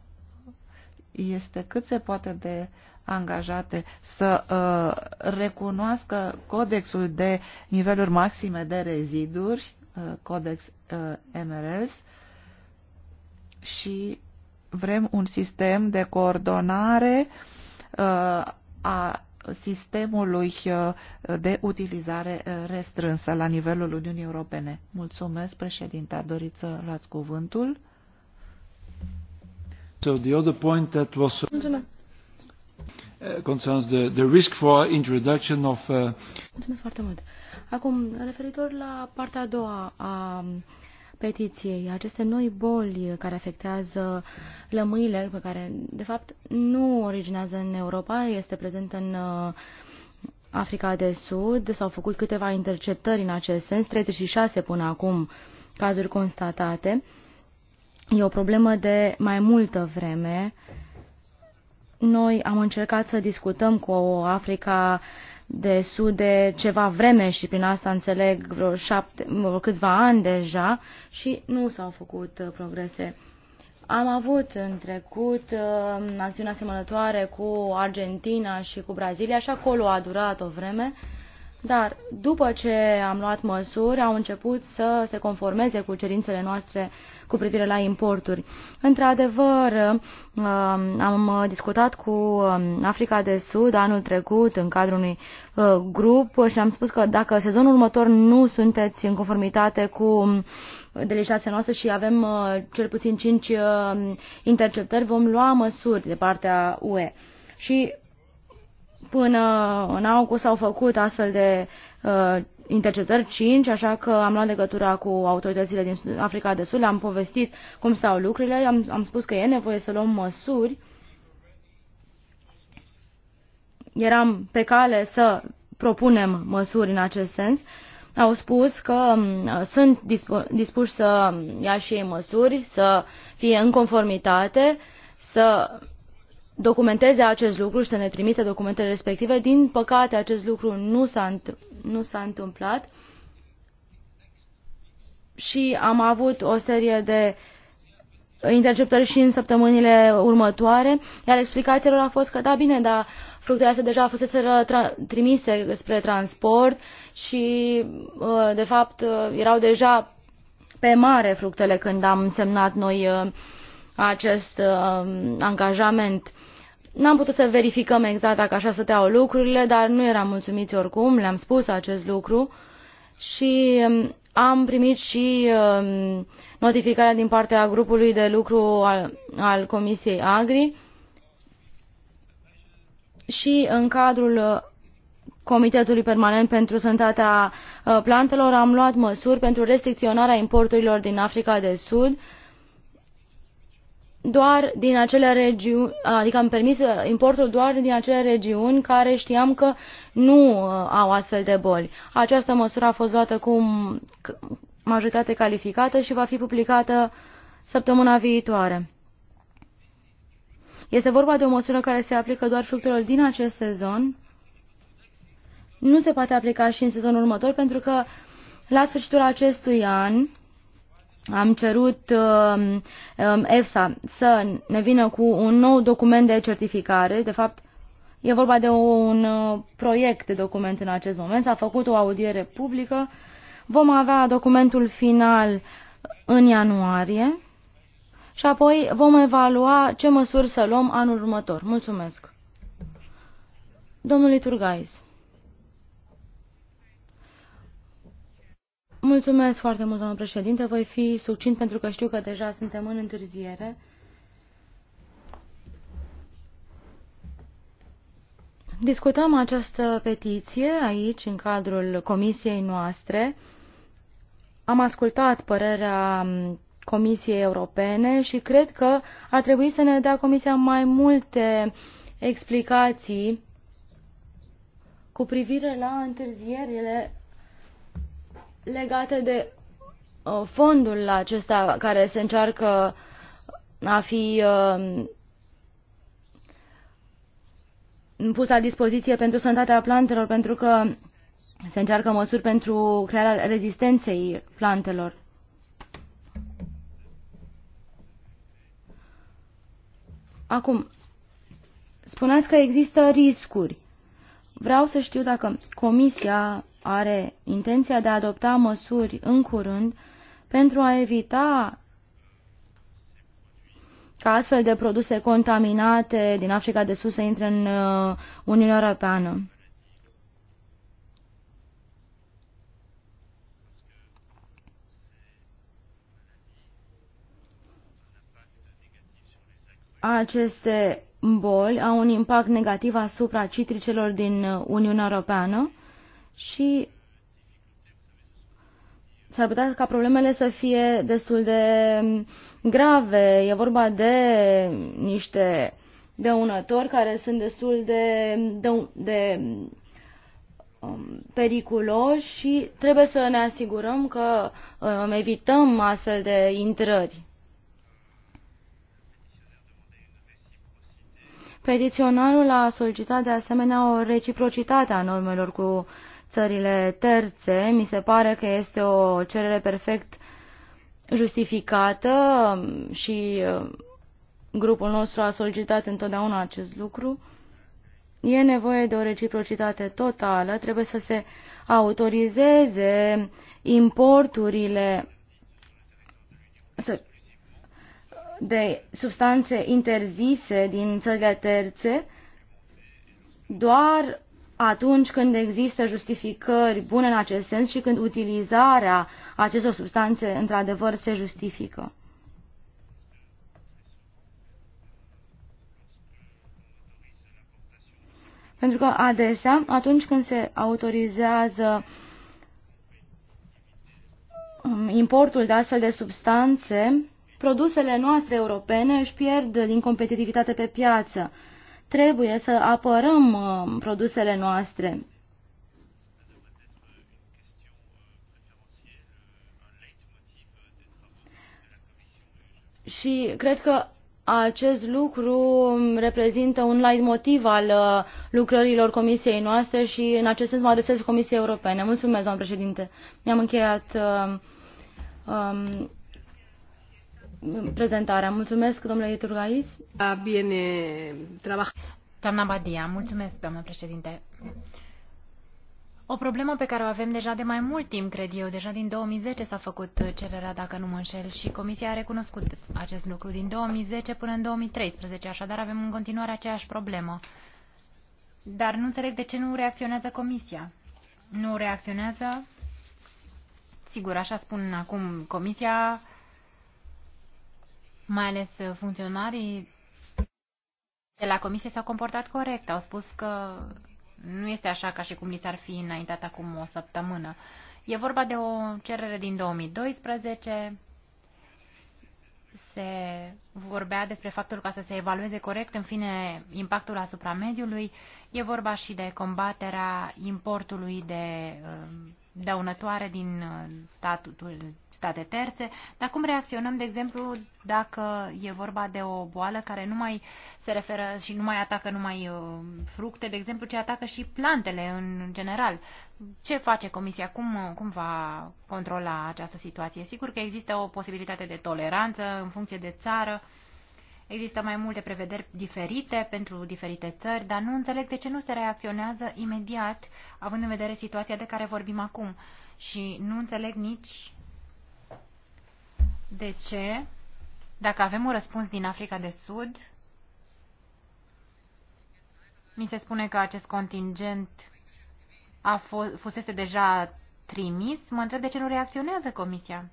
este cât se poate de angajate să uh, recunoască codexul de niveluri maxime de reziduri, uh, codex uh, MRS, și vrem un sistem de coordonare uh, a sistemului uh, de utilizare uh, restrânsă la nivelul Uniunii Europene. Mulțumesc, președinte. Doriți să luați cuvântul? So the other point that was uh, concerns the, the risk for introduction of uh... Mulțumesc foarte mult. Acum, referitor la partea a doua a petiției, aceste noi boli care afectează lămâile, pe care, de fapt, nu originează în Europa, este prezent în uh, Africa de Sud, s-au făcut câteva interceptări în acest sens, 36 până acum cazuri constatate. E o problemă de mai multă vreme. Noi am încercat să discutăm cu Africa de sud de ceva vreme și prin asta înțeleg vreo șapte, vreo câțiva ani deja și nu s-au făcut uh, progrese. Am avut în trecut uh, acțiuni asemănătoare cu Argentina și cu Brazilia și acolo a durat o vreme uh, dar după ce am luat măsuri, au început să se conformeze cu cerințele noastre cu privire la importuri. Într-adevăr, um, am discutat cu um, Africa de Sud anul trecut în cadrul unui uh, grup și am spus că dacă sezonul următor nu sunteți în conformitate cu um, delegația noastră și avem uh, cel puțin 5 uh, interceptări, vom lua măsuri de partea UE. Și Până în august s-au făcut astfel de uh, interceptări 5, așa că am luat legătura cu autoritățile din Africa de Sud, am povestit cum stau lucrurile, am, am spus că e nevoie să luăm măsuri. Eram pe cale să propunem măsuri în acest sens. Au spus că um, sunt dispu- dispuși să ia și ei măsuri, să fie în conformitate, să documenteze acest lucru și să ne trimite documentele respective. Din păcate, acest lucru nu s-a, nu s-a întâmplat și am avut o serie de interceptări și în săptămânile următoare, iar explicația lor a fost că, da, bine, dar fructele astea deja fuseseră trimise spre transport și, uh, de fapt, uh, erau deja pe mare fructele când am semnat noi uh, acest angajament. Nu am putut să verificăm exact dacă așa stăteau lucrurile, dar nu eram mulțumiți oricum, le-am spus acest lucru și um, am primit și um, notificarea din partea grupului de lucru al, al Comisiei Agri și în cadrul uh, Comitetului Permanent pentru Sănătatea uh, Plantelor am luat măsuri pentru restricționarea importurilor din Africa de Sud, doar din acele regiuni, adică am permis uh, importul doar din acele regiuni care știam că nu uh, au astfel de boli. Această măsură a fost luată cu majoritate calificată și va fi publicată săptămâna viitoare. Este vorba de o măsură care se aplică doar fructelor din acest sezon. Nu se poate aplica și în sezonul următor pentru că la sfârșitul acestui an am cerut um, um, EFSA să ne vină cu un nou document de certificare. De fapt, e vorba de un uh, proiect de document în acest moment. S-a făcut o audiere publică. Vom avea documentul final în ianuarie și apoi vom evalua ce măsuri să luăm anul următor. Mulțumesc. Domnului Turgais. Mulțumesc foarte mult, domnul președinte. Voi fi succint pentru că știu că deja suntem în întârziere. Discutăm această petiție aici, în cadrul comisiei noastre. Am ascultat părerea Comisiei Europene și cred că ar trebui să ne dea Comisia mai multe explicații cu privire la întârzierile legate de uh, fondul acesta care se încearcă uh, a fi uh, pus la dispoziție pentru sănătatea plantelor, pentru că se încearcă măsuri pentru crearea rezistenței plantelor. Acum, spuneați că există riscuri. Vreau să știu dacă Comisia are intenția de a adopta măsuri în curând pentru a evita ca astfel de produse contaminate din Africa de sus să intre în uh, Uniunea Europeană. Aceste boli au un impact negativ asupra citricelor din uh, Uniunea Europeană și s-ar putea ca problemele să fie destul de grave. E vorba de niște dăunători care sunt destul de, de, de um, periculoși și trebuie să ne asigurăm că um, evităm astfel de intrări. Petiționarul a solicitat de asemenea o reciprocitate a normelor cu țările terțe, mi se pare că este o cerere perfect justificată și uh, grupul nostru a solicitat întotdeauna acest lucru. E nevoie de o reciprocitate totală, trebuie să se autorizeze importurile de substanțe interzise din țările terțe doar atunci când există justificări bune în acest sens și când utilizarea acestor substanțe într-adevăr se justifică. Pentru că adesea, atunci când se autorizează um, importul de astfel de substanțe, produsele noastre europene își pierd din competitivitate pe piață Trebuie să apărăm uh, produsele noastre. Și cred că acest lucru reprezintă un leitmotiv al uh, lucrărilor comisiei noastre și în acest sens mă adresez Comisiei Europene. Mulțumesc, doamnă președinte. Mi-am încheiat uh, um, prezentarea. Mulțumesc, domnule Iturgais. A, da, bine, trabaj. Doamna Badia, mulțumesc, doamnă președinte. O problemă pe care o avem deja de mai mult timp, cred eu, deja din 2010 s-a făcut cererea, dacă nu mă înșel, și Comisia a recunoscut acest lucru din 2010 până în 2013, așadar avem în continuare aceeași problemă. Dar nu înțeleg de ce nu reacționează Comisia. Nu reacționează? Sigur, așa spun acum Comisia, mai ales uh, funcționarii de la comisie s-au comportat corect. Au spus că nu este așa ca și cum li s-ar fi înaintat acum o săptămână. E vorba de o cerere din 2012. Se vorbea despre faptul ca să se evalueze corect, în fine, impactul asupra mediului. E vorba și de combaterea importului de uh, dăunătoare din uh, statutul, state terțe, dar cum reacționăm, de exemplu, dacă e vorba de o boală care nu mai se referă și nu mai atacă numai uh, fructe, de exemplu, ci atacă și plantele în general. Ce face Comisia? Cum, uh, cum va controla această situație? Sigur că există o posibilitate de toleranță în funcție de țară, Există mai multe prevederi diferite pentru diferite țări, dar nu înțeleg de ce nu se reacționează imediat, având în vedere situația de care vorbim acum. Și nu înțeleg nici de ce, dacă avem un răspuns din Africa de Sud, mi se spune că acest contingent a fost, fusese deja trimis, mă întreb de ce nu reacționează Comisia.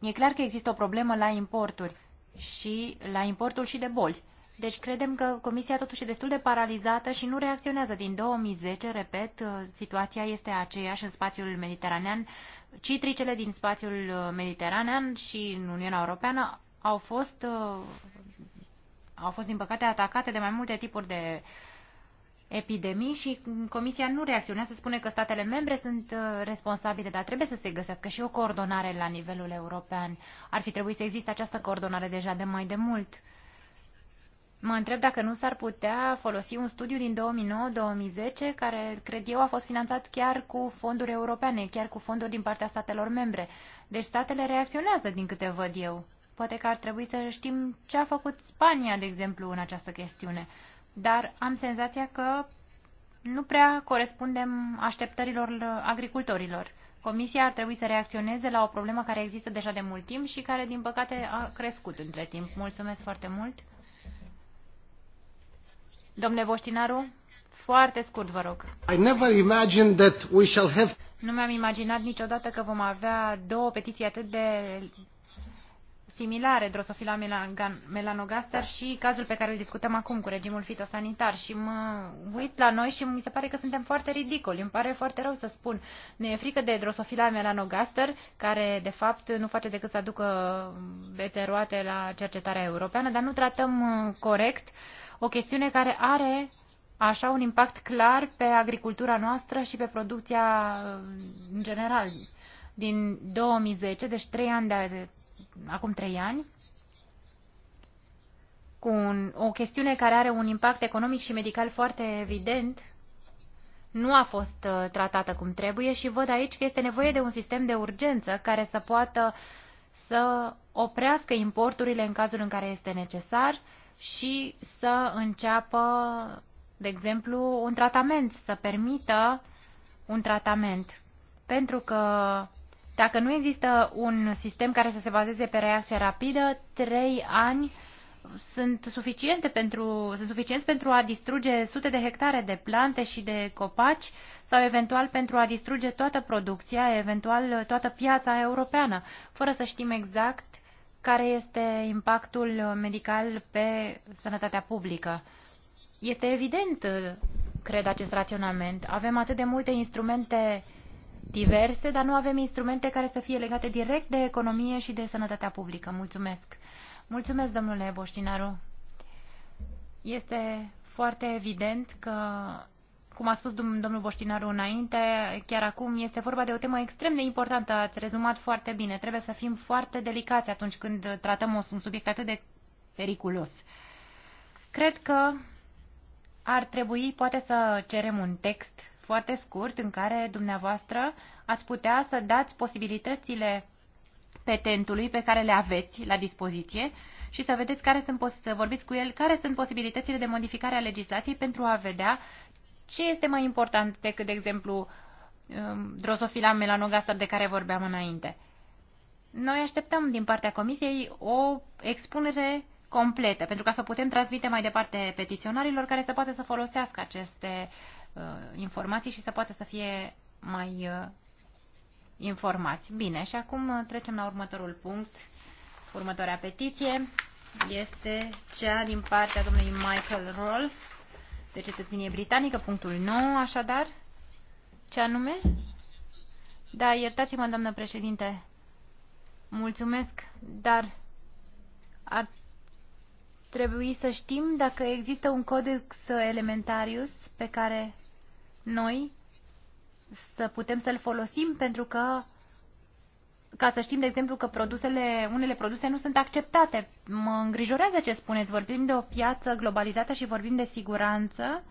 E clar că există o problemă la importuri și la importul și de boli. Deci credem că Comisia totuși e destul de paralizată și nu reacționează. Din 2010, repet, uh, situația este aceeași în spațiul mediteranean. Citricele din spațiul uh, mediteranean și în Uniunea Europeană au fost, uh, au fost din păcate, atacate de mai multe tipuri de uh, epidemii și Comisia nu reacționează, spune că statele membre sunt uh, responsabile, dar trebuie să se găsească și o coordonare la nivelul european. Ar fi trebuit să existe această coordonare deja de mai de mult. Mă întreb dacă nu s-ar putea folosi un studiu din 2009-2010 care, cred eu, a fost finanțat chiar cu fonduri europene, chiar cu fonduri din partea statelor membre. Deci statele reacționează, din câte văd eu. Poate că ar trebui să știm ce a făcut Spania, de exemplu, în această chestiune dar am senzația că nu prea corespundem așteptărilor agricultorilor. Comisia ar trebui să reacționeze la o problemă care există deja de mult timp și care, din păcate, a crescut între timp. Mulțumesc foarte mult. Domnule Boștinaru, foarte scurt, vă rog. I never imagined that we shall have... Nu mi-am imaginat niciodată că vom avea două petiții atât de similare, drosofila melanogaster și cazul pe care îl discutăm acum cu regimul fitosanitar și mă uit la noi și mi se pare că suntem foarte ridicoli. Îmi pare foarte rău să spun. Ne e frică de drosofila melanogaster, care de fapt nu face decât să aducă bețe roate la cercetarea europeană, dar nu tratăm uh, corect o chestiune care are așa un impact clar pe agricultura noastră și pe producția uh, în general. Din 2010, deci trei ani de acum trei ani cu un, o chestiune care are un impact economic și medical foarte evident, nu a fost uh, tratată cum trebuie și văd aici că este nevoie de un sistem de urgență care să poată să oprească importurile în cazul în care este necesar și să înceapă, de exemplu, un tratament, să permită un tratament. Pentru că dacă nu există un sistem care să se bazeze pe reacție rapidă, trei ani sunt suficiente pentru, sunt suficienți pentru a distruge sute de hectare de plante și de copaci sau eventual pentru a distruge toată producția, eventual toată piața europeană, fără să știm exact care este impactul medical pe sănătatea publică. Este evident, cred, acest raționament. Avem atât de multe instrumente uh, diverse, dar nu avem instrumente care să fie legate direct de economie și de sănătatea publică. Mulțumesc. Mulțumesc, domnule Boștinaru. Este foarte evident că, cum a spus domnul Boștinaru înainte, chiar acum este vorba de o temă extrem de importantă. Ați rezumat foarte bine. Trebuie să fim foarte delicați atunci când tratăm un subiect atât de periculos. Cred că ar trebui poate să cerem un text foarte scurt în care dumneavoastră ați putea să dați posibilitățile petentului pe care le aveți la dispoziție și să vedeți care sunt, să vorbiți cu el care sunt posibilitățile de modificare a legislației pentru a vedea ce este mai important decât, de exemplu, um, drosofila melanogaster de care vorbeam înainte. Noi așteptăm din partea Comisiei o expunere completă, pentru ca să putem transmite mai departe petiționarilor care să poată să folosească aceste Uh, informații și să poată să fie mai uh, informați. Bine, și acum uh, trecem la următorul punct. Următoarea petiție este cea din partea domnului Michael Rolf, de cetățenie britanică, punctul 9, așadar. Ce anume? Da, iertați-mă, doamnă președinte. Mulțumesc, dar ar trebui să știm dacă există un codex elementarius pe care noi să putem să-l folosim pentru că ca să știm, de exemplu, că produsele, unele produse nu sunt acceptate. Mă îngrijorează ce spuneți. Vorbim de o piață globalizată și vorbim de siguranță,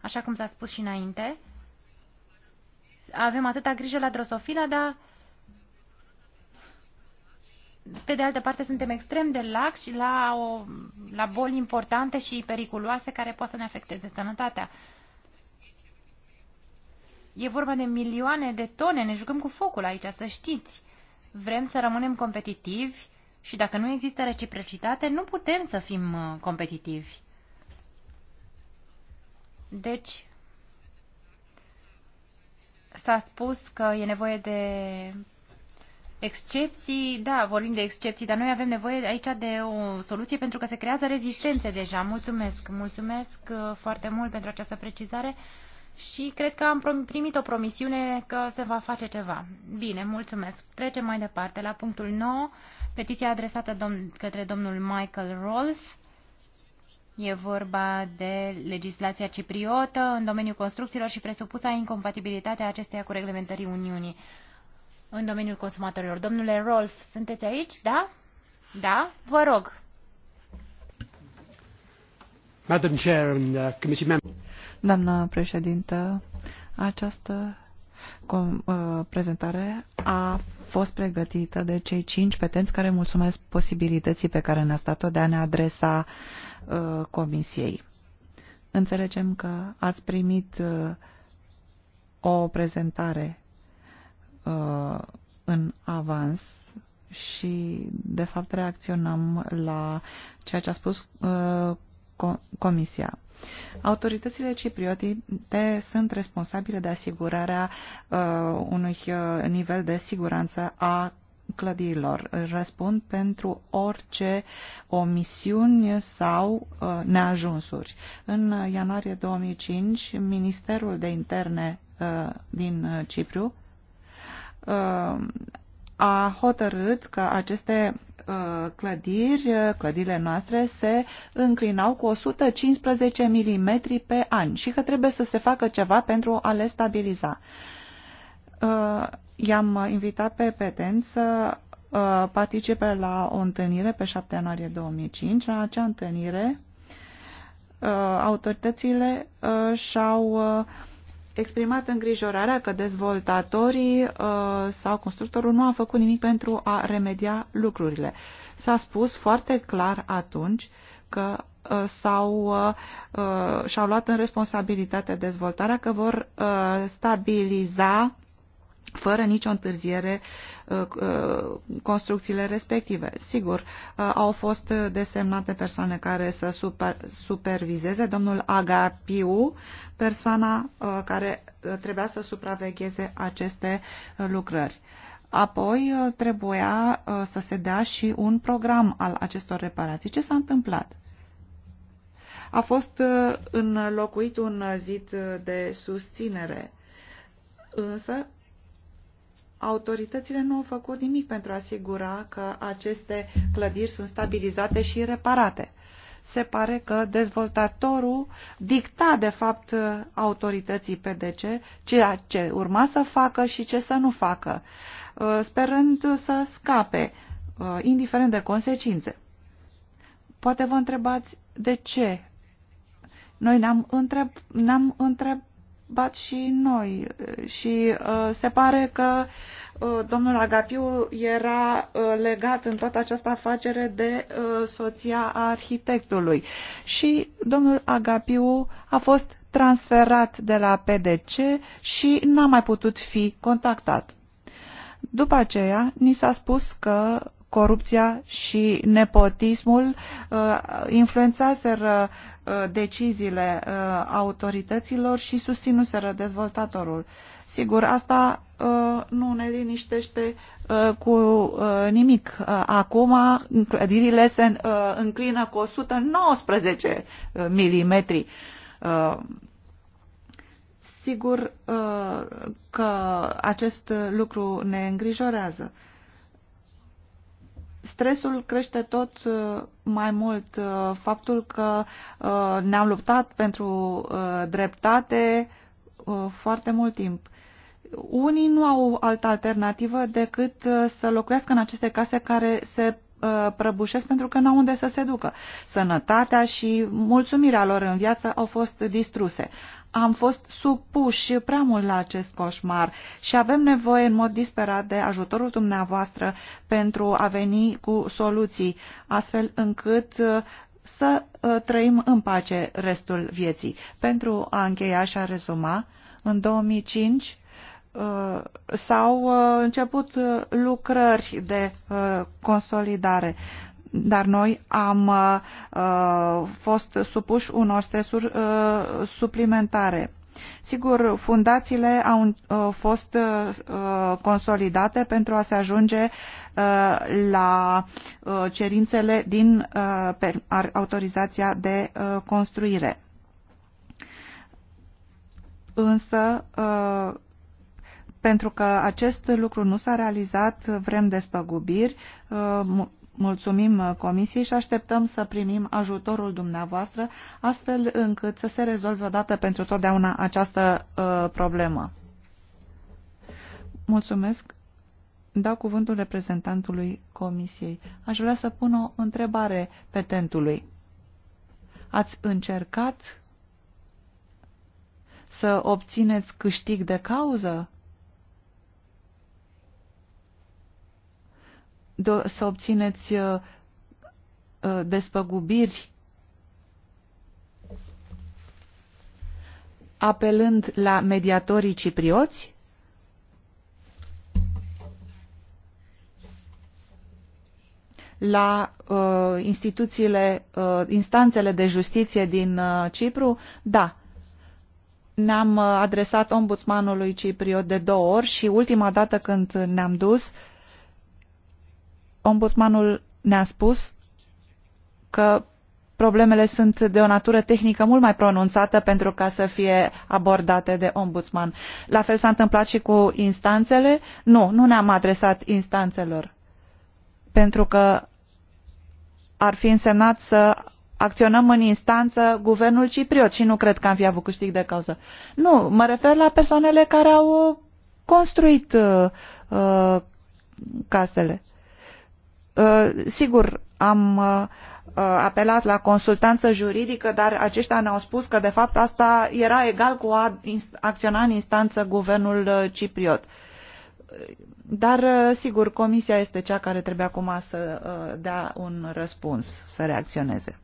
așa cum s-a spus și înainte. Avem atâta grijă la drosofila, dar pe de altă parte suntem extrem de laxi la, o, la boli importante și periculoase care pot să ne afecteze sănătatea. E vorba de milioane de tone, ne jucăm cu focul aici, să știți. Vrem să rămânem competitivi și dacă nu există reciprocitate, nu putem să fim uh, competitivi. Deci, s-a spus că e nevoie de Excepții, da, vorbim de excepții, dar noi avem nevoie aici de o soluție pentru că se creează rezistențe deja. Mulțumesc, mulțumesc uh, foarte mult pentru această precizare și cred că am primit o promisiune că se va face ceva. Bine, mulțumesc. Trecem mai departe la punctul 9, petiția adresată domn către domnul Michael Rolf. E vorba de legislația cipriotă în domeniul construcțiilor și presupusa incompatibilitatea acesteia cu reglementării Uniunii în domeniul consumatorilor. Domnule Rolf, sunteți aici? Da? Da? Vă rog. Madam Chair and uh, Committee Member. Doamna președintă, această com, uh, prezentare a fost pregătită de cei cinci petenți care mulțumesc posibilității pe care ne-a stat-o de a ne adresa uh, comisiei. Înțelegem că ați primit uh, o prezentare uh, în avans și, de fapt, reacționăm la ceea ce a spus uh, Comisia. Autoritățile cipriote sunt responsabile de asigurarea uh, unui uh, nivel de siguranță a clădirilor. Răspund pentru orice omisiuni sau uh, neajunsuri. În ianuarie 2005, Ministerul de Interne uh, din uh, Cipru Uh, a hotărât că aceste uh, clădiri, uh, clădirile noastre, se înclinau cu 115 mm pe an și că trebuie să se facă ceva pentru a le stabiliza. I-am invitat pe Peten să participe la o întâlnire pe 7 ianuarie 2005. La acea întâlnire autoritățile și-au uh, exprimat îngrijorarea că dezvoltatorii uh, sau constructorul nu a făcut nimic pentru a remedia lucrurile. S-a spus foarte clar atunci că uh, sau uh, uh și-au luat în responsabilitate dezvoltarea că vor uh, stabiliza fără nicio întârziere uh, uh, construcțiile respective. Sigur, uh, au fost desemnate persoane care să super, supervizeze, domnul Agapiu, persoana care trebuia să supravegheze aceste lucrări. Apoi trebuia să se dea și un program al acestor reparații. Ce s-a întâmplat? A fost înlocuit un zid de susținere, însă autoritățile nu au făcut nimic pentru a asigura că aceste clădiri sunt stabilizate și reparate. Se pare că dezvoltatorul dicta, de fapt, autorității PDC ceea ce urma să facă și ce să nu facă, uh, sperând să scape, uh, indiferent de consecințe. Poate vă întrebați de ce noi ne-am întreb, ne bat și noi. Și uh, se pare că uh, domnul Agapiu era uh, legat în toată această afacere de uh, soția arhitectului. Și domnul Agapiu a fost transferat de la PDC și n-a mai putut fi contactat. După aceea, ni s-a spus că corupția și nepotismul uh, influențaseră uh, deciziile uh, autorităților și susținuseră dezvoltatorul. Sigur, asta nu ne liniștește cu nimic. Acum clădirile se înclină cu 119 mm. Sigur că acest lucru ne îngrijorează. Stresul crește tot uh, mai mult. Uh, faptul că uh, ne-am luptat pentru dreptate foarte mult timp. Unii nu au altă alternativă decât să locuiască în aceste case care se prăbușesc pentru că n-au unde să se ducă. Sănătatea și mulțumirea lor în viață au fost distruse am fost supuși prea mult la acest coșmar și avem nevoie în mod disperat de ajutorul dumneavoastră pentru a veni cu soluții, astfel încât uh, să uh, trăim în pace restul vieții. Pentru a încheia și a rezuma, în 2005 uh, s-au început lucrări de consolidare dar noi am uh, uh, fost supuși unor stresuri uh, suplimentare. Sigur, fundațiile au fost consolidate pentru a se ajunge la cerințele din autorizația de construire. Însă, pentru că acest lucru nu s-a realizat, vrem despăgubiri, mulțumim uh, Comisiei și așteptăm să primim ajutorul dumneavoastră, astfel încât să se rezolve odată pentru totdeauna această uh, problemă. Mulțumesc. Dau cuvântul reprezentantului Comisiei. Aș vrea să pun o întrebare petentului. Ați încercat să obțineți câștig de cauză? să obțineți uh, uh, despăgubiri apelând la mediatorii ciprioți? la uh, instituțiile, uh, instanțele de justiție din uh, Cipru? Da. Ne-am uh, adresat ombudsmanului cipriot de două ori și ultima dată când ne-am dus uh, ombudsmanul ne-a spus că problemele sunt de o natură tehnică mult mai pronunțată pentru ca să fie abordate de ombudsman. La fel s-a întâmplat și cu instanțele? Nu, nu ne-am adresat instanțelor, pentru că ar fi însemnat să acționăm în instanță guvernul cipriot și nu cred că am fi avut câștig de cauză. Nu, mă refer la persoanele care au construit uh, uh casele. Uh, sigur, am uh, uh, apelat la consultanță juridică, dar aceștia ne-au spus că de fapt asta era egal cu a acționa în instanță guvernul cipriot. Dar, sigur, comisia este cea care trebuie acum să dea un răspuns, să reacționeze.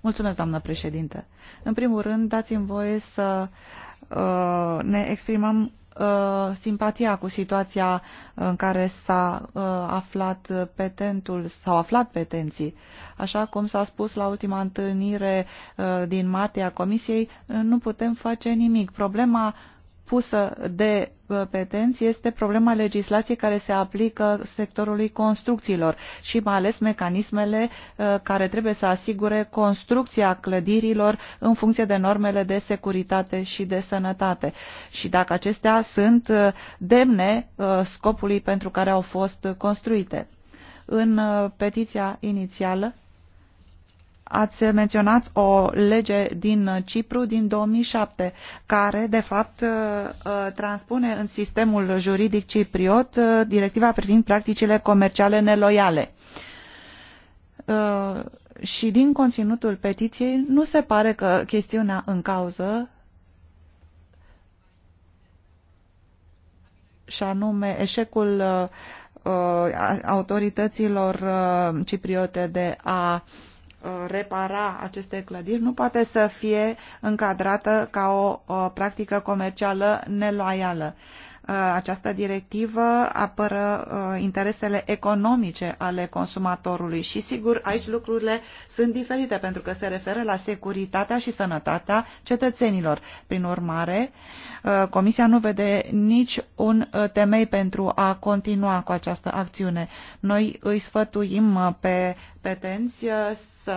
Mulțumesc, doamnă președinte. În primul rând, dați-mi voie să ne exprimăm Uh, simpatia cu situația în care s-a uh, aflat petentul, s-au aflat petenții. Așa cum s-a spus la ultima întâlnire uh, din martie a Comisiei, nu putem face nimic. Problema pusă de uh, petenți este problema legislației care se aplică sectorului construcțiilor și mai ales mecanismele uh, care trebuie să asigure construcția clădirilor în funcție de normele de securitate și de sănătate și dacă acestea sunt uh, demne scopului pentru care au fost construite. În petiția inițială Ați menționat o lege din Cipru din 2007, care, de fapt, uh, uh, transpune în sistemul juridic cipriot uh, directiva privind practicile comerciale neloiale. Și din conținutul petiției nu se pare că chestiunea în cauză și anume eșecul autorităților cipriote de a uh, Uh, repara aceste clădiri nu poate să fie încadrată ca o uh, practică comercială neloială. Uh, această directivă apără uh, interesele economice ale consumatorului și, sigur, aici lucrurile sunt diferite pentru că se referă la securitatea și sănătatea cetățenilor. Prin urmare, uh, Comisia nu vede nici un temei pentru a continua cu această acțiune. Noi îi sfătuim pe petenți să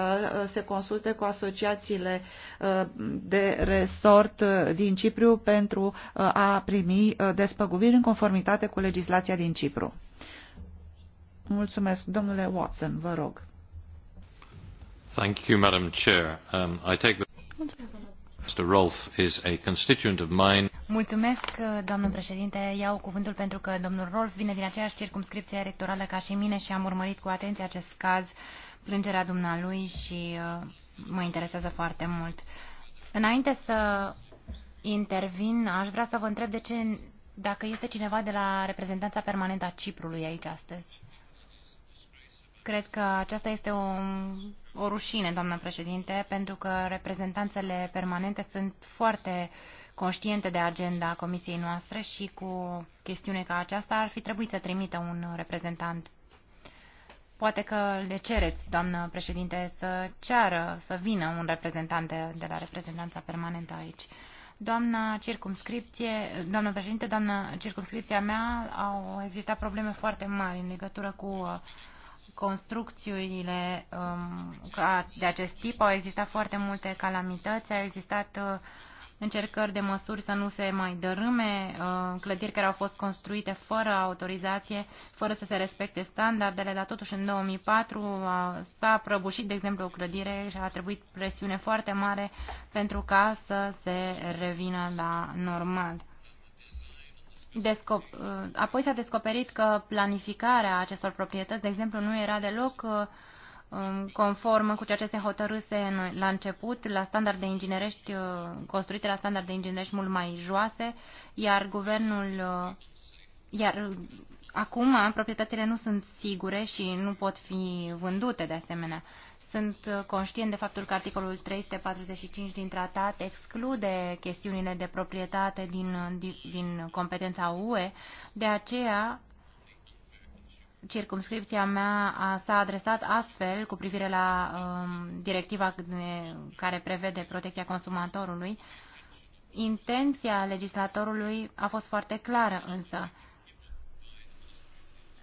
se consulte cu asociațiile de resort din Cipru pentru a primi despre despăgubiri în conformitate cu legislația din Cipru. Mulțumesc. Domnule Watson, vă rog. Thank you, Madam Chair. Um, I take the... Mr. Rolf is a constituent of mine. Mulțumesc, domnul președinte. Iau cuvântul pentru că domnul Rolf vine din aceeași circumscripție electorală ca și mine și am urmărit cu atenție acest caz, plângerea dumnealui și uh, mă interesează foarte mult. Înainte să intervin, aș vrea să vă întreb de ce dacă este cineva de la reprezentanța permanentă a Ciprului aici astăzi. Cred că aceasta este o, o rușine, doamnă președinte, pentru că reprezentanțele permanente sunt foarte conștiente de agenda comisiei noastre și cu chestiune ca aceasta ar fi trebuit să trimită un reprezentant. Poate că le cereți, doamnă președinte, să ceară să vină un reprezentant de, de la reprezentanța permanentă aici. Doamna circumscripție, doamnă președinte, doamnă circumscripția mea, au existat probleme foarte mari în legătură cu uh, construcțiile um, de acest tip. Au existat foarte multe calamități, au existat uh, încercări de măsuri să nu se mai dărâme, uh, clădiri care au fost construite fără autorizație, fără să se respecte standardele, dar totuși în 2004 uh, s-a prăbușit, de exemplu, o clădire și a trebuit presiune foarte mare pentru ca să se revină la normal. Descop uh, Apoi s-a descoperit că planificarea acestor proprietăți, de exemplu, nu era deloc uh, conform cu ceea ce se hotărâse la început, la standarde inginerești, uh, construite la standarde inginerești mult mai joase, iar guvernul, uh, iar uh, acum proprietățile nu sunt sigure și nu pot fi vândute de asemenea. Sunt conștient de faptul că articolul 345 din tratat exclude chestiunile de proprietate din, din competența UE, de aceea circumscripția mea s-a adresat astfel cu privire la um, directiva care prevede protecția consumatorului. Intenția legislatorului a fost foarte clară însă.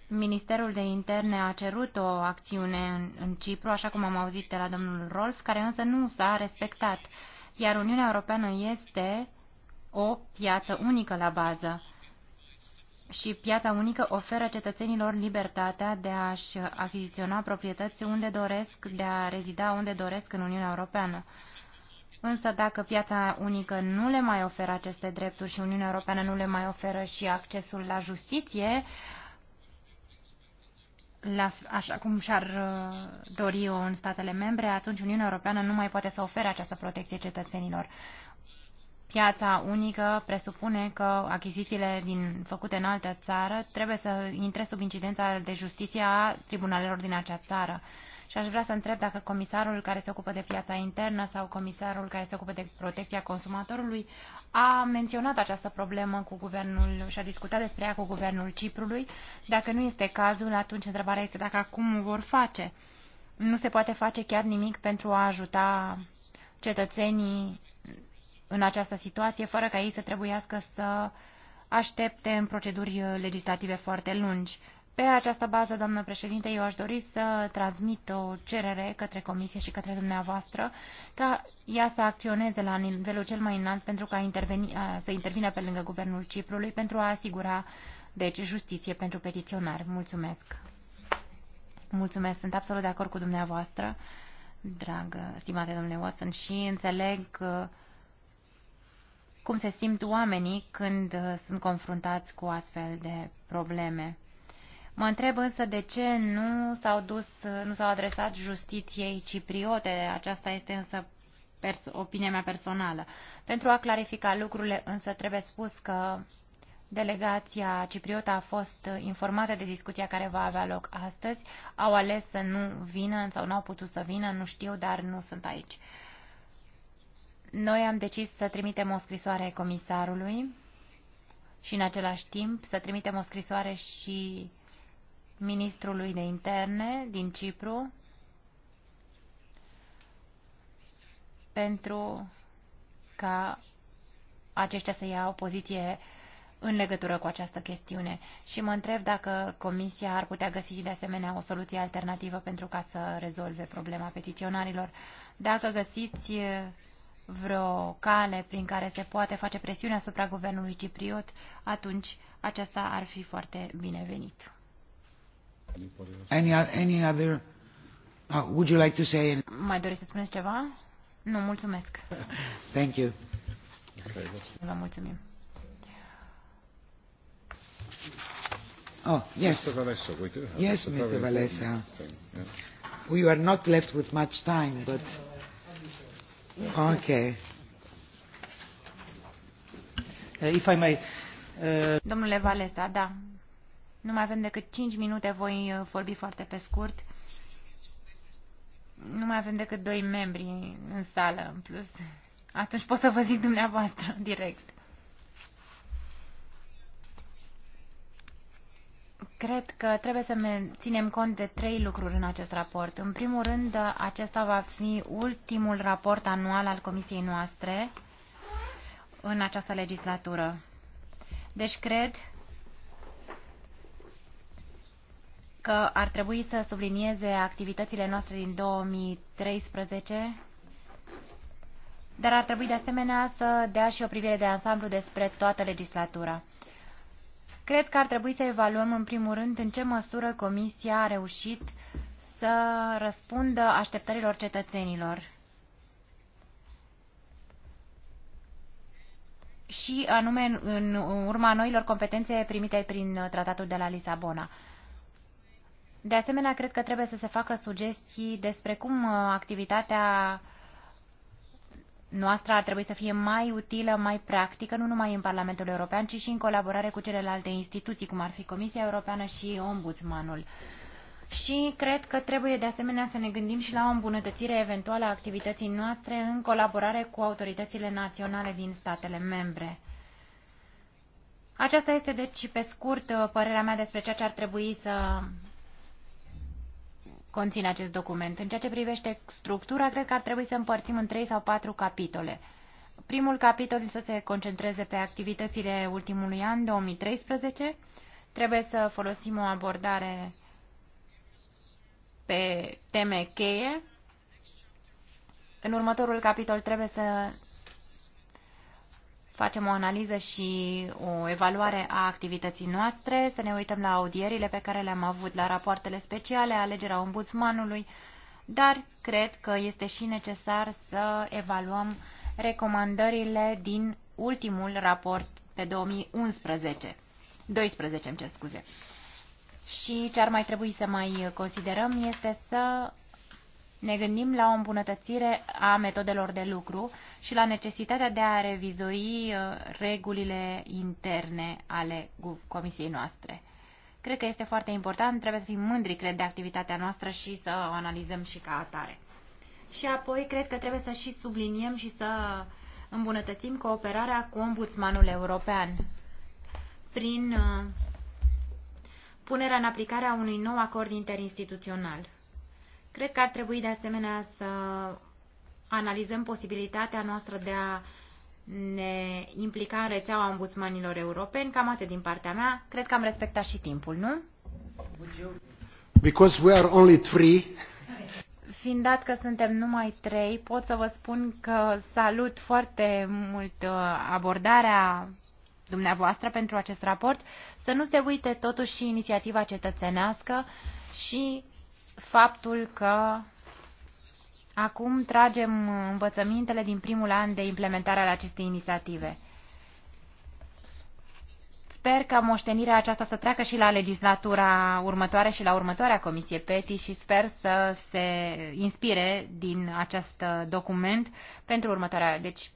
Ministerul de Interne a cerut o acțiune în, în Cipru, așa cum am auzit de la domnul Rolf, care însă nu s-a respectat, iar Uniunea Europeană este o piață unică la bază și piața unică oferă cetățenilor libertatea de a-și achiziționa proprietăți unde doresc, de a rezida unde doresc în Uniunea Europeană. Însă dacă piața unică nu le mai oferă aceste drepturi și Uniunea Europeană nu le mai oferă și accesul la justiție, la, așa cum și-ar uh, dori-o în statele membre, atunci Uniunea Europeană nu mai poate să ofere această protecție cetățenilor piața unică presupune că achizițiile din, făcute în altă țară trebuie să intre sub incidența de justiție a tribunalelor din acea țară. Și aș vrea să întreb dacă comisarul care se ocupă de piața internă sau comisarul care se ocupă de protecția consumatorului a menționat această problemă cu guvernul și a discutat despre ea cu guvernul Ciprului. Dacă nu este cazul, atunci întrebarea este dacă acum vor face. Nu se poate face chiar nimic pentru a ajuta cetățenii în această situație, fără ca ei să trebuiască să aștepte în proceduri uh, legislative foarte lungi. Pe această bază, doamnă președinte, eu aș dori să transmit o cerere către Comisie și către dumneavoastră ca ea să acționeze la nivelul cel mai înalt pentru ca interveni, să intervină pe lângă Guvernul Ciprului pentru a asigura, deci, justiție pentru petiționari. Mulțumesc! Mulțumesc, sunt absolut de acord cu dumneavoastră, dragă, stimate domnule Watson, și înțeleg că cum se simt oamenii când uh, sunt confruntați cu astfel de probleme. Mă întreb însă de ce nu s-au dus, uh, nu s-au adresat justiției cipriote, aceasta este însă pers- opinia mea personală. Pentru a clarifica lucrurile însă trebuie spus că delegația cipriotă a fost uh, informată de discuția care va avea loc astăzi, au ales să nu vină sau nu au putut să vină, nu știu, dar nu sunt aici. Noi am decis să trimitem o scrisoare comisarului și în același timp să trimitem o scrisoare și ministrului de interne din Cipru pentru ca aceștia să ia o poziție în legătură cu această chestiune și mă întreb dacă Comisia ar putea găsi de asemenea o soluție alternativă pentru ca să rezolve problema petiționarilor. Dacă găsiți vreo cale prin care se poate face presiune asupra guvernului cipriot, atunci aceasta ar fi foarte binevenit. Any, any other, uh, would you like to say any... Mai doriți să spuneți ceva? Nu, mulțumesc. Thank you. Vă mulțumim. Oh, yes. Mr. Valesa, we do have yes, Mr. Valesa. We are not left with much time, but... Eh, eh, Domnule Valesa, da. Nu mai avem decât 5 minute, voi eh, vorbi foarte pe scurt. Nu mai avem decât doi membri în sală, în plus. Atunci pot să vă zic dumneavoastră direct. Cred că trebuie să ținem cont de trei lucruri în acest raport. În primul rând, acesta va fi ultimul raport anual al comisiei noastre în această legislatură. Deci cred că ar trebui să sublinieze activitățile noastre din 2013, dar ar trebui de asemenea să dea și o privire de ansamblu despre toată legislatura. Cred că ar trebui să evaluăm în primul rând în ce măsură Comisia a reușit să răspundă așteptărilor cetățenilor. Și anume în, urma noilor competențe primite prin uh, tratatul de la Lisabona. De asemenea, cred că trebuie să se facă sugestii despre cum uh, activitatea uh, noastră ar trebui să fie mai utilă, mai practică, nu numai în Parlamentul European, ci și în colaborare cu celelalte instituții, cum ar fi Comisia Europeană și Ombudsmanul. Și cred că trebuie de asemenea să ne gândim și la o îmbunătățire eventuală a activității noastre în colaborare cu autoritățile naționale din statele membre. Aceasta este deci pe scurt părerea mea despre ceea ce ar trebui să conține acest document. În ceea ce privește structura, cred că ar trebui să împărțim în trei sau patru capitole. Primul capitol să se concentreze pe activitățile ultimului an, 2013. Trebuie să folosim o abordare pe teme cheie. În următorul capitol trebuie să facem o analiză și o evaluare a activității noastre, să ne uităm la audierile pe care le-am avut, la rapoartele speciale, alegerea ombudsmanului, dar cred că este și necesar să evaluăm recomandările din ultimul raport pe 2011. 12, îmi cer scuze. Și ce ar mai trebui să mai considerăm este să ne gândim la o îmbunătățire a metodelor de lucru și la necesitatea de a revizui uh, regulile interne ale comisiei noastre. Cred că este foarte important, trebuie să fim mândri, cred, de activitatea noastră și să o analizăm și ca atare. Și apoi, cred că trebuie să și subliniem și să îmbunătățim cooperarea cu Ombudsmanul European prin uh, punerea în aplicare a unui nou acord interinstituțional. Cred că ar trebui de asemenea să analizăm posibilitatea noastră de a ne implica în rețeaua ombudsmanilor europeni. Cam atât din partea mea. Cred că am respectat și timpul, nu? Because we are only three. Fiind dat că suntem numai trei, pot să vă spun că salut foarte mult uh, abordarea dumneavoastră pentru acest raport, să nu se uite totuși și inițiativa cetățenească și faptul că acum tragem învățămintele din primul an de implementare al acestei inițiative. Sper ca moștenirea aceasta să treacă și la legislatura următoare și la următoarea Comisie PETI și sper să se inspire din acest document pentru următoarea, deci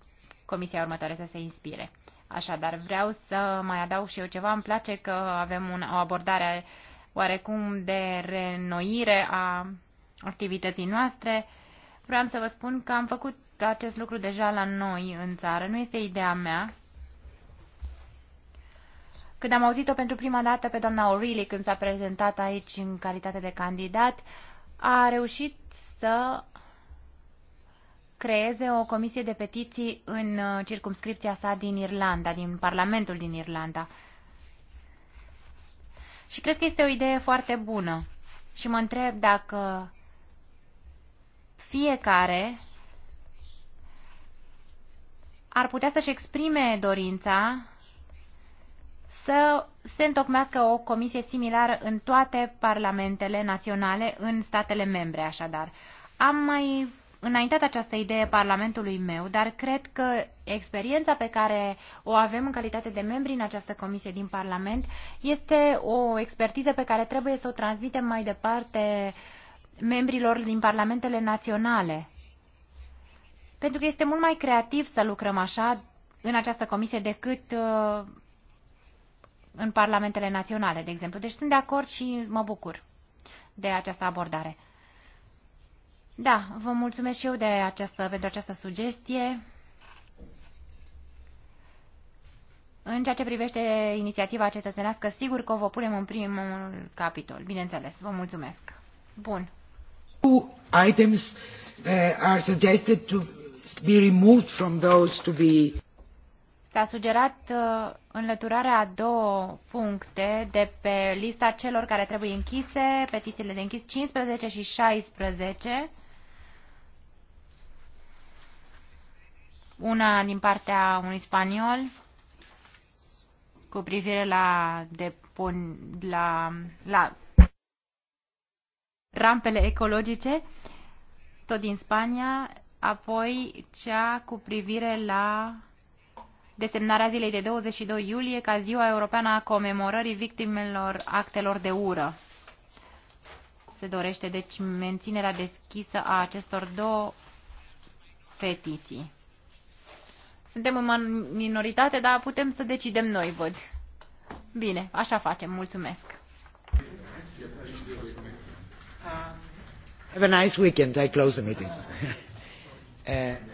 Comisia următoare să se inspire. Așadar, vreau să mai adaug și eu ceva. Îmi place că avem un, o abordare uh, oarecum de renoire a activității noastre, vreau să vă spun că am făcut acest lucru deja la noi în țară. Nu este ideea mea. Când am auzit-o pentru prima dată pe doamna O'Reilly când s-a prezentat aici în calitate de candidat, a reușit să creeze o comisie de petiții în uh, circumscripția sa din Irlanda, din Parlamentul din Irlanda. Și cred că este o idee foarte bună. Și mă întreb dacă fiecare ar putea să-și exprime dorința să se întocmească o comisie similară în toate parlamentele naționale, în statele membre, așadar. Am mai înaintat această idee Parlamentului meu, dar cred că experiența pe care o avem în calitate de membri în această comisie din Parlament este o expertiză pe care trebuie să o transmitem mai departe membrilor din parlamentele naționale. Pentru că este mult mai creativ să lucrăm așa în această comisie decât uh, în parlamentele naționale, de exemplu. Deci sunt de acord și mă bucur de această abordare. Da, vă mulțumesc și eu de această, pentru această sugestie. În ceea ce privește inițiativa cetățenească, sigur că o vă punem în primul capitol, bineînțeles. Vă mulțumesc. Bun. Two items uh, are suggested to be removed from those to be S-a sugerat uh, înlăturarea a două puncte de pe lista celor care trebuie închise, petițiile de închis 15 și 16. Una din partea unui spaniol cu privire la, depun, la, la rampele ecologice, tot din Spania, apoi cea cu privire la desemnarea zilei de 22 iulie ca ziua europeană a comemorării victimelor actelor de ură. Se dorește deci menținerea deschisă a acestor două petiții. Suntem în minoritate, dar putem să decidem noi, văd. Bine, așa facem. Mulțumesc. Have a nice weekend. I close the meeting. uh,